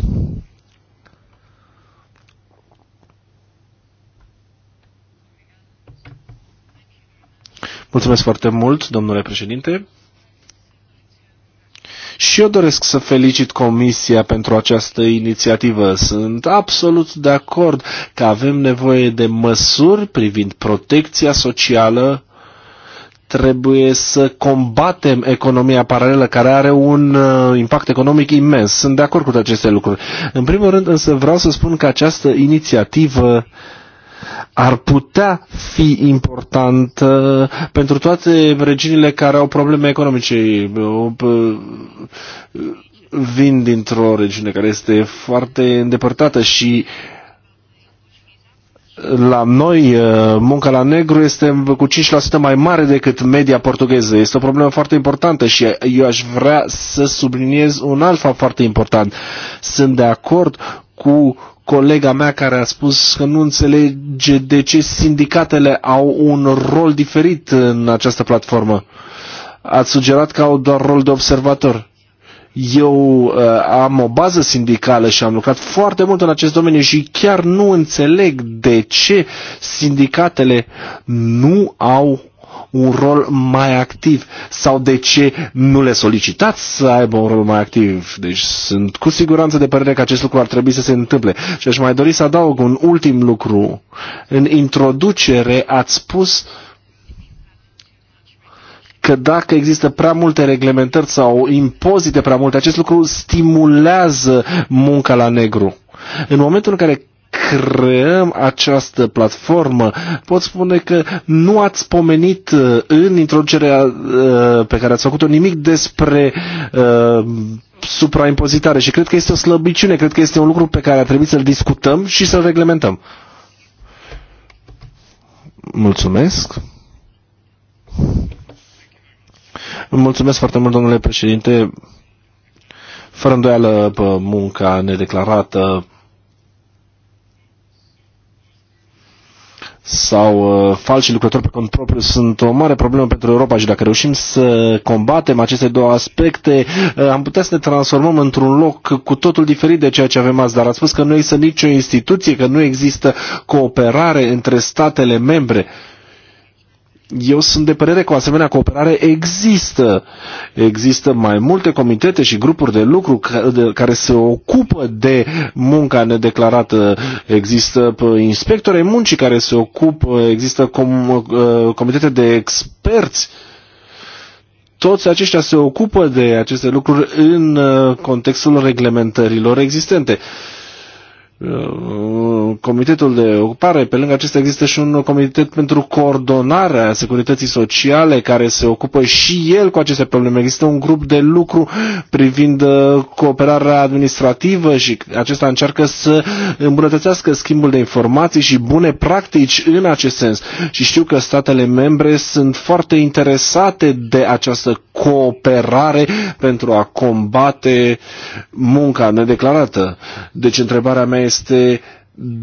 Speaker 2: Mulțumesc foarte mult, domnule președinte. Și eu doresc să felicit Comisia pentru această inițiativă. Sunt absolut de acord că avem nevoie de măsuri privind protecția socială. Trebuie să combatem economia paralelă care are un uh, impact economic imens. Sunt de acord cu aceste lucruri. În primul rând însă vreau să spun că această inițiativă uh, ar putea fi important pentru toate regiunile care au probleme economice. Vin dintr-o regiune care este foarte îndepărtată și la noi uh, munca la negru este cu 5% mai mare decât media portugheză. Este o problemă foarte importantă și eu aș vrea să subliniez un alt fapt foarte important. Sunt de acord cu colega mea care a spus că nu înțelege de ce sindicatele au un rol diferit în această platformă. Ați sugerat că au doar rol de observator. Eu uh, am o bază sindicală și am lucrat foarte mult în acest domeniu și chiar nu înțeleg de ce sindicatele nu au un rol mai activ sau de ce nu le solicitați să aibă un rol mai activ. Deci sunt cu siguranță de părere că acest lucru ar trebui să se întâmple. Și aș mai dori să adaug un ultim lucru. În introducere ați spus că dacă există prea multe reglementări sau impozite prea multe, acest lucru stimulează munca la negru. În momentul în care creăm această platformă. Pot spune că nu ați pomenit uh, în introducerea uh, pe care ați făcut-o nimic despre uh, supraimpozitare și cred că este o slăbiciune, cred că este un lucru pe care ar trebui să-l discutăm și să-l reglementăm. Mulțumesc. Mulțumesc foarte mult, domnule președinte. Fără îndoială, munca nedeclarată sau uh, falși lucrători pe cont propriu sunt o mare problemă pentru Europa și dacă reușim să combatem aceste două aspecte, uh, am putea să ne transformăm într-un loc cu totul diferit de ceea ce avem azi. Dar ați spus că nu există nicio instituție, că nu există cooperare între statele membre. Uh, eu sunt de părere că o asemenea cooperare există. Există mai multe comitete și grupuri de lucru care se ocupă de munca nedeclarată. Există inspectorii muncii care se ocupă, există com uh, comitete de experți toți aceștia se ocupă de aceste lucruri în uh, contextul reglementărilor existente. Uh, Uh, comitetul de ocupare, pe lângă acesta există și un comitet pentru coordonarea securității sociale care se ocupă și el cu aceste probleme. Există un grup de lucru privind uh, cooperarea administrativă și acesta încearcă să îmbunătățească schimbul de informații și bune practici în acest sens. Și știu că statele membre sunt foarte interesate de această cooperare pentru a combate munca nedeclarată. Deci întrebarea mea este este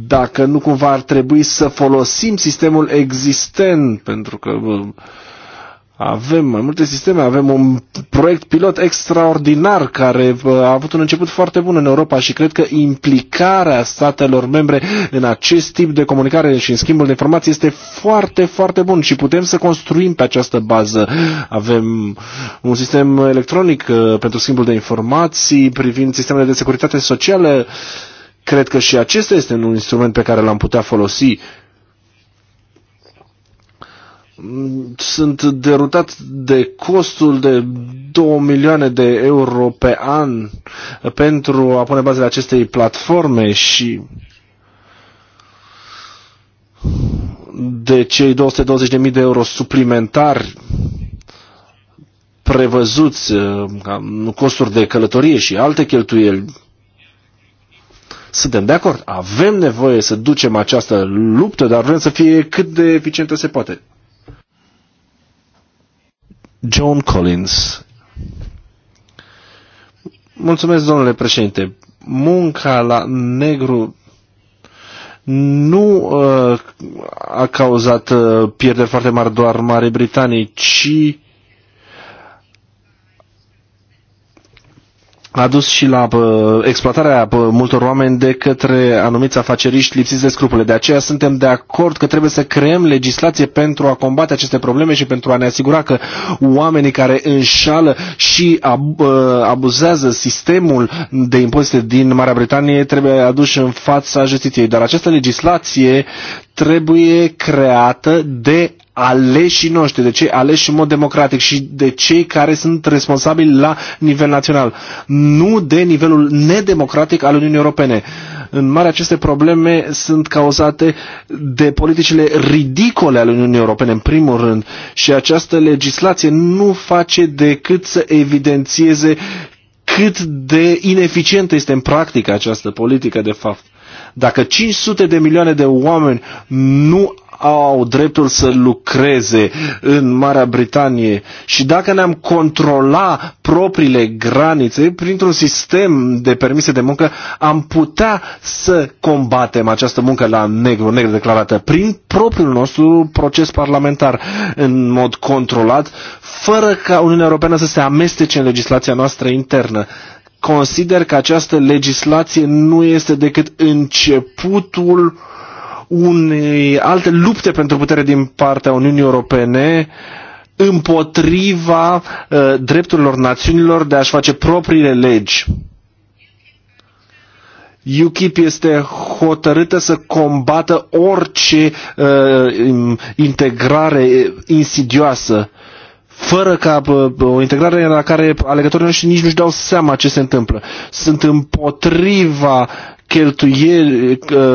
Speaker 2: dacă nu cumva ar trebui să folosim sistemul existent, pentru că avem mai multe sisteme, avem un proiect pilot extraordinar care a avut un început foarte bun în Europa și cred că implicarea statelor membre în acest tip de comunicare și în schimbul de informații este foarte, foarte bun și putem să construim pe această bază. Avem un sistem electronic uh, pentru schimbul de informații privind sistemele de securitate socială, uh, Cred că și acesta este un instrument pe care l-am putea folosi. Sunt derutat de costul de 2 milioane de euro pe an pentru a pune bazele acestei platforme și de cei 220.000 de euro suplimentari prevăzuți costuri de călătorie și alte cheltuieli suntem de acord, avem nevoie să ducem această luptă, dar vrem să fie cât de eficientă se poate. John Collins. Mulțumesc, domnule președinte. Munca la negru nu uh, a cauzat uh, pierderi foarte mari doar Marii Britanii, ci a dus și la uh, exploatarea uh, multor oameni de către anumiți afaceriști lipsiți de scrupule. De aceea suntem de acord că trebuie să creăm legislație pentru a combate aceste probleme și pentru a ne asigura că oamenii care înșală și ab, uh, abuzează sistemul de impozite din Marea Britanie trebuie aduși în fața justiției. Dar această legislație trebuie creată de aleșii noștri, de cei aleși în mod democratic și de cei care sunt responsabili la nivel național, nu de nivelul nedemocratic al Uniunii Europene. În mare aceste probleme sunt cauzate de politicile ridicole ale Uniunii Europene, în primul rând, și această legislație nu face decât să evidențieze cât de ineficientă este în practică această politică, de fapt. Dacă 500 de milioane de oameni nu au dreptul să lucreze în Marea Britanie și dacă ne-am controla propriile granițe printr-un sistem de permise de muncă, am putea să combatem această muncă la negru, negru declarată, prin propriul nostru proces parlamentar, în mod controlat, fără ca Uniunea Europeană să se amestece în legislația noastră internă consider că această legislație nu este decât începutul unei alte lupte pentru putere din partea Uniunii Europene împotriva uh, drepturilor națiunilor de a-și face propriile legi. UKIP este hotărâtă să combată orice uh, integrare insidioasă, fără ca uh, o integrare la care alegătorii noștri nici nu-și dau seama ce se întâmplă. Sunt împotriva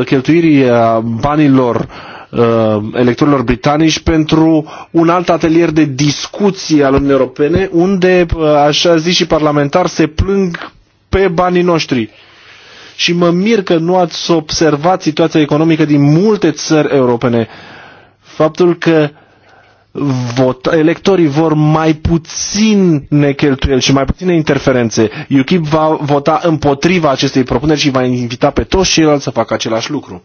Speaker 2: cheltuirii uh, banilor uh, electorilor britanici pentru un alt atelier de discuții al Uniunii Europene, unde, uh, așa zis și parlamentar, se plâng pe banii noștri. Și mă mir că nu ați observat situația economică din multe țări europene. Faptul că uh, vot, electorii vor mai puțin necheltuieli și mai puține interferențe. UKIP va vota împotriva acestei propuneri și va invita pe toți ceilalți să facă același lucru.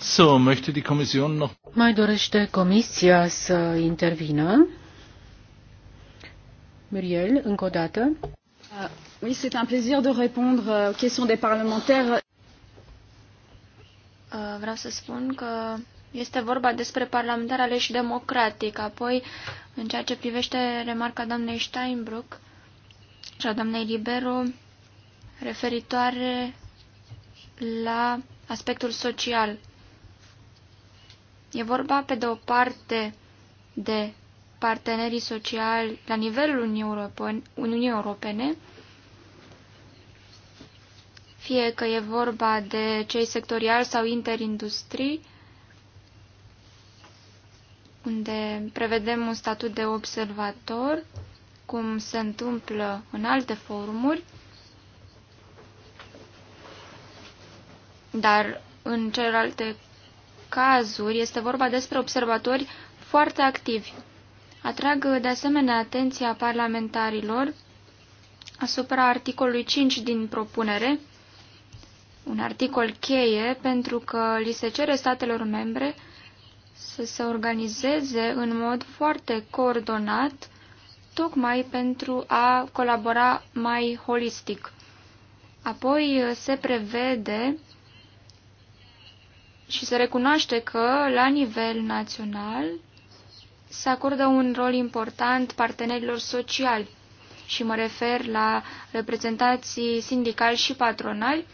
Speaker 1: So, möchte die Kommission noch...
Speaker 3: Mai dorește Comisia să intervină? Muriel, încă o dată.
Speaker 4: Uh, oui, c'est un plaisir de répondre euh, aux questions des parlementaires. Uh, vreau să spun că este vorba despre parlamentar aleși democratic. Apoi, în ceea ce privește remarca doamnei Steinbrück și a doamnei Libero, referitoare la aspectul social. E vorba, pe de o parte, de partenerii sociali la nivelul Uniunii Europene, Uniunii Europene fie că e vorba de cei sectoriali sau interindustrii, unde prevedem un statut de observator, cum se întâmplă în alte forumuri, dar în celelalte cazuri este vorba despre observatori foarte activi. Atrag de asemenea atenția parlamentarilor asupra articolului 5 din propunere, un articol cheie pentru că li se cere statelor membre să se organizeze în mod foarte coordonat tocmai pentru a colabora mai holistic. Apoi se prevede și se recunoaște că, la nivel național, se acordă un rol important partenerilor sociali și mă refer la reprezentații sindicali și patronali,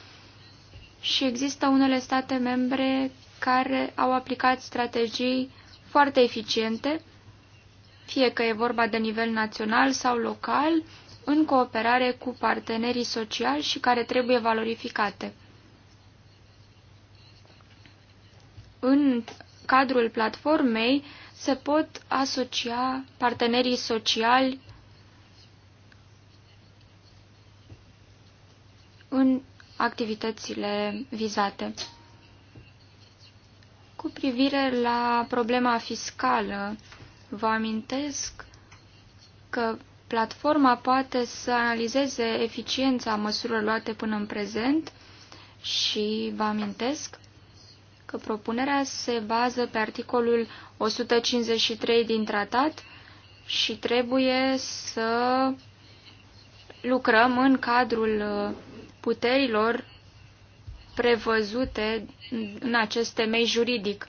Speaker 4: și există unele state membre care au aplicat strategii foarte eficiente, fie că e vorba de nivel național sau local, în cooperare cu partenerii sociali și care trebuie valorificate. În cadrul platformei se pot asocia partenerii sociali în activitățile vizate. Cu privire la problema fiscală, vă amintesc că platforma poate să analizeze eficiența măsurilor luate până în prezent și vă amintesc că propunerea se bază pe articolul 153 din tratat și trebuie să lucrăm în cadrul puterilor prevăzute în acest temei juridic.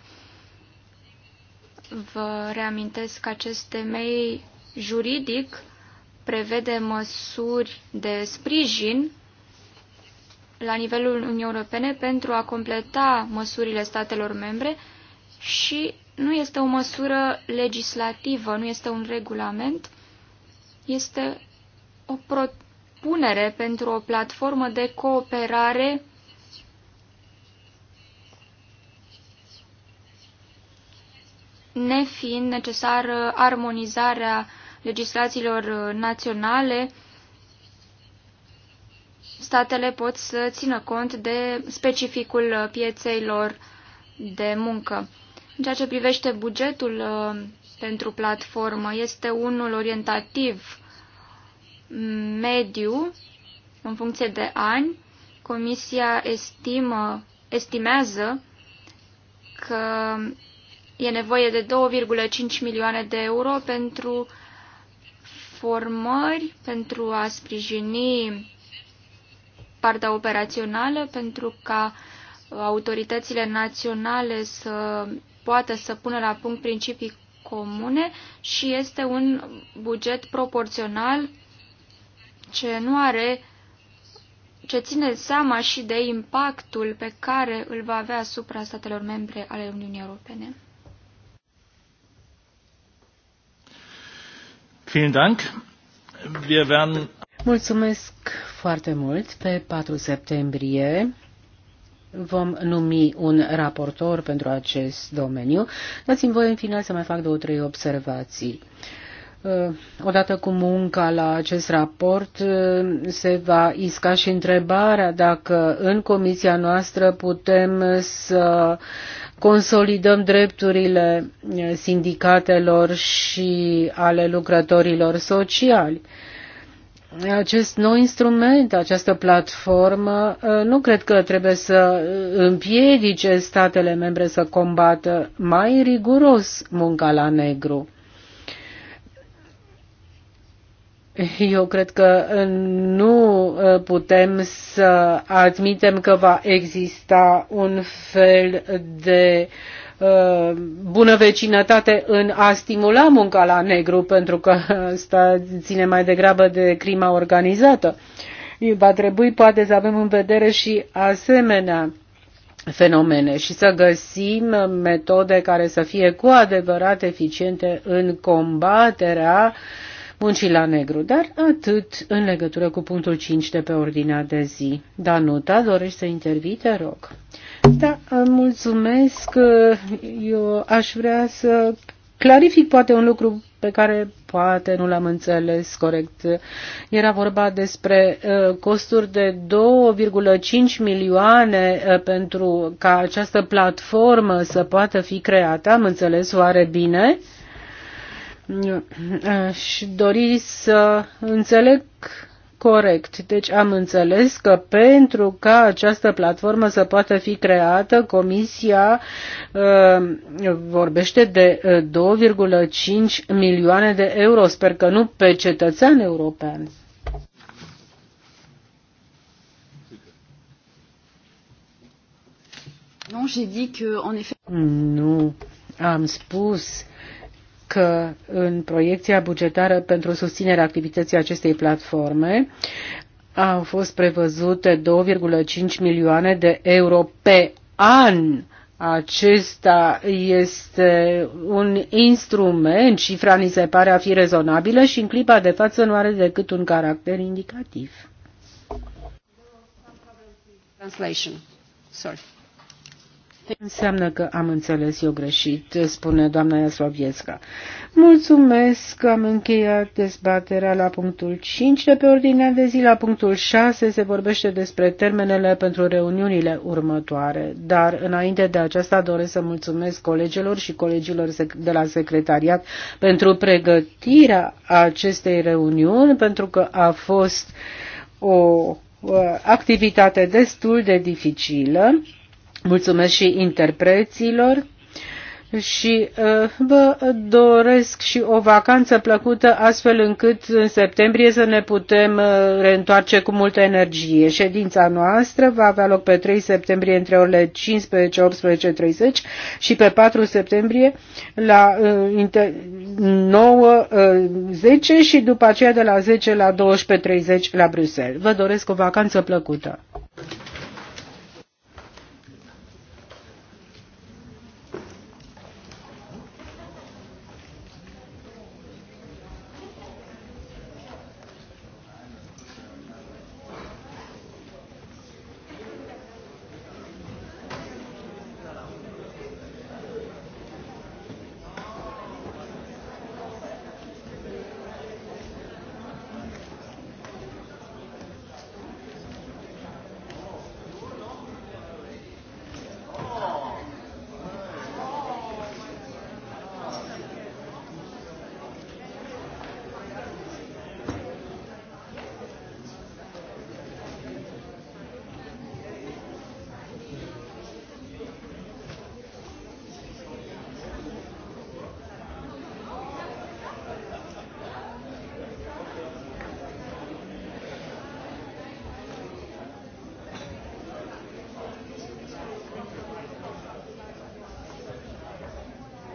Speaker 4: Vă reamintesc că acest temei juridic prevede măsuri de sprijin la nivelul Uniunii Europene pentru a completa măsurile statelor membre și nu este o măsură legislativă, nu este un regulament, este o protecție propunere pentru o platformă de cooperare nefiind necesară armonizarea legislațiilor naționale, statele pot să țină cont de specificul pieței lor de muncă. În ceea ce privește bugetul uh, pentru platformă, este unul orientativ mediu, în funcție de ani, Comisia estimă, estimează că e nevoie de 2,5 milioane de euro pentru formări, pentru a sprijini partea operațională, pentru ca autoritățile naționale să poată să pună la punct principii comune și este un buget proporțional ce nu are, ce ține seama și de impactul pe care îl va avea asupra statelor membre ale Uniunii Europene.
Speaker 3: Mulțumesc foarte mult. Pe 4 septembrie vom numi un raportor pentru acest domeniu. Dați-mi voi în final să mai fac două, trei observații. Uh, Eh, odată cu munca la acest raport, eh, se va isca și întrebarea dacă în comisia noastră putem să consolidăm drepturile eh, sindicatelor și ale lucrătorilor sociali. Acest nou instrument, această platformă, nu cred că trebuie să împiedice statele membre să combată mai riguros munca la negru Eu cred că nu uh, putem să admitem că va exista un fel de uh, bună vecinătate în a stimula munca la negru, pentru că asta ține mai degrabă de crima organizată. Va trebui poate să avem în vedere și asemenea fenomene și să găsim metode care să fie cu adevărat eficiente în combaterea uh, muncii la negru, dar atât în legătură cu punctul 5 de pe ordinea de zi. Danuta, dorești să intervii, te rog. Da, mulțumesc. Eu aș vrea să clarific poate un lucru pe care poate nu l-am înțeles corect. Era vorba despre uh, costuri de 2,5 milioane uh, pentru ca această platformă să poată fi creată. Am înțeles oare bine? aș dori să înțeleg corect. Deci am înțeles că pentru ca această platformă să poată fi creată, Comisia uh, vorbește de 2,5 uh, milioane de euro. Sper că nu pe cetățean european.
Speaker 4: Non, j'ai dit que, en effet...
Speaker 3: Nu, am spus că în proiecția bugetară pentru susținerea activității acestei platforme au fost prevăzute 2,5 milioane de euro pe an. Acesta este un instrument, cifra ni se pare a fi rezonabilă și în clipa de față nu are decât un caracter indicativ. Translation. Sorry. Înseamnă că am înțeles eu greșit, spune doamna Iasloviesca. Mulțumesc că am încheiat dezbaterea la punctul 5 de pe ordinea de zi. La punctul 6 se vorbește despre termenele pentru reuniunile următoare, dar înainte de aceasta doresc să mulțumesc colegilor și colegilor de la secretariat pentru pregătirea acestei reuniuni, pentru că a fost o activitate destul de dificilă Mulțumesc și interpreților și uh, vă doresc și o vacanță plăcută astfel încât în septembrie să ne putem uh, reîntoarce cu multă energie. Ședința noastră va avea loc pe 3 septembrie între orele 15-18.30 și pe 4 septembrie la uh, 9.10 uh, și după aceea de la 10 la 12.30 la Bruxelles. Vă doresc o vacanță plăcută!